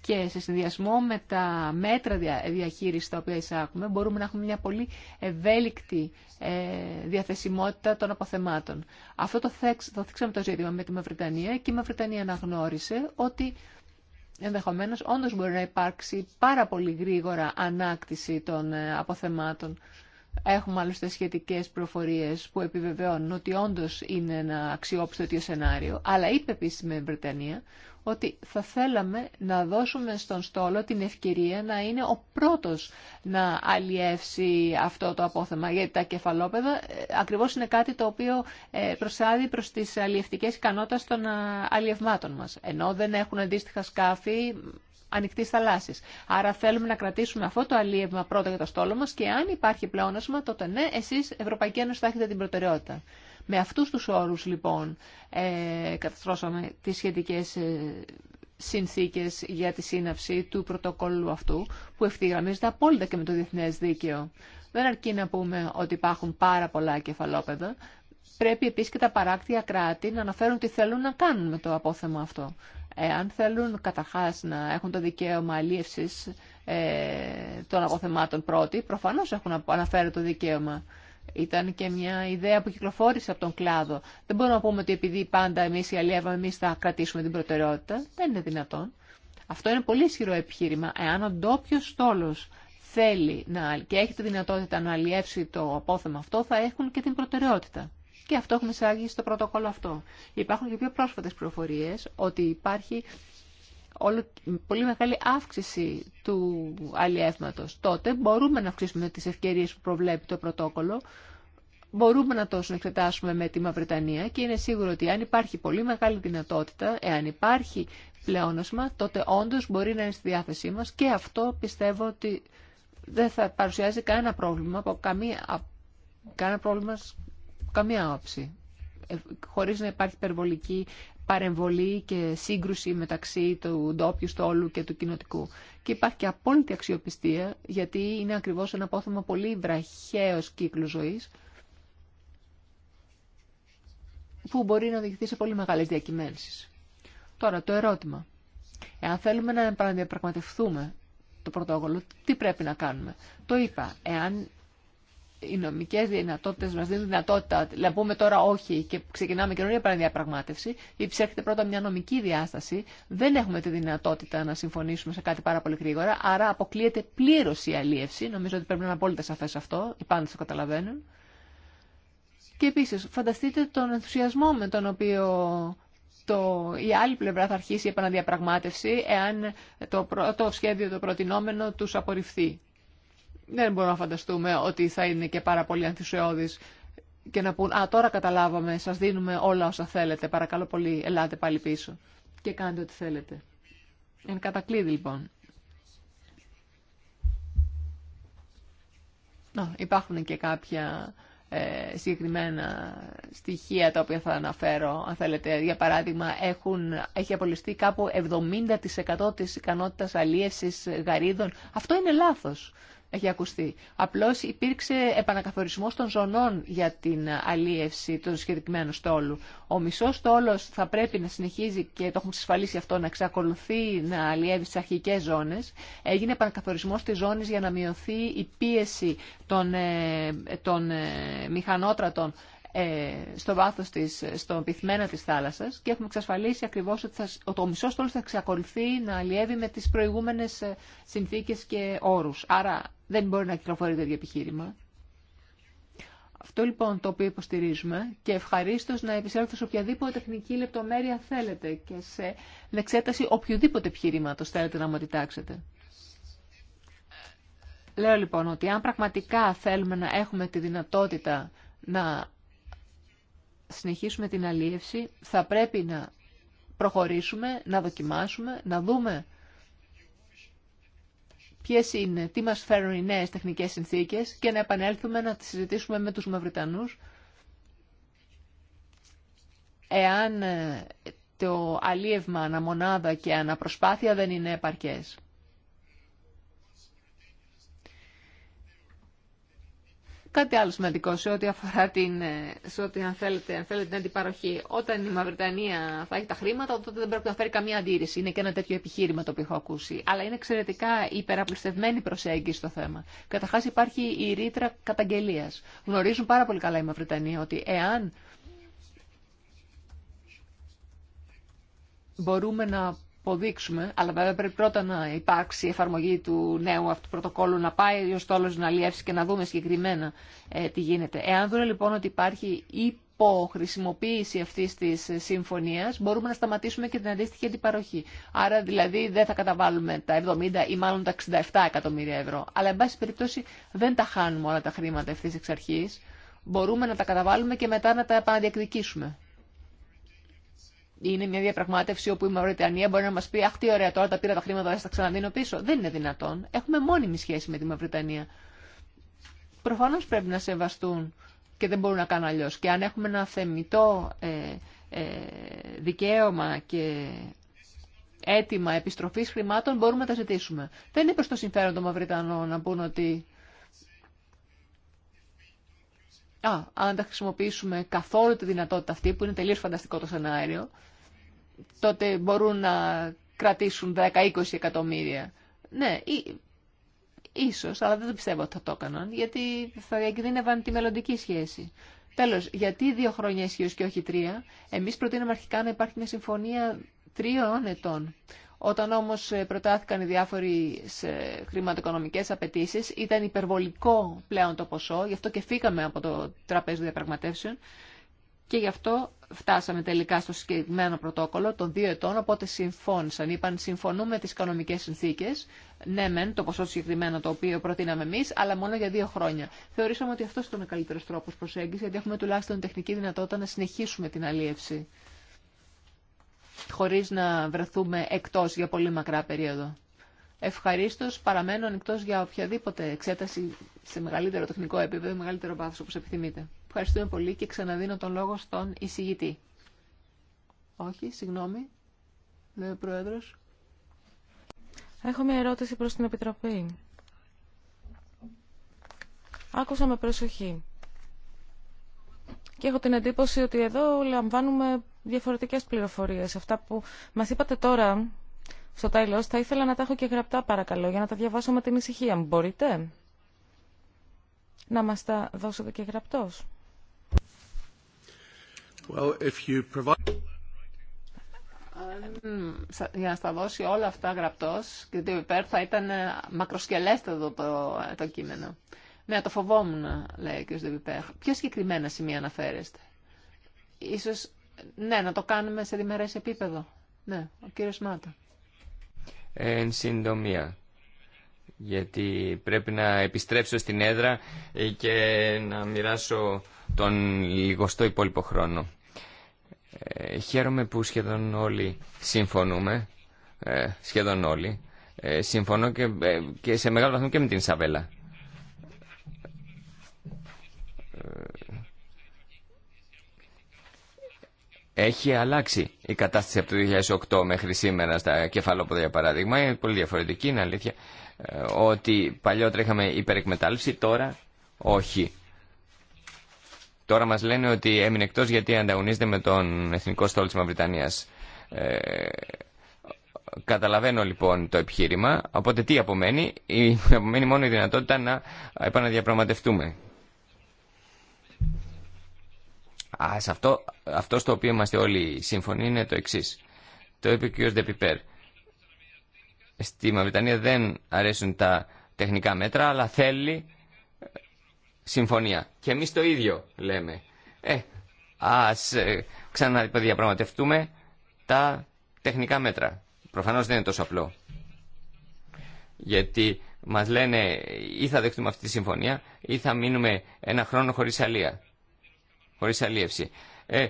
και σε συνδυασμό με τα μέτρα διαχείρισης τα οποία εισάγουμε, μπορούμε να έχουμε μια πολύ ευέλικτη ε, διαθεσιμότητα των αποθεμάτων. Αυτό το, θέξ, το θέξαμε το ζήτημα με τη Μαυριτανία και η Μαυριτανία αναγνώρισε ότι ενδεχομένως όντως μπορεί να υπάρξει πάρα πολύ γρήγορα ανάκτηση των ε, αποθεμάτων. Έχουμε άλλωστε σχετικές προφορίες που επιβεβαιώνουν ότι όντω είναι ένα αξιόπιστο σενάριο. Αλλά είπε επίση με Βρετανία ότι θα θέλαμε να δώσουμε στον στόλο την ευκαιρία να είναι ο πρώτος να αλλιεύσει αυτό το απόθεμα. Γιατί τα κεφαλόπεδα ε, ακριβώς είναι κάτι το οποίο ε, προσάδει προς τις αλλιευτικές ικανότητες των αλλιευμάτων μας. Ενώ δεν έχουν αντίστοιχα σκάφη ανοιχτή θαλάσση. Άρα θέλουμε να κρατήσουμε αυτό το αλίευμα πρώτα για το στόλο μα και αν υπάρχει πλεόνασμα, τότε ναι, εσεί Ευρωπαϊκή Ένωση θα έχετε την προτεραιότητα. Με αυτού του όρου, λοιπόν, ε, καταστρώσαμε τι σχετικέ ε, συνθήκε για τη σύναψη του πρωτοκόλλου αυτού που ευθυγραμμίζεται απόλυτα και με το διεθνέ δίκαιο. Δεν αρκεί να πούμε ότι υπάρχουν πάρα πολλά κεφαλόπεδα πρέπει επίσης και τα παράκτια κράτη να αναφέρουν τι θέλουν να κάνουν με το απόθεμα αυτό. Εάν θέλουν καταρχάς να έχουν το δικαίωμα αλίευσης ε, των αποθεμάτων πρώτη, προφανώς έχουν αναφέρει το δικαίωμα. Ήταν και μια ιδέα που κυκλοφόρησε από τον κλάδο. Δεν μπορούμε να πούμε ότι επειδή πάντα εμείς οι αλλιεύαμε, εμείς θα κρατήσουμε την προτεραιότητα. Δεν είναι δυνατόν. Αυτό είναι πολύ ισχυρό επιχείρημα. Εάν ο ντόπιο στόλο θέλει να, και έχει τη δυνατότητα να αλλιεύσει το απόθεμα αυτό, θα έχουν και την προτεραιότητα και αυτό έχουμε εισάγει στο πρωτοκόλλο αυτό. Υπάρχουν και πιο πρόσφατες πληροφορίες ότι υπάρχει πολύ μεγάλη αύξηση του αλλιεύματος. Τότε μπορούμε να αυξήσουμε τις ευκαιρίες που προβλέπει το πρωτόκολλο, μπορούμε να το συνεξετάσουμε με τη Μαυρετανία και είναι σίγουρο ότι αν υπάρχει πολύ μεγάλη δυνατότητα, εάν υπάρχει πλεόνασμα, τότε όντως μπορεί να είναι στη διάθεσή μας και αυτό πιστεύω ότι δεν θα παρουσιάζει κανένα πρόβλημα από καμία, κανένα πρόβλημα καμία όψη, ε, χωρίς να υπάρχει υπερβολική παρεμβολή και σύγκρουση μεταξύ του ντόπιου στόλου και του κοινοτικού. Και υπάρχει και απόλυτη αξιοπιστία, γιατί είναι ακριβώς ένα απόθεμα πολύ βραχαίος κύκλου ζωής, που μπορεί να οδηγηθεί σε πολύ μεγάλες διακυμάνσεις. Τώρα, το ερώτημα. Εάν θέλουμε να επαναδιαπραγματευτούμε το πρωτόκολλο, τι πρέπει να κάνουμε. Το είπα, εάν οι νομικέ δυνατότητε, μα δίνουν δυνατότητα, να πούμε τώρα όχι και ξεκινάμε καινούργια παραδιαπραγμάτευση, υψέρχεται πρώτα μια νομική διάσταση, δεν έχουμε τη δυνατότητα να συμφωνήσουμε σε κάτι πάρα πολύ γρήγορα, άρα αποκλείεται πλήρω η αλίευση, νομίζω ότι πρέπει να είναι απόλυτα σαφε αυτό, οι πάντε το καταλαβαίνουν. Και επίση, φανταστείτε τον ενθουσιασμό με τον οποίο το, η άλλη πλευρά θα αρχίσει η επαναδιαπραγμάτευση εάν το, το σχέδιο, το προτινόμενο τους απορριφθεί δεν μπορούμε να φανταστούμε ότι θα είναι και πάρα πολύ ανθουσιώδης και να πούν «Α, τώρα καταλάβαμε, σας δίνουμε όλα όσα θέλετε, παρακαλώ πολύ, ελάτε πάλι πίσω και κάντε ό,τι θέλετε». Είναι κατακλείδη, λοιπόν. Να, υπάρχουν και κάποια ε, συγκεκριμένα στοιχεία τα οποία θα αναφέρω, αν θέλετε. Για παράδειγμα, έχουν, έχει απολυστεί κάπου 70% της ικανότητας αλίευσης γαρίδων. Αυτό είναι λάθος έχει ακουστεί. Απλώς υπήρξε επανακαθορισμός των ζωνών για την αλίευση των συγκεκριμένου στόλου. Ο μισός στόλος θα πρέπει να συνεχίζει και το έχουμε συσφαλίσει αυτό να εξακολουθεί να αλιεύει στις αρχικές ζώνες. Έγινε επανακαθορισμός της ζώνης για να μειωθεί η πίεση των, ε, των ε, μηχανότρατων ε, στο βάθο τη στον πυθμένα της θάλασσας και έχουμε εξασφαλίσει ακριβώ ότι θα, το μισό στόλο θα εξακολουθεί να αλλιεύει με τι προηγούμενε ε, συνθήκε και όρου. Άρα δεν μπορεί να κυκλοφορεί τέτοιο επιχείρημα. Αυτό λοιπόν το οποίο υποστηρίζουμε και ευχαρίστω να επισέλθω σε οποιαδήποτε τεχνική λεπτομέρεια θέλετε και σε εξέταση οποιοδήποτε επιχειρήματο θέλετε να μου αντιτάξετε. Λέω λοιπόν ότι αν πραγματικά θέλουμε να έχουμε τη δυνατότητα να συνεχίσουμε την αλίευση, θα πρέπει να προχωρήσουμε, να δοκιμάσουμε, να δούμε ποιες είναι, τι μας φέρουν οι νέες τεχνικές συνθήκες και να επανέλθουμε να τις συζητήσουμε με τους Μαυριτανούς εάν το αλίευμα αναμονάδα και αναπροσπάθεια δεν είναι επαρκές. Κάτι άλλο σημαντικό σε ό,τι αφορά την, ε, σε ό,τι αν θέλετε, αν θέλετε την αντιπαροχή. Όταν η Μαυριτανία θα έχει τα χρήματα, τότε δεν πρέπει να φέρει καμία αντίρρηση. Είναι και ένα τέτοιο επιχείρημα το οποίο έχω ακούσει. Αλλά είναι εξαιρετικά υπεραπληστευμένη προσέγγιση στο θέμα. Καταρχά υπάρχει η ρήτρα καταγγελία. Γνωρίζουν πάρα πολύ καλά η ότι εάν μπορούμε να αποδείξουμε, αλλά βέβαια πρέπει πρώτα να υπάρξει η εφαρμογή του νέου αυτού πρωτοκόλλου, να πάει ο στόλος να λιεύσει και να δούμε συγκεκριμένα ε, τι γίνεται. Εάν δούμε λοιπόν ότι υπάρχει υποχρησιμοποίηση αυτή τη συμφωνία, μπορούμε να σταματήσουμε και την αντίστοιχη αντιπαροχή. Άρα δηλαδή δεν θα καταβάλουμε τα 70 ή μάλλον τα 67 εκατομμύρια ευρώ. Αλλά εν πάση περιπτώσει δεν τα χάνουμε όλα τα χρήματα ευθύ εξ αρχή. Μπορούμε να τα καταβάλουμε και μετά να τα επαναδιακδικήσουμε είναι μια διαπραγμάτευση όπου η Μαυριτανία μπορεί να μα πει Αχ, τι ωραία, τώρα τα πήρα τα χρήματα, θα τα ξαναδίνω πίσω. Δεν είναι δυνατόν. Έχουμε μόνιμη σχέση με τη Μαυριτανία. Προφανώ πρέπει να σεβαστούν και δεν μπορούν να κάνουν αλλιώ. Και αν έχουμε ένα θεμητό ε, ε, δικαίωμα και αίτημα επιστροφή χρημάτων, μπορούμε να τα ζητήσουμε. Δεν είναι προ το συμφέρον των Μαυριτανών να πούν ότι Α, αν τα χρησιμοποιήσουμε καθόλου τη δυνατότητα αυτή, που είναι τελείως φανταστικό το σενάριο, τότε μπορούν να κρατήσουν 10-20 εκατομμύρια. Ναι, ή, ίσως, αλλά δεν το πιστεύω ότι θα το έκαναν, γιατί θα διακινδύνευαν τη μελλοντική σχέση. Τέλος, γιατί δύο χρόνια ισχύω και όχι τρία, εμείς προτείναμε αρχικά να υπάρχει μια συμφωνία τριών ετών. Όταν όμως ε, προτάθηκαν οι διάφοροι χρηματοοικονομικές απαιτήσει, ήταν υπερβολικό πλέον το ποσό, γι' αυτό και φύγαμε από το τραπέζι διαπραγματεύσεων και γι' αυτό φτάσαμε τελικά στο συγκεκριμένο πρωτόκολλο των δύο ετών, οπότε συμφώνησαν. Είπαν συμφωνούμε τις οικονομικές συνθήκες, ναι μεν το ποσό συγκεκριμένο το οποίο προτείναμε εμείς, αλλά μόνο για δύο χρόνια. Θεωρήσαμε ότι αυτός ήταν ο καλύτερος τρόπος προσέγγισης, γιατί έχουμε τουλάχιστον τεχνική δυνατότητα να συνεχίσουμε την αλίευση χωρίς να βρεθούμε εκτός για πολύ μακρά περίοδο. Ευχαρίστως παραμένω ανοιχτό για οποιαδήποτε εξέταση σε μεγαλύτερο τεχνικό επίπεδο, μεγαλύτερο βάθος όπως επιθυμείτε. Ευχαριστούμε πολύ και ξαναδίνω τον λόγο στον εισηγητή. Όχι, συγγνώμη, λέει ο Πρόεδρος. Έχω μια ερώτηση προς την Επιτροπή. Άκουσα με προσοχή. Και έχω την εντύπωση ότι εδώ λαμβάνουμε διαφορετικές πληροφορίες. Αυτά που μας είπατε τώρα στο τέλος θα ήθελα να τα έχω και γραπτά παρακαλώ για να τα διαβάσω με την ησυχία μου. Μπορείτε να μας τα δώσετε και γραπτός. Well, if you provide... για να στα δώσει όλα αυτά γραπτός γιατί το υπέρ θα ήταν μακροσκελέστατο το κείμενο. Ναι, το φοβόμουν, λέει ο κ. Δεπιπέρ. Ποια συγκεκριμένα σημεία αναφέρεστε. Ίσως, ναι, να το κάνουμε σε διμερές επίπεδο. Ναι, ο κ. Μάτα. Εν συντομία, γιατί πρέπει να επιστρέψω στην έδρα και να μοιράσω τον λιγοστό υπόλοιπο χρόνο. Ε, χαίρομαι που σχεδόν όλοι συμφωνούμε, ε, σχεδόν όλοι. Ε, συμφωνώ και, ε, και σε μεγάλο βαθμό και με την Σαβέλα. έχει αλλάξει η κατάσταση από το 2008 μέχρι σήμερα στα κεφαλόποδα για παράδειγμα. Είναι πολύ διαφορετική, είναι αλήθεια. Ε, ότι παλιότερα είχαμε υπερεκμετάλλευση, τώρα όχι. Τώρα μας λένε ότι έμεινε εκτός γιατί ανταγωνίζεται με τον Εθνικό Στόλο της Μαυριτανίας. Ε, καταλαβαίνω λοιπόν το επιχείρημα. Οπότε τι απομένει. Η, απομένει μόνο η δυνατότητα να επαναδιαπραγματευτούμε. Α, αυτό, αυτό στο οποίο είμαστε όλοι σύμφωνοι είναι το εξή. Το είπε ο κ. Δεπιπέρ. Στη Μαυριτανία δεν αρέσουν τα τεχνικά μέτρα, αλλά θέλει ε, συμφωνία. Και εμεί το ίδιο λέμε. Ε, ας ε, ξαναδιαπραγματευτούμε τα τεχνικά μέτρα. Προφανώ δεν είναι τόσο απλό. Γιατί μα λένε ή θα δεχτούμε αυτή τη συμφωνία ή θα μείνουμε ένα χρόνο χωρί αλεία. Χωρί αλίευση. Ε,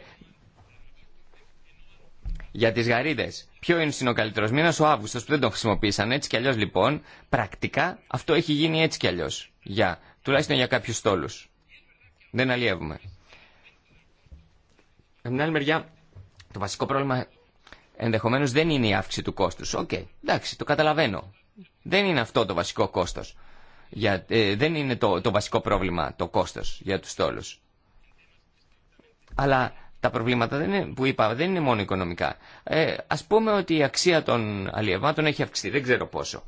για τι γαρίδε, ποιο είναι ο καλύτερο, Μήνα ο Αύγουστο που δεν τον χρησιμοποίησαν έτσι κι αλλιώ λοιπόν, πρακτικά αυτό έχει γίνει έτσι κι αλλιώ. για, τουλάχιστον για κάποιου στόλου. Δεν αλλιεύουμε. Από την άλλη μεριά, το βασικό πρόβλημα ενδεχομένω δεν είναι η αύξηση του κόστου. Οκ, okay, εντάξει, το καταλαβαίνω. Δεν είναι αυτό το βασικό κόστο. Ε, δεν είναι το, το βασικό πρόβλημα το κόστο για του στόλου. Αλλά τα προβλήματα δεν είναι, που είπα δεν είναι μόνο οικονομικά. Ε, ας πούμε ότι η αξία των αλλιευμάτων έχει αυξηθεί, δεν ξέρω πόσο.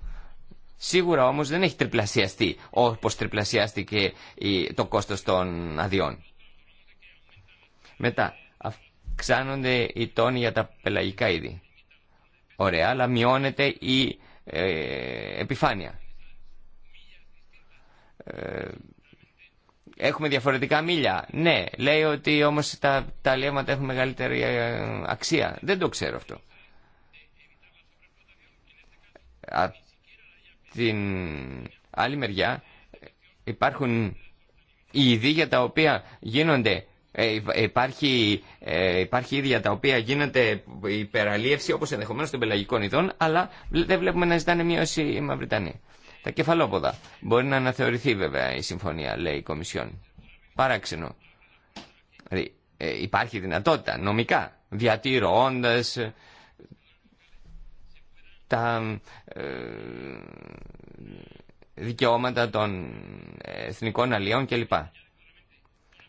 Σίγουρα όμως δεν έχει τριπλασιαστεί όπως τριπλασιάστηκε το κόστος των αδειών. Μετά, αυξάνονται οι τόνοι για τα πελαγικά είδη. Ωραία, αλλά μειώνεται η ε, επιφάνεια. Ε, Έχουμε διαφορετικά μίλια. Ναι, λέει ότι όμως τα, τα έχουν μεγαλύτερη ε, αξία. Δεν το ξέρω αυτό. Από την άλλη μεριά υπάρχουν ειδοί για τα οποία γίνονται ε, υπάρχει, ε, υπάρχει ίδια τα οποία γίνεται υπεραλίευση όπως ενδεχομένως των πελαγικών ειδών αλλά δεν βλέπουμε να ζητάνε μείωση η Μαυριτανή. Τα κεφαλόποδα. Μπορεί να αναθεωρηθεί βέβαια η συμφωνία, λέει η Κομισιόν. Παράξενο. Ε, υπάρχει δυνατότητα νομικά, διατηρώντας ε, τα ε, δικαιώματα των εθνικών αλλιών κλπ.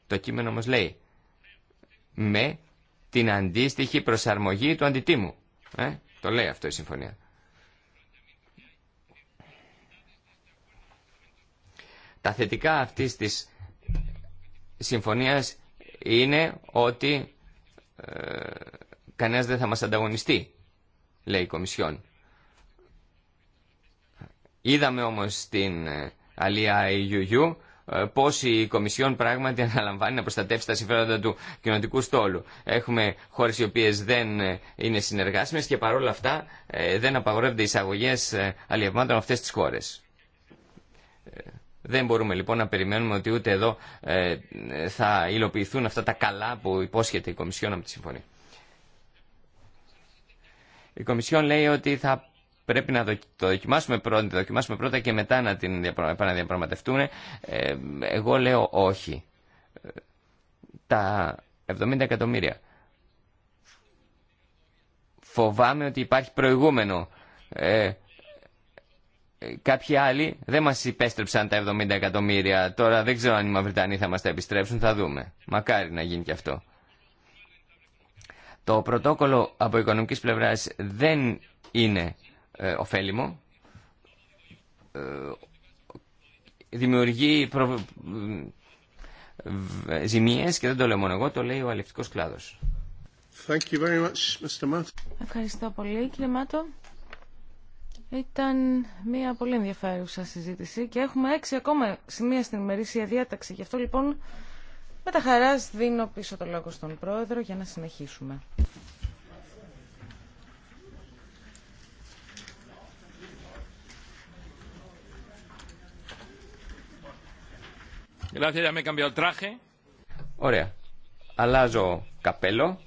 Το κείμενο όμως λέει με την αντίστοιχη προσαρμογή του αντιτίμου. το λέει αυτό η συμφωνία. Τα θετικά αυτής της συμφωνίας είναι ότι ε, κανένας δεν θα μας ανταγωνιστεί, λέει η Κομισιόν. Είδαμε όμως στην Αλία ε, IUU ε, πώ η Κομισιόν πράγματι αναλαμβάνει να προστατεύσει τα συμφέροντα του κοινωνικού στόλου. Έχουμε χώρε οι οποίες δεν ε, είναι συνεργάσιμες και παρόλα αυτά δεν απαγορεύονται εισαγωγέ αλλιευμάτων αυτέ τις χώρε. Δεν μπορούμε λοιπόν να περιμένουμε ότι ούτε εδώ ε, θα υλοποιηθούν αυτά τα καλά που υπόσχεται η Κομισιόν από τη Συμφωνία. Η Κομισιόν λέει ότι θα πρέπει να το δοκιμάσουμε πρώτα, το δοκιμάσουμε πρώτα και μετά να την επαναδιαπραγματευτούν. Ε, εγώ λέω όχι. Τα 70 εκατομμύρια. Φοβάμαι ότι υπάρχει προηγούμενο. Ε, Κάποιοι άλλοι δεν μας υπέστρεψαν τα 70 εκατομμύρια. Τώρα δεν ξέρω αν οι Μαυριτανοί θα μας τα επιστρέψουν, θα δούμε. Μακάρι να γίνει και αυτό. Το πρωτόκολλο από οικονομικής πλευράς δεν είναι ε, ωφέλιμο. Ε, δημιουργεί προ... Ε, ζημίες και δεν το λέω μόνο εγώ, το λέει ο αλευτικός κλάδος. Thank you very much, Mr. Ευχαριστώ πολύ κύριε Μάτο. Ήταν μια πολύ ενδιαφέρουσα συζήτηση και έχουμε έξι ακόμα σημεία στην ημερήσια διάταξη. Γι' αυτό λοιπόν με τα χαράς δίνω πίσω το λόγο στον Πρόεδρο για να συνεχίσουμε. Ωραία. Αλλάζω καπέλο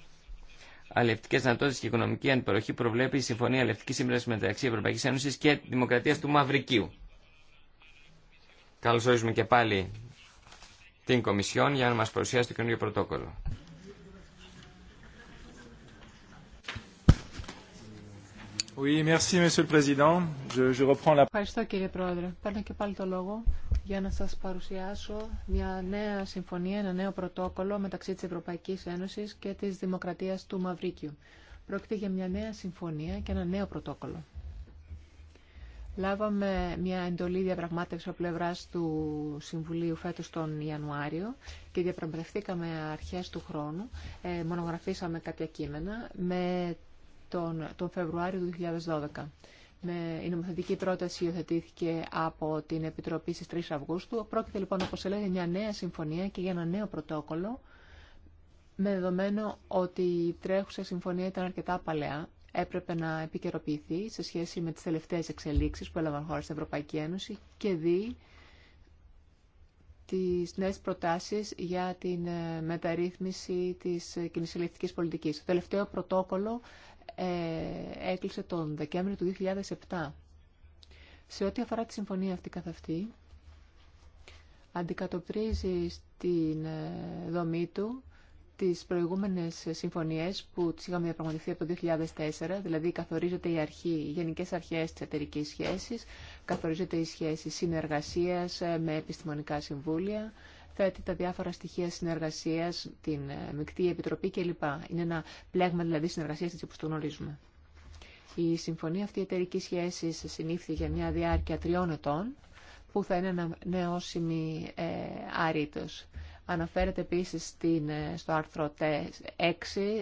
αλληλευτικέ Δυνατότητε και Οικονομική Ανυπεροχή προβλέπει η Συμφωνία Αλληλευτική Σύμβαση μεταξύ Ευρωπαϊκή Ένωση και Δημοκρατία του Μαυρικίου. Καλώ ορίζουμε και πάλι την Κομισιόν για να μα παρουσιάσει το καινούργιο πρωτόκολλο. Oui, merci, Monsieur le Président. Je, je reprends la... Ευχαριστώ κύριε Πρόεδρε. Παίρνω και πάλι το λόγο για να σας παρουσιάσω μια νέα συμφωνία, ένα νέο πρωτόκολλο μεταξύ της Ευρωπαϊκής Ένωσης και της Δημοκρατίας του Μαυρίκιου. Πρόκειται για μια νέα συμφωνία και ένα νέο πρωτόκολλο. Λάβαμε μια εντολή διαπραγμάτευση από πλευρά του Συμβουλίου Φέτο τον Ιανουάριο και διαπραγματευτήκαμε αρχές του χρόνου. Ε, μονογραφήσαμε κάποια κείμενα με τον, τον Φεβρουάριο του 2012 με η νομοθετική πρόταση υιοθετήθηκε από την Επιτροπή στις 3 Αυγούστου. Πρόκειται λοιπόν, όπως έλεγα, για μια νέα συμφωνία και για ένα νέο πρωτόκολλο, με δεδομένο ότι η τρέχουσα συμφωνία ήταν αρκετά παλαιά, έπρεπε να επικαιροποιηθεί σε σχέση με τις τελευταίες εξελίξεις που έλαβαν χώρα στην Ευρωπαϊκή Ένωση και δει τις νέες προτάσεις για την μεταρρύθμιση της κοινής πολιτικής. Το τελευταίο πρωτόκολλο ε, έκλεισε τον Δεκέμβριο του 2007. Σε ό,τι αφορά τη συμφωνία αυτή καθ' αυτή, αντικατοπτρίζει στην ε, δομή του τις προηγούμενες συμφωνίες που τις είχαμε διαπραγματευτεί από το 2004, δηλαδή καθορίζεται η αρχή, οι γενικές αρχές της εταιρική σχέσης, καθορίζεται η σχέση συνεργασίας ε, με επιστημονικά συμβούλια, θέτει τα διάφορα στοιχεία συνεργασία, την ε, μεικτή επιτροπή κλπ. Είναι ένα πλέγμα δηλαδή συνεργασία έτσι όπω το γνωρίζουμε. Η συμφωνία αυτή εταιρική σχέση συνήφθη για μια διάρκεια τριών ετών που θα είναι ένα ε, άριτος. Αναφέρεται επίσης ε, στο άρθρο 6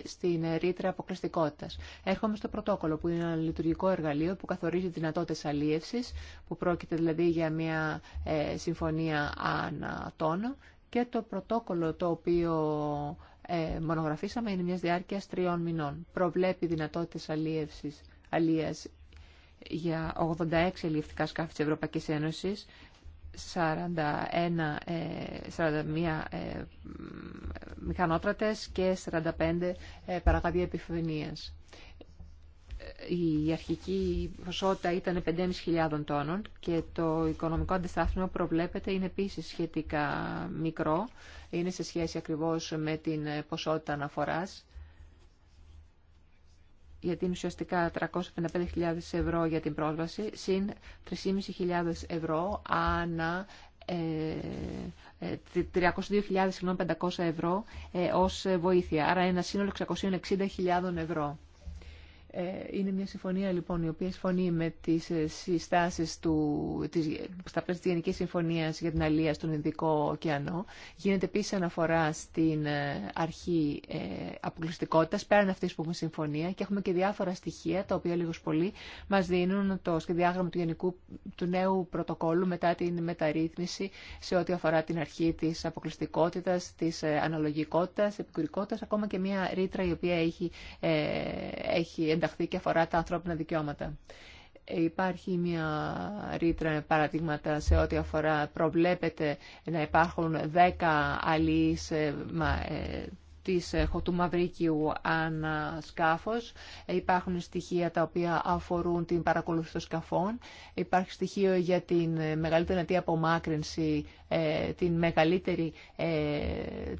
στην ε, ρήτρα αποκλειστικότητα. Έρχομαι στο πρωτόκολλο που είναι ένα λειτουργικό εργαλείο που καθορίζει δυνατότητες αλίευσης που πρόκειται δηλαδή για μια ε, συμφωνία ανατόνο και το πρωτόκολλο το οποίο ε, μονογραφήσαμε είναι μια διάρκεια τριών μηνών. Προβλέπει δυνατότητες αλίευσης, αλίας για 86 ελληνικά σκάφη της Ευρωπαϊκής Ένωσης, 41, ε, ε, μηχανότρατες και 45 ε, παραγάδια επιφωνίας. Η αρχική ποσότητα ήταν 5.500 τόνων και το οικονομικό αντιστάθμιο προβλέπεται είναι επίσης σχετικά μικρό. Είναι σε σχέση ακριβώς με την ποσότητα αναφοράς γιατί είναι ουσιαστικά 355.000 ευρώ για την πρόσβαση, συν 3.500 ευρώ ανά 302.500 ε, ε, ευρώ ε, ως βοήθεια. Άρα ένα σύνολο 660.000 ευρώ. Ε, είναι μια συμφωνία λοιπόν η οποία συμφωνεί με τι ε, συστάσεις του, της, στα πλαίσια τη Γενική Συμφωνία για την Αλία στον Ινδικό Ωκεανό. Γίνεται επίση αναφορά στην ε, αρχή ε, αποκλειστικότητας πέραν αυτή που έχουμε συμφωνία και έχουμε και διάφορα στοιχεία τα οποία λίγο πολύ μα δίνουν το σχεδιάγραμμα του, γενικού, του νέου πρωτοκόλου μετά την μεταρρύθμιση σε ό,τι αφορά την αρχή της αποκλειστικότητας, της αναλογικότητας, επικουρικότητας, ακόμα και μια ρήτρα η οποία έχει, ε, έχει ενταχθεί και αφορά τα ανθρώπινα δικαιώματα. Υπάρχει μια ρήτρα παραδείγματα σε ό,τι αφορά προβλέπεται να υπάρχουν 10 αλληλείς ε, της, ε, Χωτού Μαυρίκιου αν σκάφος. Ε, υπάρχουν στοιχεία τα οποία αφορούν την παρακολούθηση των σκαφών. Υπάρχει στοιχείο για την ε, μεγαλύτερη δυνατή απομάκρυνση, την μεγαλύτερη,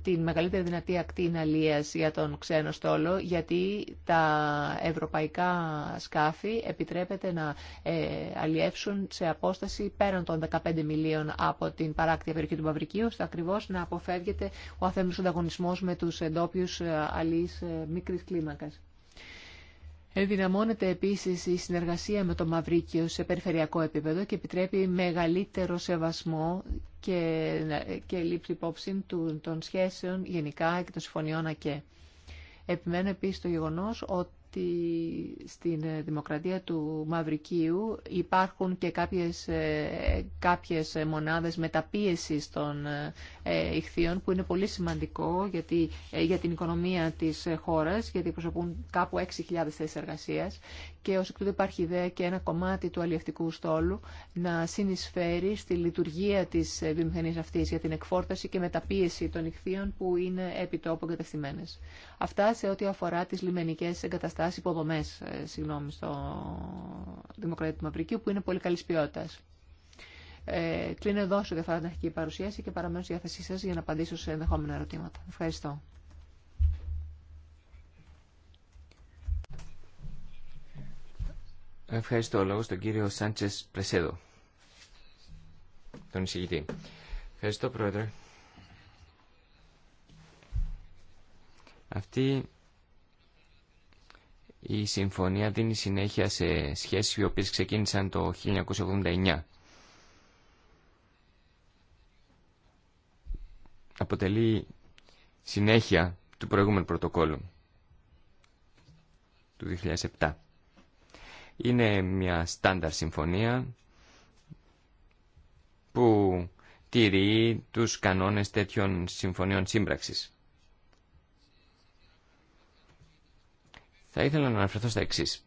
την μεγαλύτερη δυνατή ακτή αλίας για τον ξένο στόλο, γιατί τα ευρωπαϊκά σκάφη επιτρέπεται να αλλιεύσουν σε απόσταση πέραν των 15 μιλίων από την παράκτη περιοχή του Μαυρικίου, ώστε να αποφεύγεται ο αθέμιος ανταγωνισμός με τους Εντόπιου ε, αλείς μικρή κλίμακα. Ενδυναμώνεται επίσης η συνεργασία με το Μαυρίκιο σε περιφερειακό επίπεδο και επιτρέπει μεγαλύτερο σεβασμό και, και λήψη υπόψη του, των σχέσεων γενικά και των συμφωνιών ΑΚΕ. Επιμένω επίση το γεγονό ότι ότι στην ε, δημοκρατία του Μαυρικίου υπάρχουν και κάποιες, ε, κάποιες ε, μονάδες μεταπίεσης των ηχθείων που είναι πολύ σημαντικό γιατί, για την οικονομία της χώρας γιατί προσωπούν κάπου 6.000 θέσεις εργασίας και ως εκ τούτου υπάρχει ιδέα και ένα κομμάτι του αλλιευτικού στόλου να συνεισφέρει στη λειτουργία της βιομηχανίας αυτής για την εκφόρταση και μεταπίεση των ηχθείων που είναι επιτόπου τόπου εγκαταστημένες. Αυτά σε ό,τι αφορά τις λιμενικές εγκαταστάσεις καταστάσει, υποδομέ, ε, συγγνώμη, στο Δημοκρατία του Μαυρικίου, που είναι πολύ καλή ποιότητα. Ε, κλείνω εδώ σε διαφορά την αρχική παρουσίαση και παραμένω στη διάθεσή σα για να απαντήσω σε ενδεχόμενα ερωτήματα. Ευχαριστώ. Ευχαριστώ. Λόγο στον κύριο Σάντσε Πρεσέδο, τον εισηγητή. Ευχαριστώ, Πρόεδρε. Αυτή η συμφωνία δίνει συνέχεια σε σχέσεις οι οποίες ξεκίνησαν το 1989. Αποτελεί συνέχεια του προηγούμενου πρωτοκόλου του 2007. Είναι μια στάνταρ συμφωνία που τηρεί τους κανόνες τέτοιων συμφωνιών σύμπραξης. Θα ήθελα να αναφερθώ στα εξή.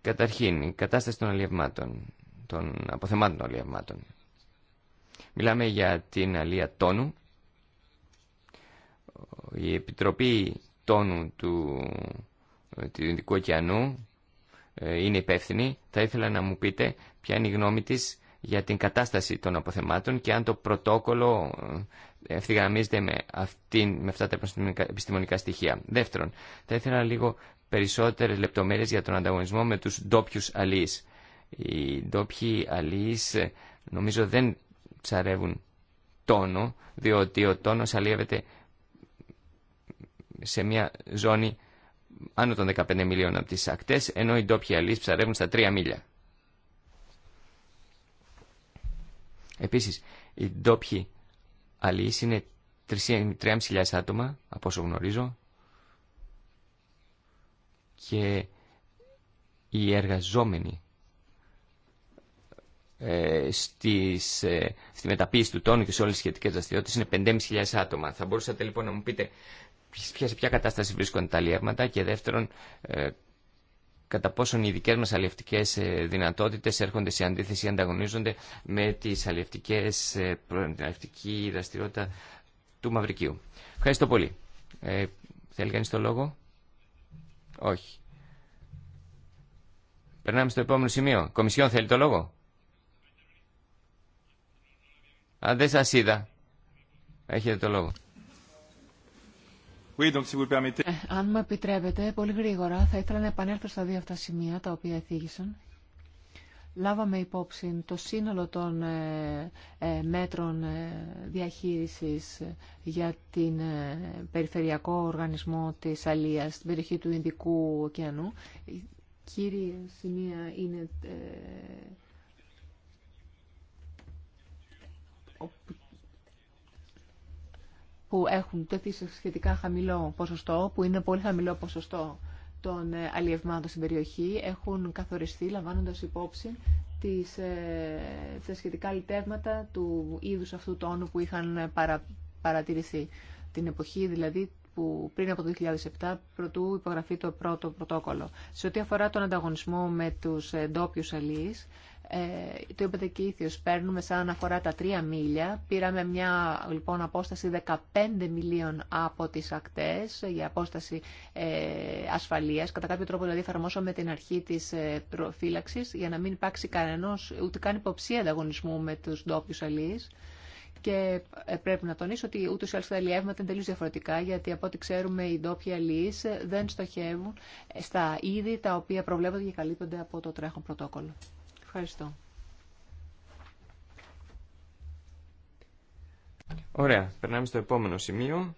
Καταρχήν, η κατάσταση των αλλιευμάτων, των αποθεμάτων των αλλιευμάτων. Μιλάμε για την αλία τόνου. Η Επιτροπή Τόνου του, ε, του Ινδικού Ωκεανού ε, είναι υπεύθυνη. Θα ήθελα να μου πείτε ποια είναι η γνώμη της για την κατάσταση των αποθεμάτων και αν το πρωτόκολλο ε, ευθυγραμμίζεται με, αυτήν, με αυτά τα επιστημονικά στοιχεία. Δεύτερον, θα ήθελα λίγο περισσότερες λεπτομέρειες για τον ανταγωνισμό με τους ντόπιου αλείς. Οι ντόπιοι αλείς ε, νομίζω δεν ψαρεύουν τόνο, διότι ο τόνος αλίευεται σε μια ζώνη άνω των 15 μιλίων από τις ακτές, ενώ οι ντόπιοι αλείς ψαρεύουν στα 3 μίλια. Επίσης, οι ντόπιοι αλληλείς είναι 3.500 άτομα, από όσο γνωρίζω, και οι εργαζόμενοι ε, στις, ε, στη μεταποίηση του τόνου και σε όλες τις σχετικές δραστηριότητες είναι 5.500 άτομα. Θα μπορούσατε λοιπόν να μου πείτε σε ποια κατάσταση βρίσκονται τα λιεύματα και δεύτερον ε, κατά πόσον οι δικέ μα αλλιευτικέ ε, δυνατότητε έρχονται σε αντίθεση, ή ανταγωνίζονται με τι αλλιευτικέ ε, την του Μαυρικίου. Ευχαριστώ πολύ. Ε, θέλει κάνει το λόγο? Όχι. Περνάμε στο επόμενο σημείο. Κομισιόν θέλει το λόγο? Αν δεν σα είδα, έχετε το λόγο. Ε, αν μου επιτρέπετε, πολύ γρήγορα θα ήθελα να επανέλθω στα δύο αυτά σημεία τα οποία εθίγησαν. Λάβαμε υπόψη το σύνολο των ε, ε, μέτρων διαχείρισης για την περιφερειακό οργανισμό της Αλίας στην περιοχή του Ινδικού ωκεανού. Κύρια σημεία είναι που έχουν τεθεί σχετικά χαμηλό ποσοστό, που είναι πολύ χαμηλό ποσοστό των ε, αλλιευμάτων στην περιοχή, έχουν καθοριστεί λαμβάνοντας υπόψη τις, ε, τα σχετικά λιτεύματα του είδους αυτού τόνου που είχαν παρατηρηθεί την εποχή δηλαδή που πριν από το 2007 προτού υπογραφεί το πρώτο πρωτόκολλο. Σε ό,τι αφορά τον ανταγωνισμό με τους ντόπιου ε, το είπατε και ήθιος, παίρνουμε σαν αναφορά τα τρία μίλια. Πήραμε μια λοιπόν απόσταση 15 μιλίων από τις ακτές για απόσταση ε, ασφαλείας. Κατά κάποιο τρόπο δηλαδή εφαρμόσαμε την αρχή της ε, για να μην υπάρξει κανένας ούτε καν υποψία ανταγωνισμού με τους ντόπιου αλληλείς. Και ε, πρέπει να τονίσω ότι ούτω ή άλλω τα είναι τελείω διαφορετικά, γιατί από ό,τι ξέρουμε οι ντόπιοι αλλιεί ε, δεν στοχεύουν ε, στα είδη τα οποία προβλέπονται και καλύπτονται από το τρέχον πρωτόκολλο. Ευχαριστώ. Ωραία, περνάμε στο επόμενο σημείο.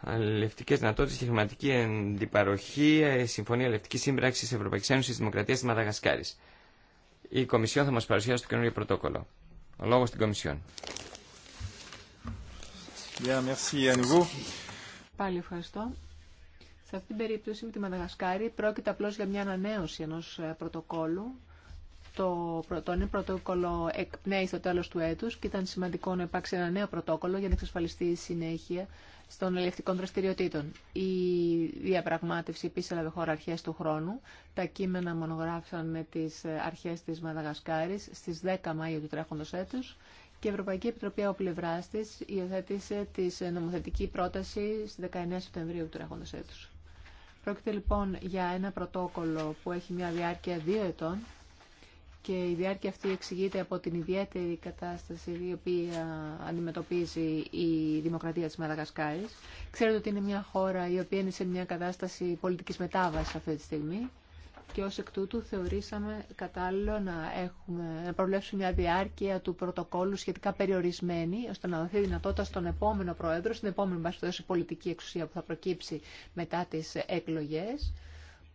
Αλληλευτικέ δυνατότητε και χρηματική αντιπαροχή, Συμφωνία Αλληλευτική Σύμπραξη Ευρωπαϊκή Ένωση Δημοκρατία τη Μαδαγασκάρη η Κομισιόν θα μας παρουσιάσει το καινούργιο πρωτόκολλο. Ο λόγος στην Κομισιόν. Yeah, merci Πάλι ευχαριστώ. Σε αυτήν την περίπτωση με τη Μαδαγασκάρη πρόκειται απλώς για μια ανανέωση ενός ε, πρωτόκολλου το, πρώτο είναι πρωτόκολλο εκπνέει στο τέλος του έτους και ήταν σημαντικό να υπάρξει ένα νέο πρωτόκολλο για να εξασφαλιστεί η συνέχεια στον ελευτικών δραστηριοτήτων. Η διαπραγμάτευση επίσης έλαβε χώρα αρχές του χρόνου. Τα κείμενα μονογράφησαν με τις αρχές της Μαδαγασκάρης στις 10 Μαΐου του τρέχοντος έτους και η Ευρωπαϊκή Επιτροπή από πλευρά τη υιοθέτησε τη νομοθετική πρόταση στι 19 Σεπτεμβρίου του τρέχοντο έτου. Πρόκειται λοιπόν για ένα πρωτόκολλο που έχει μια διάρκεια δύο ετών και η διάρκεια αυτή εξηγείται από την ιδιαίτερη κατάσταση η οποία αντιμετωπίζει η δημοκρατία της Μαδαγασκάρης. Ξέρετε ότι είναι μια χώρα η οποία είναι σε μια κατάσταση πολιτικής μετάβασης αυτή τη στιγμή και ως εκ τούτου θεωρήσαμε κατάλληλο να, έχουμε, να προβλέψουμε μια διάρκεια του πρωτοκόλλου σχετικά περιορισμένη, ώστε να δοθεί δυνατότητα στον επόμενο πρόεδρο, στην επόμενη μας πολιτική εξουσία που θα προκύψει μετά τις εκλογές,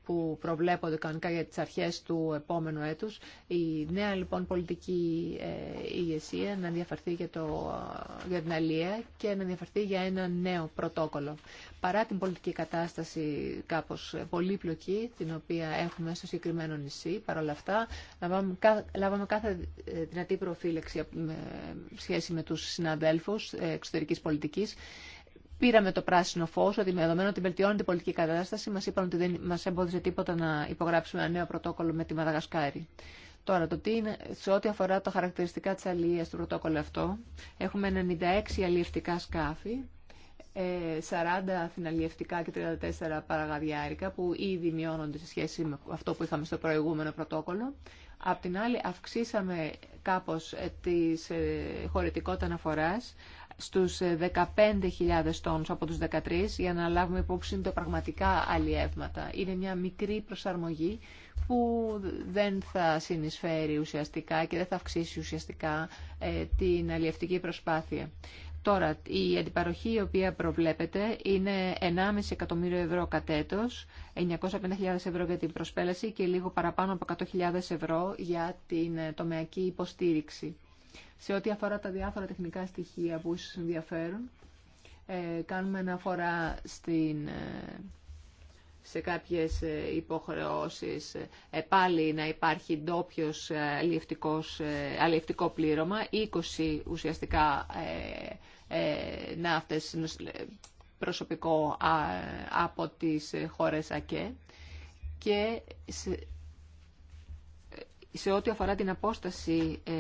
που προβλέπονται κανονικά για τις αρχές του επόμενου έτους. Η νέα λοιπόν πολιτική ε, ηγεσία να ενδιαφερθεί για, το, για την αλία και να διαφερθεί για ένα νέο πρωτόκολλο. Παρά την πολιτική κατάσταση κάπως πολύπλοκη, την οποία έχουμε στο συγκεκριμένο νησί, παρόλα αυτά λάβαμε, κάθε δυνατή ε, με σχέση με τους συναδέλφους ε, εξωτερικής πολιτικής Πήραμε το πράσινο φω ότι με δεδομένο ότι βελτιώνεται η πολιτική κατάσταση μα είπαν ότι δεν μα εμπόδιζε τίποτα να υπογράψουμε ένα νέο πρωτόκολλο με τη Μαδαγασκάρη. Τώρα, το είναι, σε ό,τι αφορά τα χαρακτηριστικά τη αλληλεία του πρωτόκολλου αυτό, έχουμε 96 αλληλευτικά σκάφη, 40 ε, αθηναλιευτικά και 34 παραγαδιάρικα που ήδη μειώνονται σε σχέση με αυτό που είχαμε στο προηγούμενο πρωτόκολλο. Απ' την άλλη αυξήσαμε κάπως ε, τη ε, χωρητικότητα αναφοράς στους 15.000 ε, τόνους από τους 13 για να λάβουμε υπόψη πραγματικά αλλιεύματα. Είναι μια μικρή προσαρμογή που δεν θα συνεισφέρει ουσιαστικά και δεν θα αυξήσει ουσιαστικά ε, την αλλιευτική προσπάθεια. Τώρα, η αντιπαροχή η οποία προβλέπεται είναι 1,5 εκατομμύριο ευρώ κατ' 950.000 ευρώ για την προσπέλαση και λίγο παραπάνω από 100.000 ευρώ για την ε, τομεακή υποστήριξη. Σε ό,τι αφορά τα διάφορα τεχνικά στοιχεία που ίσως ενδιαφέρουν, ε, κάνουμε αναφορά στην, ε, σε κάποιες ε, υποχρεώσεις πάλι να υπάρχει ντόπιο αλληλευτικό πλήρωμα, 20 ουσιαστικά ε, ναύτες προσωπικό από τις χώρες ΑΚΕ και σε ό,τι αφορά την απόσταση, ε,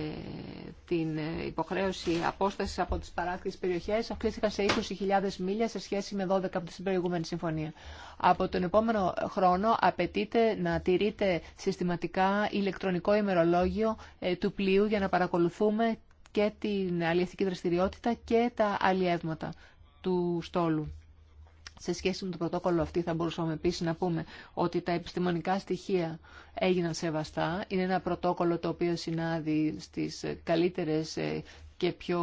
την ε, υποχρέωση απόσταση από τις παράκτητε περιοχές, αυξήθηκαν σε 20.000 μίλια σε σχέση με 12 από την προηγούμενη συμφωνία. Από τον επόμενο χρόνο απαιτείται να τηρείται συστηματικά ηλεκτρονικό ημερολόγιο ε, του πλοίου για να παρακολουθούμε και την αλλιευτική δραστηριότητα και τα αλλιεύματα του στόλου σε σχέση με το πρωτόκολλο αυτή θα μπορούσαμε επίση να πούμε ότι τα επιστημονικά στοιχεία έγιναν σεβαστά. Είναι ένα πρωτόκολλο το οποίο συνάδει στις καλύτερες ε, και πιο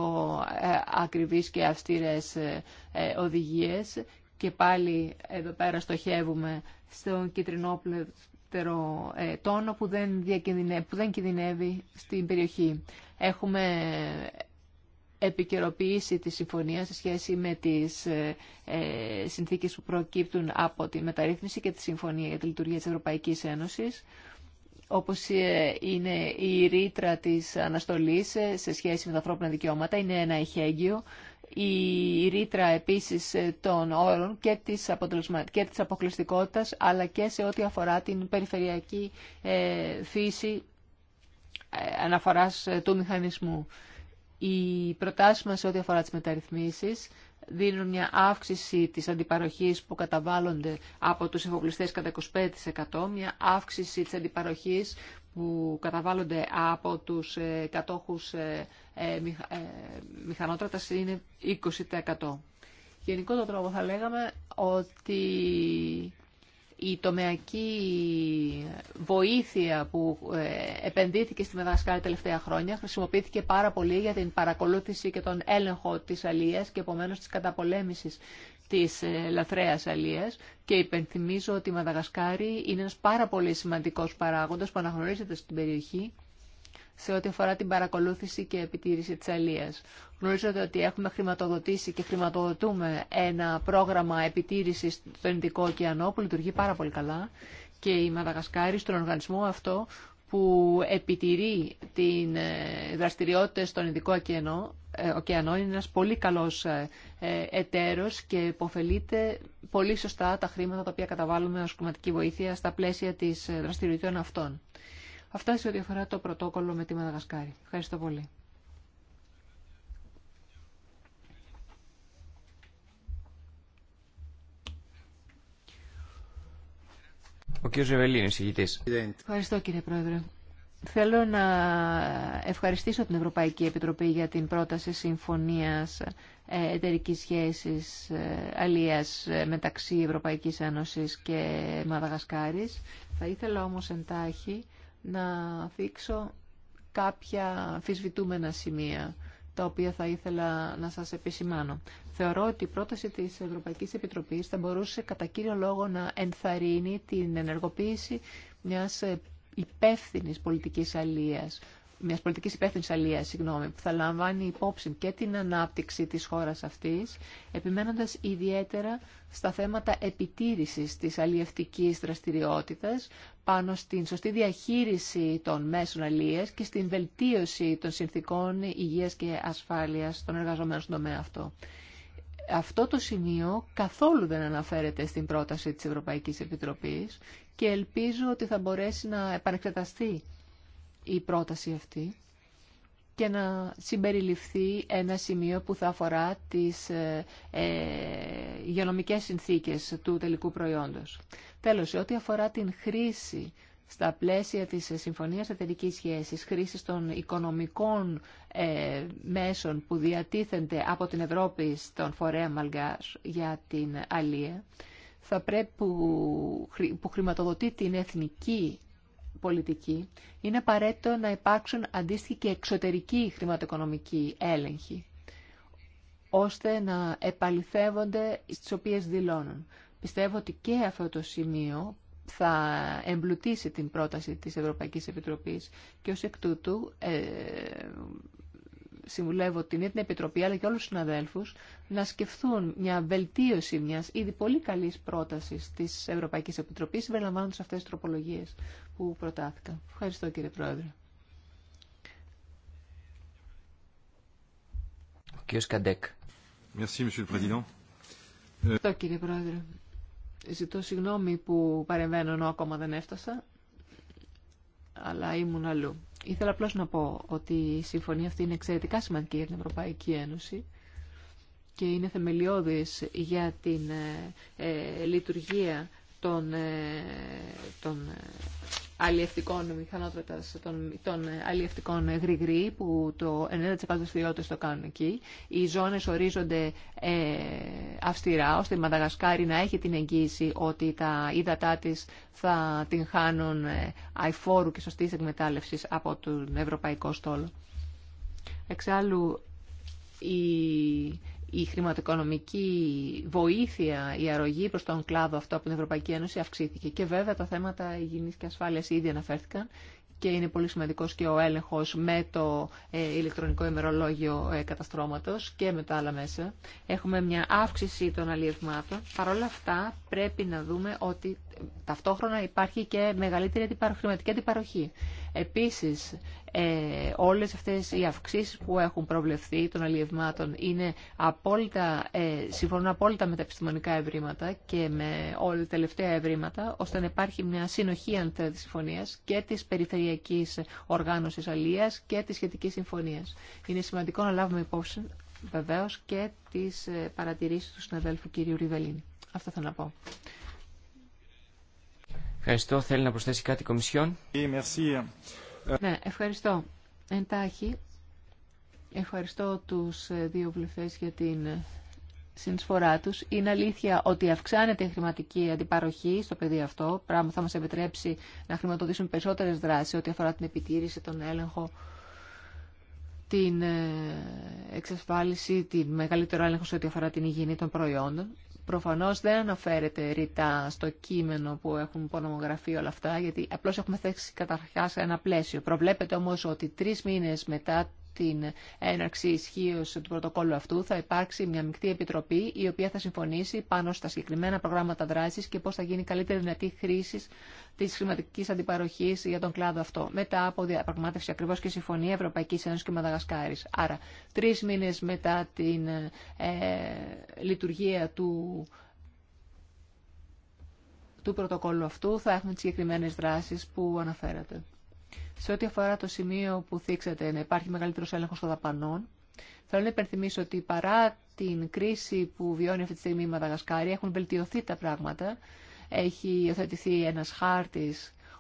ε, ακριβείς και αυστηρές ε, οδηγίες. Και πάλι εδώ πέρα στοχεύουμε στον κυτρινόπλευτερο τόνο που δεν, που δεν κινδυνεύει στην περιοχή. Έχουμε επικαιροποίηση της συμφωνίας σε σχέση με τις ε, ε, συνθήκες που προκύπτουν από τη μεταρρύθμιση και τη συμφωνία για τη λειτουργία της Ευρωπαϊκής Ένωσης όπως ε, είναι η ρήτρα της αναστολής ε, σε σχέση με τα ανθρώπινα δικαιώματα, είναι ένα εχέγγυο. Η ρήτρα επίσης των όρων και της, και της αποκλειστικότητας, αλλά και σε ό,τι αφορά την περιφερειακή φύση αναφοράς του μηχανισμού. Οι προτάσεις μας ό,τι αφορά τις μεταρρυθμίσεις δίνουν μια αύξηση της αντιπαροχής που καταβάλλονται από τους εφοπλιστές κατά 25%, μια αύξηση της αντιπαροχής που καταβάλλονται από τους ε, κατόχους ε, ε, μηχανότρατας είναι 20%. Γενικό το τρόπο θα λέγαμε ότι η τομεακή βοήθεια που ε, επενδύθηκε στη Μαδαγασκάρη τελευταία χρόνια χρησιμοποιήθηκε πάρα πολύ για την παρακολούθηση και τον έλεγχο της αλίας και επομένως της καταπολέμησης της ε, λαθρέας αλίας και υπενθυμίζω ότι η Μαδαγασκάρη είναι ένας πάρα πολύ σημαντικός παράγοντας που αναγνωρίζεται στην περιοχή σε ό,τι αφορά την παρακολούθηση και επιτήρηση της αλίας. Γνωρίζετε ότι έχουμε χρηματοδοτήσει και χρηματοδοτούμε ένα πρόγραμμα επιτήρησης στον Ινδικό ωκεανό που λειτουργεί πάρα πολύ καλά και η Μαδαγασκάρη στον οργανισμό αυτό που επιτηρεί την ε, δραστηριότητα στον Ινδικό ε, ωκεανό, είναι ένας πολύ καλός ε, εταίρος και υποφελείται πολύ σωστά τα χρήματα τα οποία καταβάλουμε ως κομματική βοήθεια στα πλαίσια της δραστηριοτήτων αυτών. Αυτά σε ό,τι αφορά το πρωτόκολλο με τη Μαδαγασκάρη. Ευχαριστώ πολύ. Ο κ. Ευχαριστώ κύριε Πρόεδρε. Θέλω να ευχαριστήσω την Ευρωπαϊκή Επιτροπή για την πρόταση συμφωνίας ε, εταιρικής σχέσης ε, αλίας ε, μεταξύ Ευρωπαϊκής Ένωσης και Μαδαγασκάρης. Θα ήθελα όμως εντάχει να δείξω κάποια αμφισβητούμενα σημεία τα οποία θα ήθελα να σας επισημάνω. Θεωρώ ότι η πρόταση της Ευρωπαϊκής Επιτροπής θα μπορούσε κατά κύριο λόγο να ενθαρρύνει την ενεργοποίηση μιας υπεύθυνης πολιτικής αλλίας μια πολιτική υπεύθυνη αλλία, συγγνώμη, που θα λαμβάνει υπόψη και την ανάπτυξη τη χώρα αυτή, επιμένοντα ιδιαίτερα στα θέματα επιτήρηση τη αλλιευτική δραστηριότητα, πάνω στην σωστή διαχείριση των μέσων αλλία και στην βελτίωση των συνθήκων υγεία και ασφάλεια των εργαζομένων στον τομέα αυτό. Αυτό το σημείο καθόλου δεν αναφέρεται στην πρόταση της Ευρωπαϊκής Επιτροπής και ελπίζω ότι θα μπορέσει να επανεξεταστεί η πρόταση αυτή και να συμπεριληφθεί ένα σημείο που θα αφορά τις ε, ε συνθήκες του τελικού προϊόντος. Τέλος, ό,τι αφορά την χρήση στα πλαίσια της Συμφωνίας Εταιρικής Σχέσης, χρήση των οικονομικών ε, μέσων που διατίθενται από την Ευρώπη στον φορέα Μαλγκάς για την Αλία, θα πρέπει που, χρηματοδοτεί την εθνική πολιτική, είναι απαραίτητο να υπάρξουν αντίστοιχοι και εξωτερικοί χρηματοοικονομικοί έλεγχοι, ώστε να επαληθεύονται στις οποίες δηλώνουν. Πιστεύω ότι και αυτό το σημείο θα εμπλουτίσει την πρόταση της Ευρωπαϊκής Επιτροπής και ως εκ τούτου ε, συμβουλεύω την ίδια την Επιτροπή αλλά και όλους τους συναδέλφους να σκεφτούν μια βελτίωση μιας ήδη πολύ καλής πρότασης της Ευρωπαϊκής Επιτροπής συμπεριλαμβάνοντας αυτές τις τροπολογίες που προτάθηκαν. Ευχαριστώ κύριε Πρόεδρε. Ο κύριος Καντέκ. Ευχαριστώ κύριε Πρόεδρε. Ζητώ συγγνώμη που παρεμβαίνω ενώ ακόμα δεν έφτασα αλλά ήμουν αλλού. Ήθελα απλώς να πω ότι η συμφωνία αυτή είναι εξαιρετικά σημαντική για την Ευρωπαϊκή Ένωση και είναι θεμελιώδης για την ε, ε λειτουργία ε, ε, των, των ε, αλλιευτικών των, των αλλιευτικών που το 90% της φυριότητας το κάνουν εκεί. Οι ζώνες ορίζονται ε, αυστηρά, ώστε η Μαδαγασκάρη να έχει την εγγύηση ότι τα ύδατά της θα την χάνουν αϊφόρου και σωστής εκμετάλλευσης από τον Ευρωπαϊκό Στόλο. Εξάλλου, η η χρηματοοικονομική βοήθεια, η αρρωγή προς τον κλάδο αυτό από την Ευρωπαϊκή Ένωση αυξήθηκε. Και βέβαια τα θέματα υγιεινής και ασφάλειας ήδη αναφέρθηκαν και είναι πολύ σημαντικός και ο έλεγχος με το ε, ηλεκτρονικό ημερολόγιο ε, καταστρώματος και με τα άλλα μέσα. Έχουμε μια αύξηση των αλλιευμάτων. Παρ' όλα αυτά πρέπει να δούμε ότι ταυτόχρονα υπάρχει και μεγαλύτερη χρηματική αντιπαροχή. Επίσης, ε, όλες αυτές οι αυξήσεις που έχουν προβλεφθεί των αλλιευμάτων είναι απόλυτα, ε, συμφωνούν απόλυτα με τα επιστημονικά ευρήματα και με όλα τα τελευταία ευρήματα, ώστε να υπάρχει μια συνοχή αν και της περιφερειακής οργάνωσης αλλίας και της σχετικής συμφωνίας. Είναι σημαντικό να λάβουμε υπόψη βεβαίως και τις ε, παρατηρήσεις του συναδέλφου κ. Ριβελίνη. Αυτό θα πω. Ευχαριστώ. Θέλει να προσθέσει κάτι η Κομισιόν. Ε, ναι, ευχαριστώ. Εντάχει, ευχαριστώ τους δύο βουλευτές για την συνεισφορά τους. Είναι αλήθεια ότι αυξάνεται η χρηματική αντιπαροχή στο πεδίο αυτό, πράγμα που θα μας επιτρέψει να χρηματοδοτήσουμε περισσότερες δράσεις ό,τι αφορά την επιτήρηση, τον έλεγχο, την ε, εξασφάλιση, την μεγαλύτερο έλεγχο σε ό,τι αφορά την υγιεινή των προϊόντων. Προφανώς δεν αναφέρεται ρητά στο κείμενο που έχουν πονομογραφεί όλα αυτά, γιατί απλώς έχουμε θέσει καταρχάς ένα πλαίσιο. Προβλέπεται όμως ότι τρεις μήνες μετά την έναρξη ισχύω του πρωτοκόλλου αυτού θα υπάρξει μια μεικτή επιτροπή η οποία θα συμφωνήσει πάνω στα συγκεκριμένα προγράμματα δράση και πώ θα γίνει καλύτερη δυνατή χρήση τη χρηματική αντιπαροχή για τον κλάδο αυτό. Μετά από διαπραγμάτευση ακριβώ και συμφωνία Ευρωπαϊκή Ένωση και Μαδαγασκάρη. Άρα, τρει μήνε μετά την ε, λειτουργία του του πρωτοκόλλου αυτού θα έχουμε τις συγκεκριμένες δράσεις που αναφέρατε. Σε ό,τι αφορά το σημείο που θίξατε, να υπάρχει μεγαλύτερο έλεγχο των δαπανών, θέλω να υπενθυμίσω ότι παρά την κρίση που βιώνει αυτή τη στιγμή η Μαδαγασκάρη, έχουν βελτιωθεί τα πράγματα. Έχει υιοθετηθεί ένα χάρτη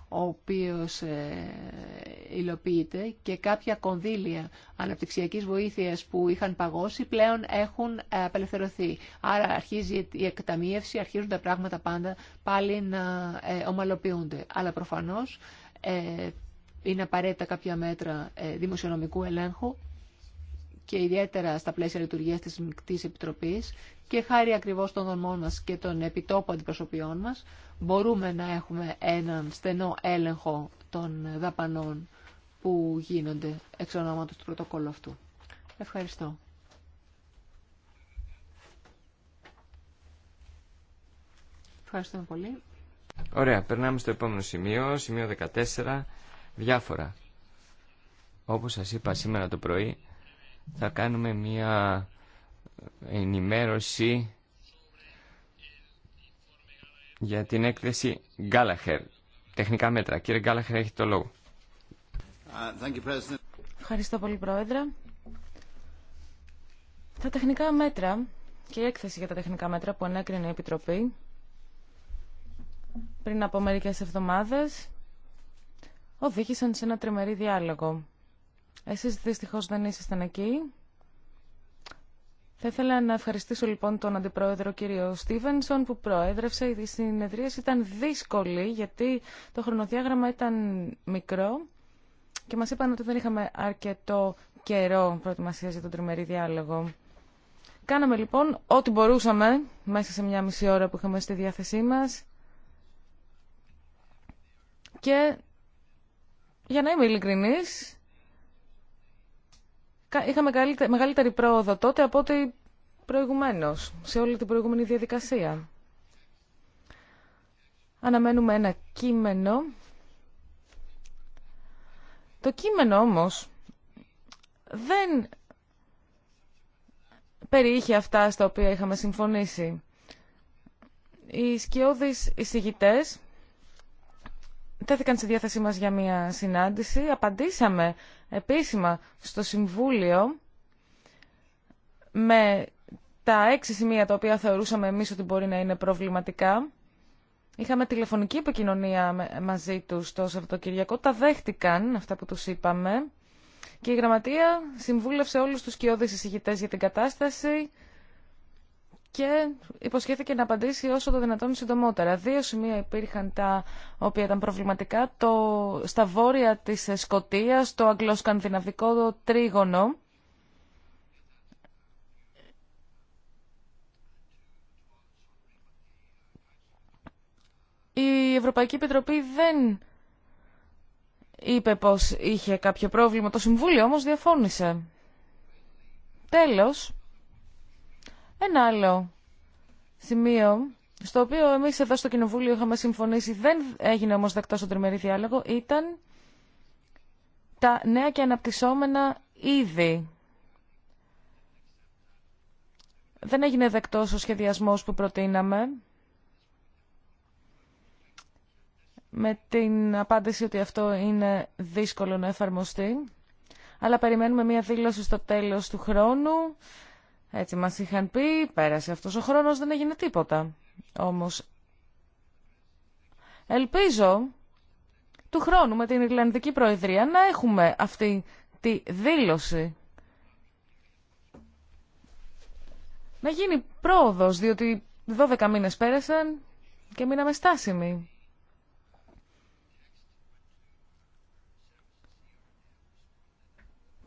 ο οποίος ε, υλοποιείται και κάποια κονδύλια αναπτυξιακής βοήθειας που είχαν παγώσει πλέον έχουν ε, απελευθερωθεί. Άρα αρχίζει η εκταμίευση, αρχίζουν τα πράγματα πάντα πάλι να ε, ομαλοποιούνται. Αλλά προφανώς ε, είναι απαραίτητα κάποια μέτρα ε, δημοσιονομικού ελέγχου και ιδιαίτερα στα πλαίσια λειτουργία τη Μικτή Επιτροπής και χάρη ακριβώς των δομών μα και των επιτόπων αντιπροσωπιών μας μπορούμε να έχουμε έναν στενό έλεγχο των δαπανών που γίνονται εξ ονόματος του πρωτοκόλλου αυτού. Ευχαριστώ. Ευχαριστούμε πολύ. Ωραία, περνάμε στο επόμενο σημείο, σημείο 14 διάφορα. Όπως σας είπα σήμερα το πρωί, θα κάνουμε μία ενημέρωση για την έκθεση Γκάλαχερ. Τεχνικά μέτρα. Κύριε Γκάλαχερ, έχει το λόγο. Ευχαριστώ πολύ, Πρόεδρε. Τα τεχνικά μέτρα και η έκθεση για τα τεχνικά μέτρα που ενέκρινε η Επιτροπή πριν από μερικές εβδομάδες οδήγησαν σε ένα τριμερή διάλογο. Εσείς δυστυχώς δεν ήσασταν εκεί. Θα ήθελα να ευχαριστήσω λοιπόν τον Αντιπρόεδρο κύριο Στίβενσον που προέδρευσε. Η συνεδρίαση ήταν δύσκολη γιατί το χρονοδιάγραμμα ήταν μικρό και μας είπαν ότι δεν είχαμε αρκετό καιρό προετοιμασία για τον τριμερή διάλογο. Κάναμε λοιπόν ό,τι μπορούσαμε μέσα σε μια μισή ώρα που είχαμε στη διάθεσή μας και για να είμαι ειλικρινής, είχαμε μεγαλύτερη πρόοδο τότε από ό,τι προηγουμένω σε όλη την προηγούμενη διαδικασία. Αναμένουμε ένα κείμενο. Το κείμενο όμως δεν περιείχε αυτά στα οποία είχαμε συμφωνήσει. Οι σκιώδεις εισηγητές τέθηκαν στη διάθεσή μας για μια συνάντηση. Απαντήσαμε επίσημα στο Συμβούλιο με τα έξι σημεία τα οποία θεωρούσαμε εμείς ότι μπορεί να είναι προβληματικά. Είχαμε τηλεφωνική επικοινωνία μαζί τους το Σαββατοκυριακό. Τα δέχτηκαν αυτά που τους είπαμε. Και η Γραμματεία συμβούλευσε όλους τους κοιόδες εισηγητές για την κατάσταση και υποσχέθηκε να απαντήσει όσο το δυνατόν συντομότερα. Δύο σημεία υπήρχαν τα οποία ήταν προβληματικά. Το, στα βόρεια της Σκοτίας, το αγγλοσκανδιναβικό τρίγωνο, η Ευρωπαϊκή Επιτροπή δεν είπε πως είχε κάποιο πρόβλημα. Το Συμβούλιο όμως διαφώνησε. Τέλος, ένα άλλο σημείο, στο οποίο εμείς εδώ στο Κοινοβούλιο είχαμε συμφωνήσει, δεν έγινε όμως δεκτό στον τριμερή διάλογο, ήταν τα νέα και αναπτυσσόμενα είδη. Δεν έγινε δεκτός ο σχεδιασμός που προτείναμε. με την απάντηση ότι αυτό είναι δύσκολο να εφαρμοστεί. Αλλά περιμένουμε μία δήλωση στο τέλος του χρόνου έτσι μας είχαν πει, πέρασε αυτός ο χρόνος, δεν έγινε τίποτα. Όμως ελπίζω του χρόνου με την Ιρλανδική Προεδρία να έχουμε αυτή τη δήλωση. Να γίνει πρόοδος, διότι 12 μήνες πέρασαν και μείναμε στάσιμοι.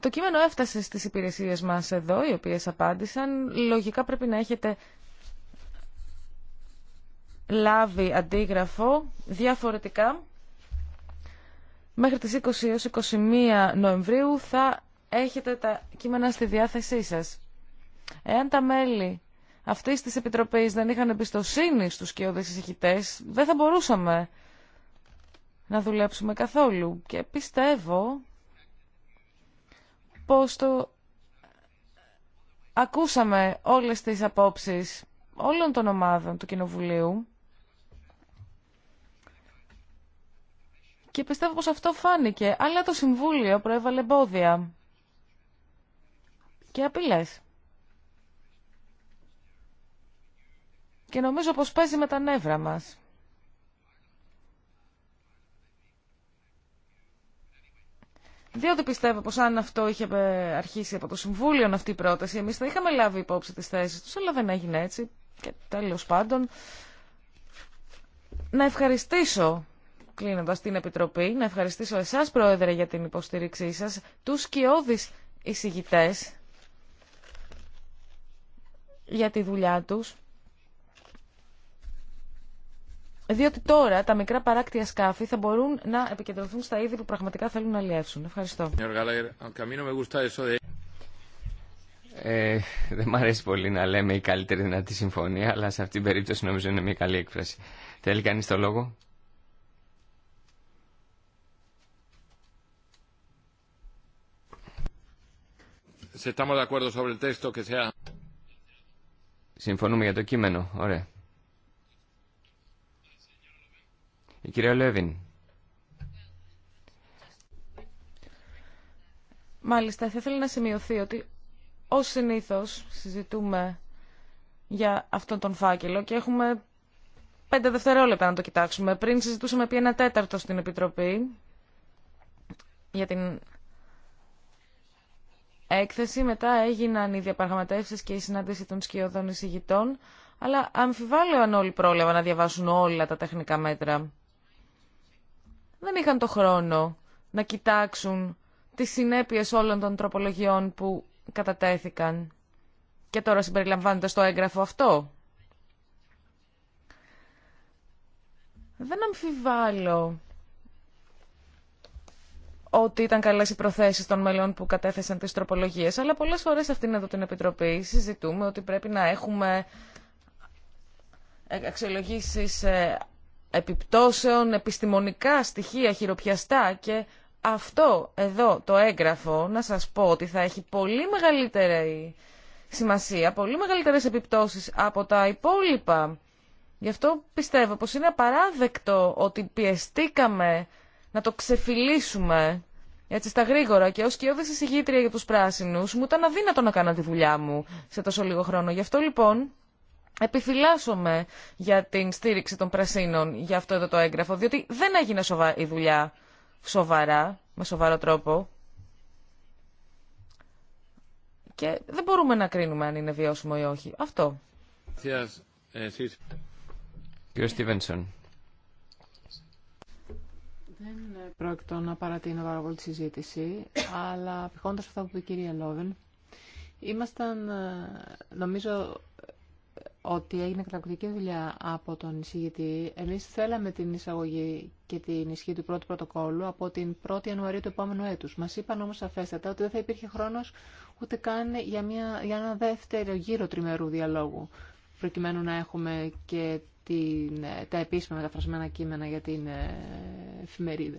Το κείμενο έφτασε στις υπηρεσίες μας εδώ, οι οποίες απάντησαν. Λογικά πρέπει να έχετε λάβει αντίγραφο διαφορετικά. Μέχρι τις 20 έως 21 Νοεμβρίου θα έχετε τα κείμενα στη διάθεσή σας. Εάν τα μέλη αυτή της Επιτροπής δεν είχαν εμπιστοσύνη στους κοιόδες εισηγητέ, δεν θα μπορούσαμε να δουλέψουμε καθόλου. Και πιστεύω πως το ακούσαμε όλες τις απόψεις όλων των ομάδων του Κοινοβουλίου και πιστεύω πως αυτό φάνηκε, αλλά το Συμβούλιο προέβαλε εμπόδια και απειλές. Και νομίζω πως παίζει με τα νεύρα μας. Διότι πιστεύω πως αν αυτό είχε ε, αρχίσει από το Συμβούλιο αυτή η πρόταση, εμείς θα είχαμε λάβει υπόψη τι θέσει του, αλλά δεν έγινε έτσι. Και τέλο πάντων, να ευχαριστήσω, κλείνοντας την Επιτροπή, να ευχαριστήσω εσάς, Πρόεδρε, για την υποστήριξή σας, τους σκιώδεις εισηγητές για τη δουλειά τους διότι τώρα τα μικρά παράκτια σκάφη θα μπορούν να επικεντρωθούν στα είδη που πραγματικά θέλουν να αλλιεύσουν. Ευχαριστώ. Ε, δεν μου αρέσει πολύ να λέμε η καλύτερη δυνατή συμφωνία, αλλά σε αυτήν την περίπτωση νομίζω είναι μια καλή έκφραση. Θέλει κανεί το λόγο. Συμφωνούμε για το κείμενο. Ωραία. Η κυρία Λέβιν. Μάλιστα, θα ήθελα να σημειωθεί ότι ω συνήθω συζητούμε για αυτόν τον φάκελο και έχουμε πέντε δευτερόλεπτα να το κοιτάξουμε. Πριν συζητούσαμε επί ένα τέταρτο στην Επιτροπή για την έκθεση. Μετά έγιναν οι διαπραγματεύσεις και η συνάντηση των σκιωδών εισηγητών. Αλλά αμφιβάλλω αν όλοι πρόλαβαν να διαβάσουν όλα τα τεχνικά μέτρα δεν είχαν το χρόνο να κοιτάξουν τις συνέπειες όλων των τροπολογιών που κατατέθηκαν. Και τώρα συμπεριλαμβάνεται στο έγγραφο αυτό. Δεν αμφιβάλλω ότι ήταν καλές οι προθέσεις των μελών που κατέθεσαν τις τροπολογίες, αλλά πολλές φορές αυτήν εδώ την Επιτροπή συζητούμε ότι πρέπει να έχουμε αξιολογήσεις ε, επιπτώσεων επιστημονικά στοιχεία χειροπιαστά και αυτό εδώ το έγγραφο να σας πω ότι θα έχει πολύ μεγαλύτερη σημασία, πολύ μεγαλύτερες επιπτώσεις από τα υπόλοιπα. Γι' αυτό πιστεύω πως είναι απαράδεκτο ότι πιεστήκαμε να το ξεφυλίσουμε έτσι στα γρήγορα και ως κοιόδες εισηγήτρια για τους πράσινους μου ήταν αδύνατο να κάνω τη δουλειά μου σε τόσο λίγο χρόνο. Γι' αυτό λοιπόν επιφυλάσσομαι για την στήριξη των πρασίνων για αυτό εδώ το έγγραφο, διότι δεν έγινε σοβα... η δουλειά σοβαρά, με σοβαρό τρόπο. Και δεν μπορούμε να κρίνουμε αν είναι βιώσιμο ή όχι. Αυτό. Κύριε Στίβενσον. Δεν πρόκειται να παρατείνω πάρα πολύ τη συζήτηση, αλλά πηγαίνοντας αυτά που είπε η κυρία Λόβεν, συζητηση αλλα πηγωντας αυτα που ειπε νομίζω ότι έγινε καταπληκτική δουλειά από τον εισηγητή. Εμείς θέλαμε την εισαγωγή και την ισχύ του πρώτου πρωτοκόλλου από την 1η Ιανουαρίου του επόμενου έτου. Μα είπαν όμως αφέστατα ότι δεν θα υπήρχε χρόνος ούτε καν για, μια, για ένα δεύτερο γύρο τριμερού διαλόγου, προκειμένου να έχουμε και την, τα επίσημα μεταφρασμένα κείμενα για την ε, εφημερίδα.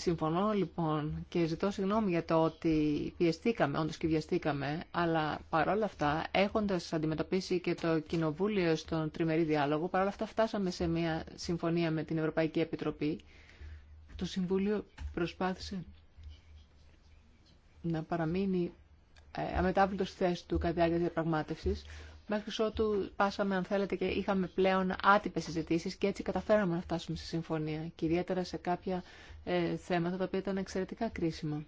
Συμφωνώ λοιπόν και ζητώ συγγνώμη για το ότι πιεστήκαμε, όντως και βιαστήκαμε, αλλά παρόλα αυτά, έχοντας αντιμετωπίσει και το Κοινοβούλιο στον τριμερή διάλογο, παρόλα αυτά φτάσαμε σε μια συμφωνία με την Ευρωπαϊκή Επιτροπή. Το Συμβούλιο προσπάθησε να παραμείνει ε, αμετάβλητο στη θέση του κατά διάρκεια διαπραγμάτευση μέχρι ότου πάσαμε, αν θέλετε, και είχαμε πλέον άτυπε συζητήσει και έτσι καταφέραμε να φτάσουμε στη συμφωνία και ιδιαίτερα σε κάποια ε, θέματα τα οποία ήταν εξαιρετικά κρίσιμα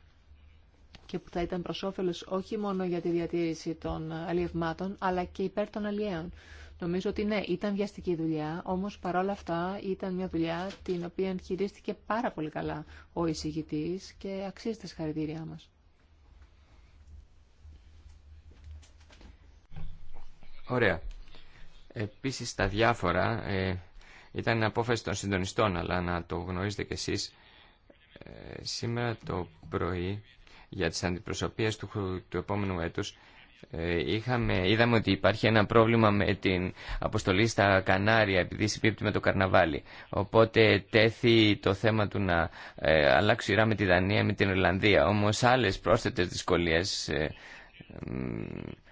και που θα ήταν προ όφελο όχι μόνο για τη διατήρηση των αλλιευμάτων, αλλά και υπέρ των αλλιέων. Νομίζω ότι ναι, ήταν βιαστική δουλειά, όμω παρόλα αυτά ήταν μια δουλειά την οποία χειρίστηκε πάρα πολύ καλά ο εισηγητή και αξίζει τα συγχαρητήριά μα. Ωραία. Επίσης τα διάφορα, ε, ήταν απόφαση των συντονιστών, αλλά να το γνωρίζετε κι εσείς, ε, σήμερα το πρωί για τις αντιπροσωπείες του, του επόμενου έτους ε, είχαμε, είδαμε ότι υπάρχει ένα πρόβλημα με την αποστολή στα Κανάρια επειδή συμπίπτει με το καρναβάλι. Οπότε τέθη το θέμα του να ε, αλλάξει η με τη Δανία με την Ιρλανδία. Όμως άλλες πρόσθετες δυσκολίες ε,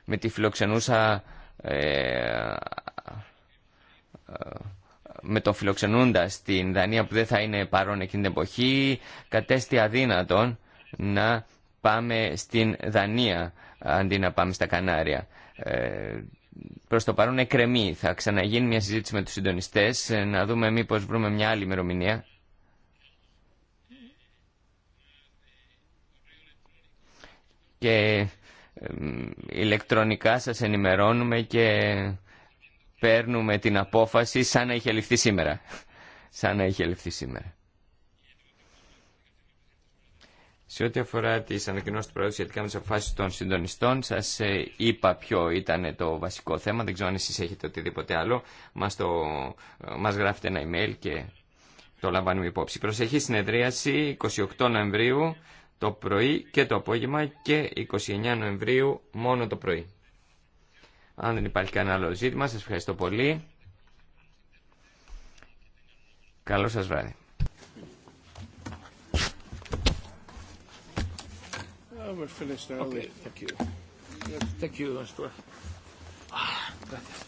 με τη φιλοξενούσα ε, ε, με τον φιλοξενούντα στην Δανία που δεν θα είναι παρόν εκείνη την εποχή κατέστη αδύνατον να πάμε στην Δανία αντί να πάμε στα Κανάρια. Ε, προς το παρόν εκκρεμεί. Θα ξαναγίνει μια συζήτηση με τους συντονιστές ε, να δούμε μήπως βρούμε μια άλλη ημερομηνία. Και ηλεκτρονικά σας ενημερώνουμε και παίρνουμε την απόφαση σαν να είχε ληφθεί σήμερα. Σαν να είχε ληφθεί σήμερα. Σε ό,τι αφορά τι ανακοινώσει του Πρόεδρου σχετικά με τι αποφάσει των συντονιστών, σα ε, είπα ποιο ήταν το βασικό θέμα. Δεν ξέρω αν εσεί έχετε οτιδήποτε άλλο. Μα το... Ε, μας γράφετε ένα email και το λαμβάνουμε υπόψη. Προσεχή συνεδρίαση 28 Νοεμβρίου το πρωί και το απόγευμα και 29 Νοεμβρίου μόνο το πρωί. Αν δεν υπάρχει κανένα άλλο ζήτημα, σας ευχαριστώ πολύ. Καλό σας βράδυ. finished Thank you. Thank you, Ah,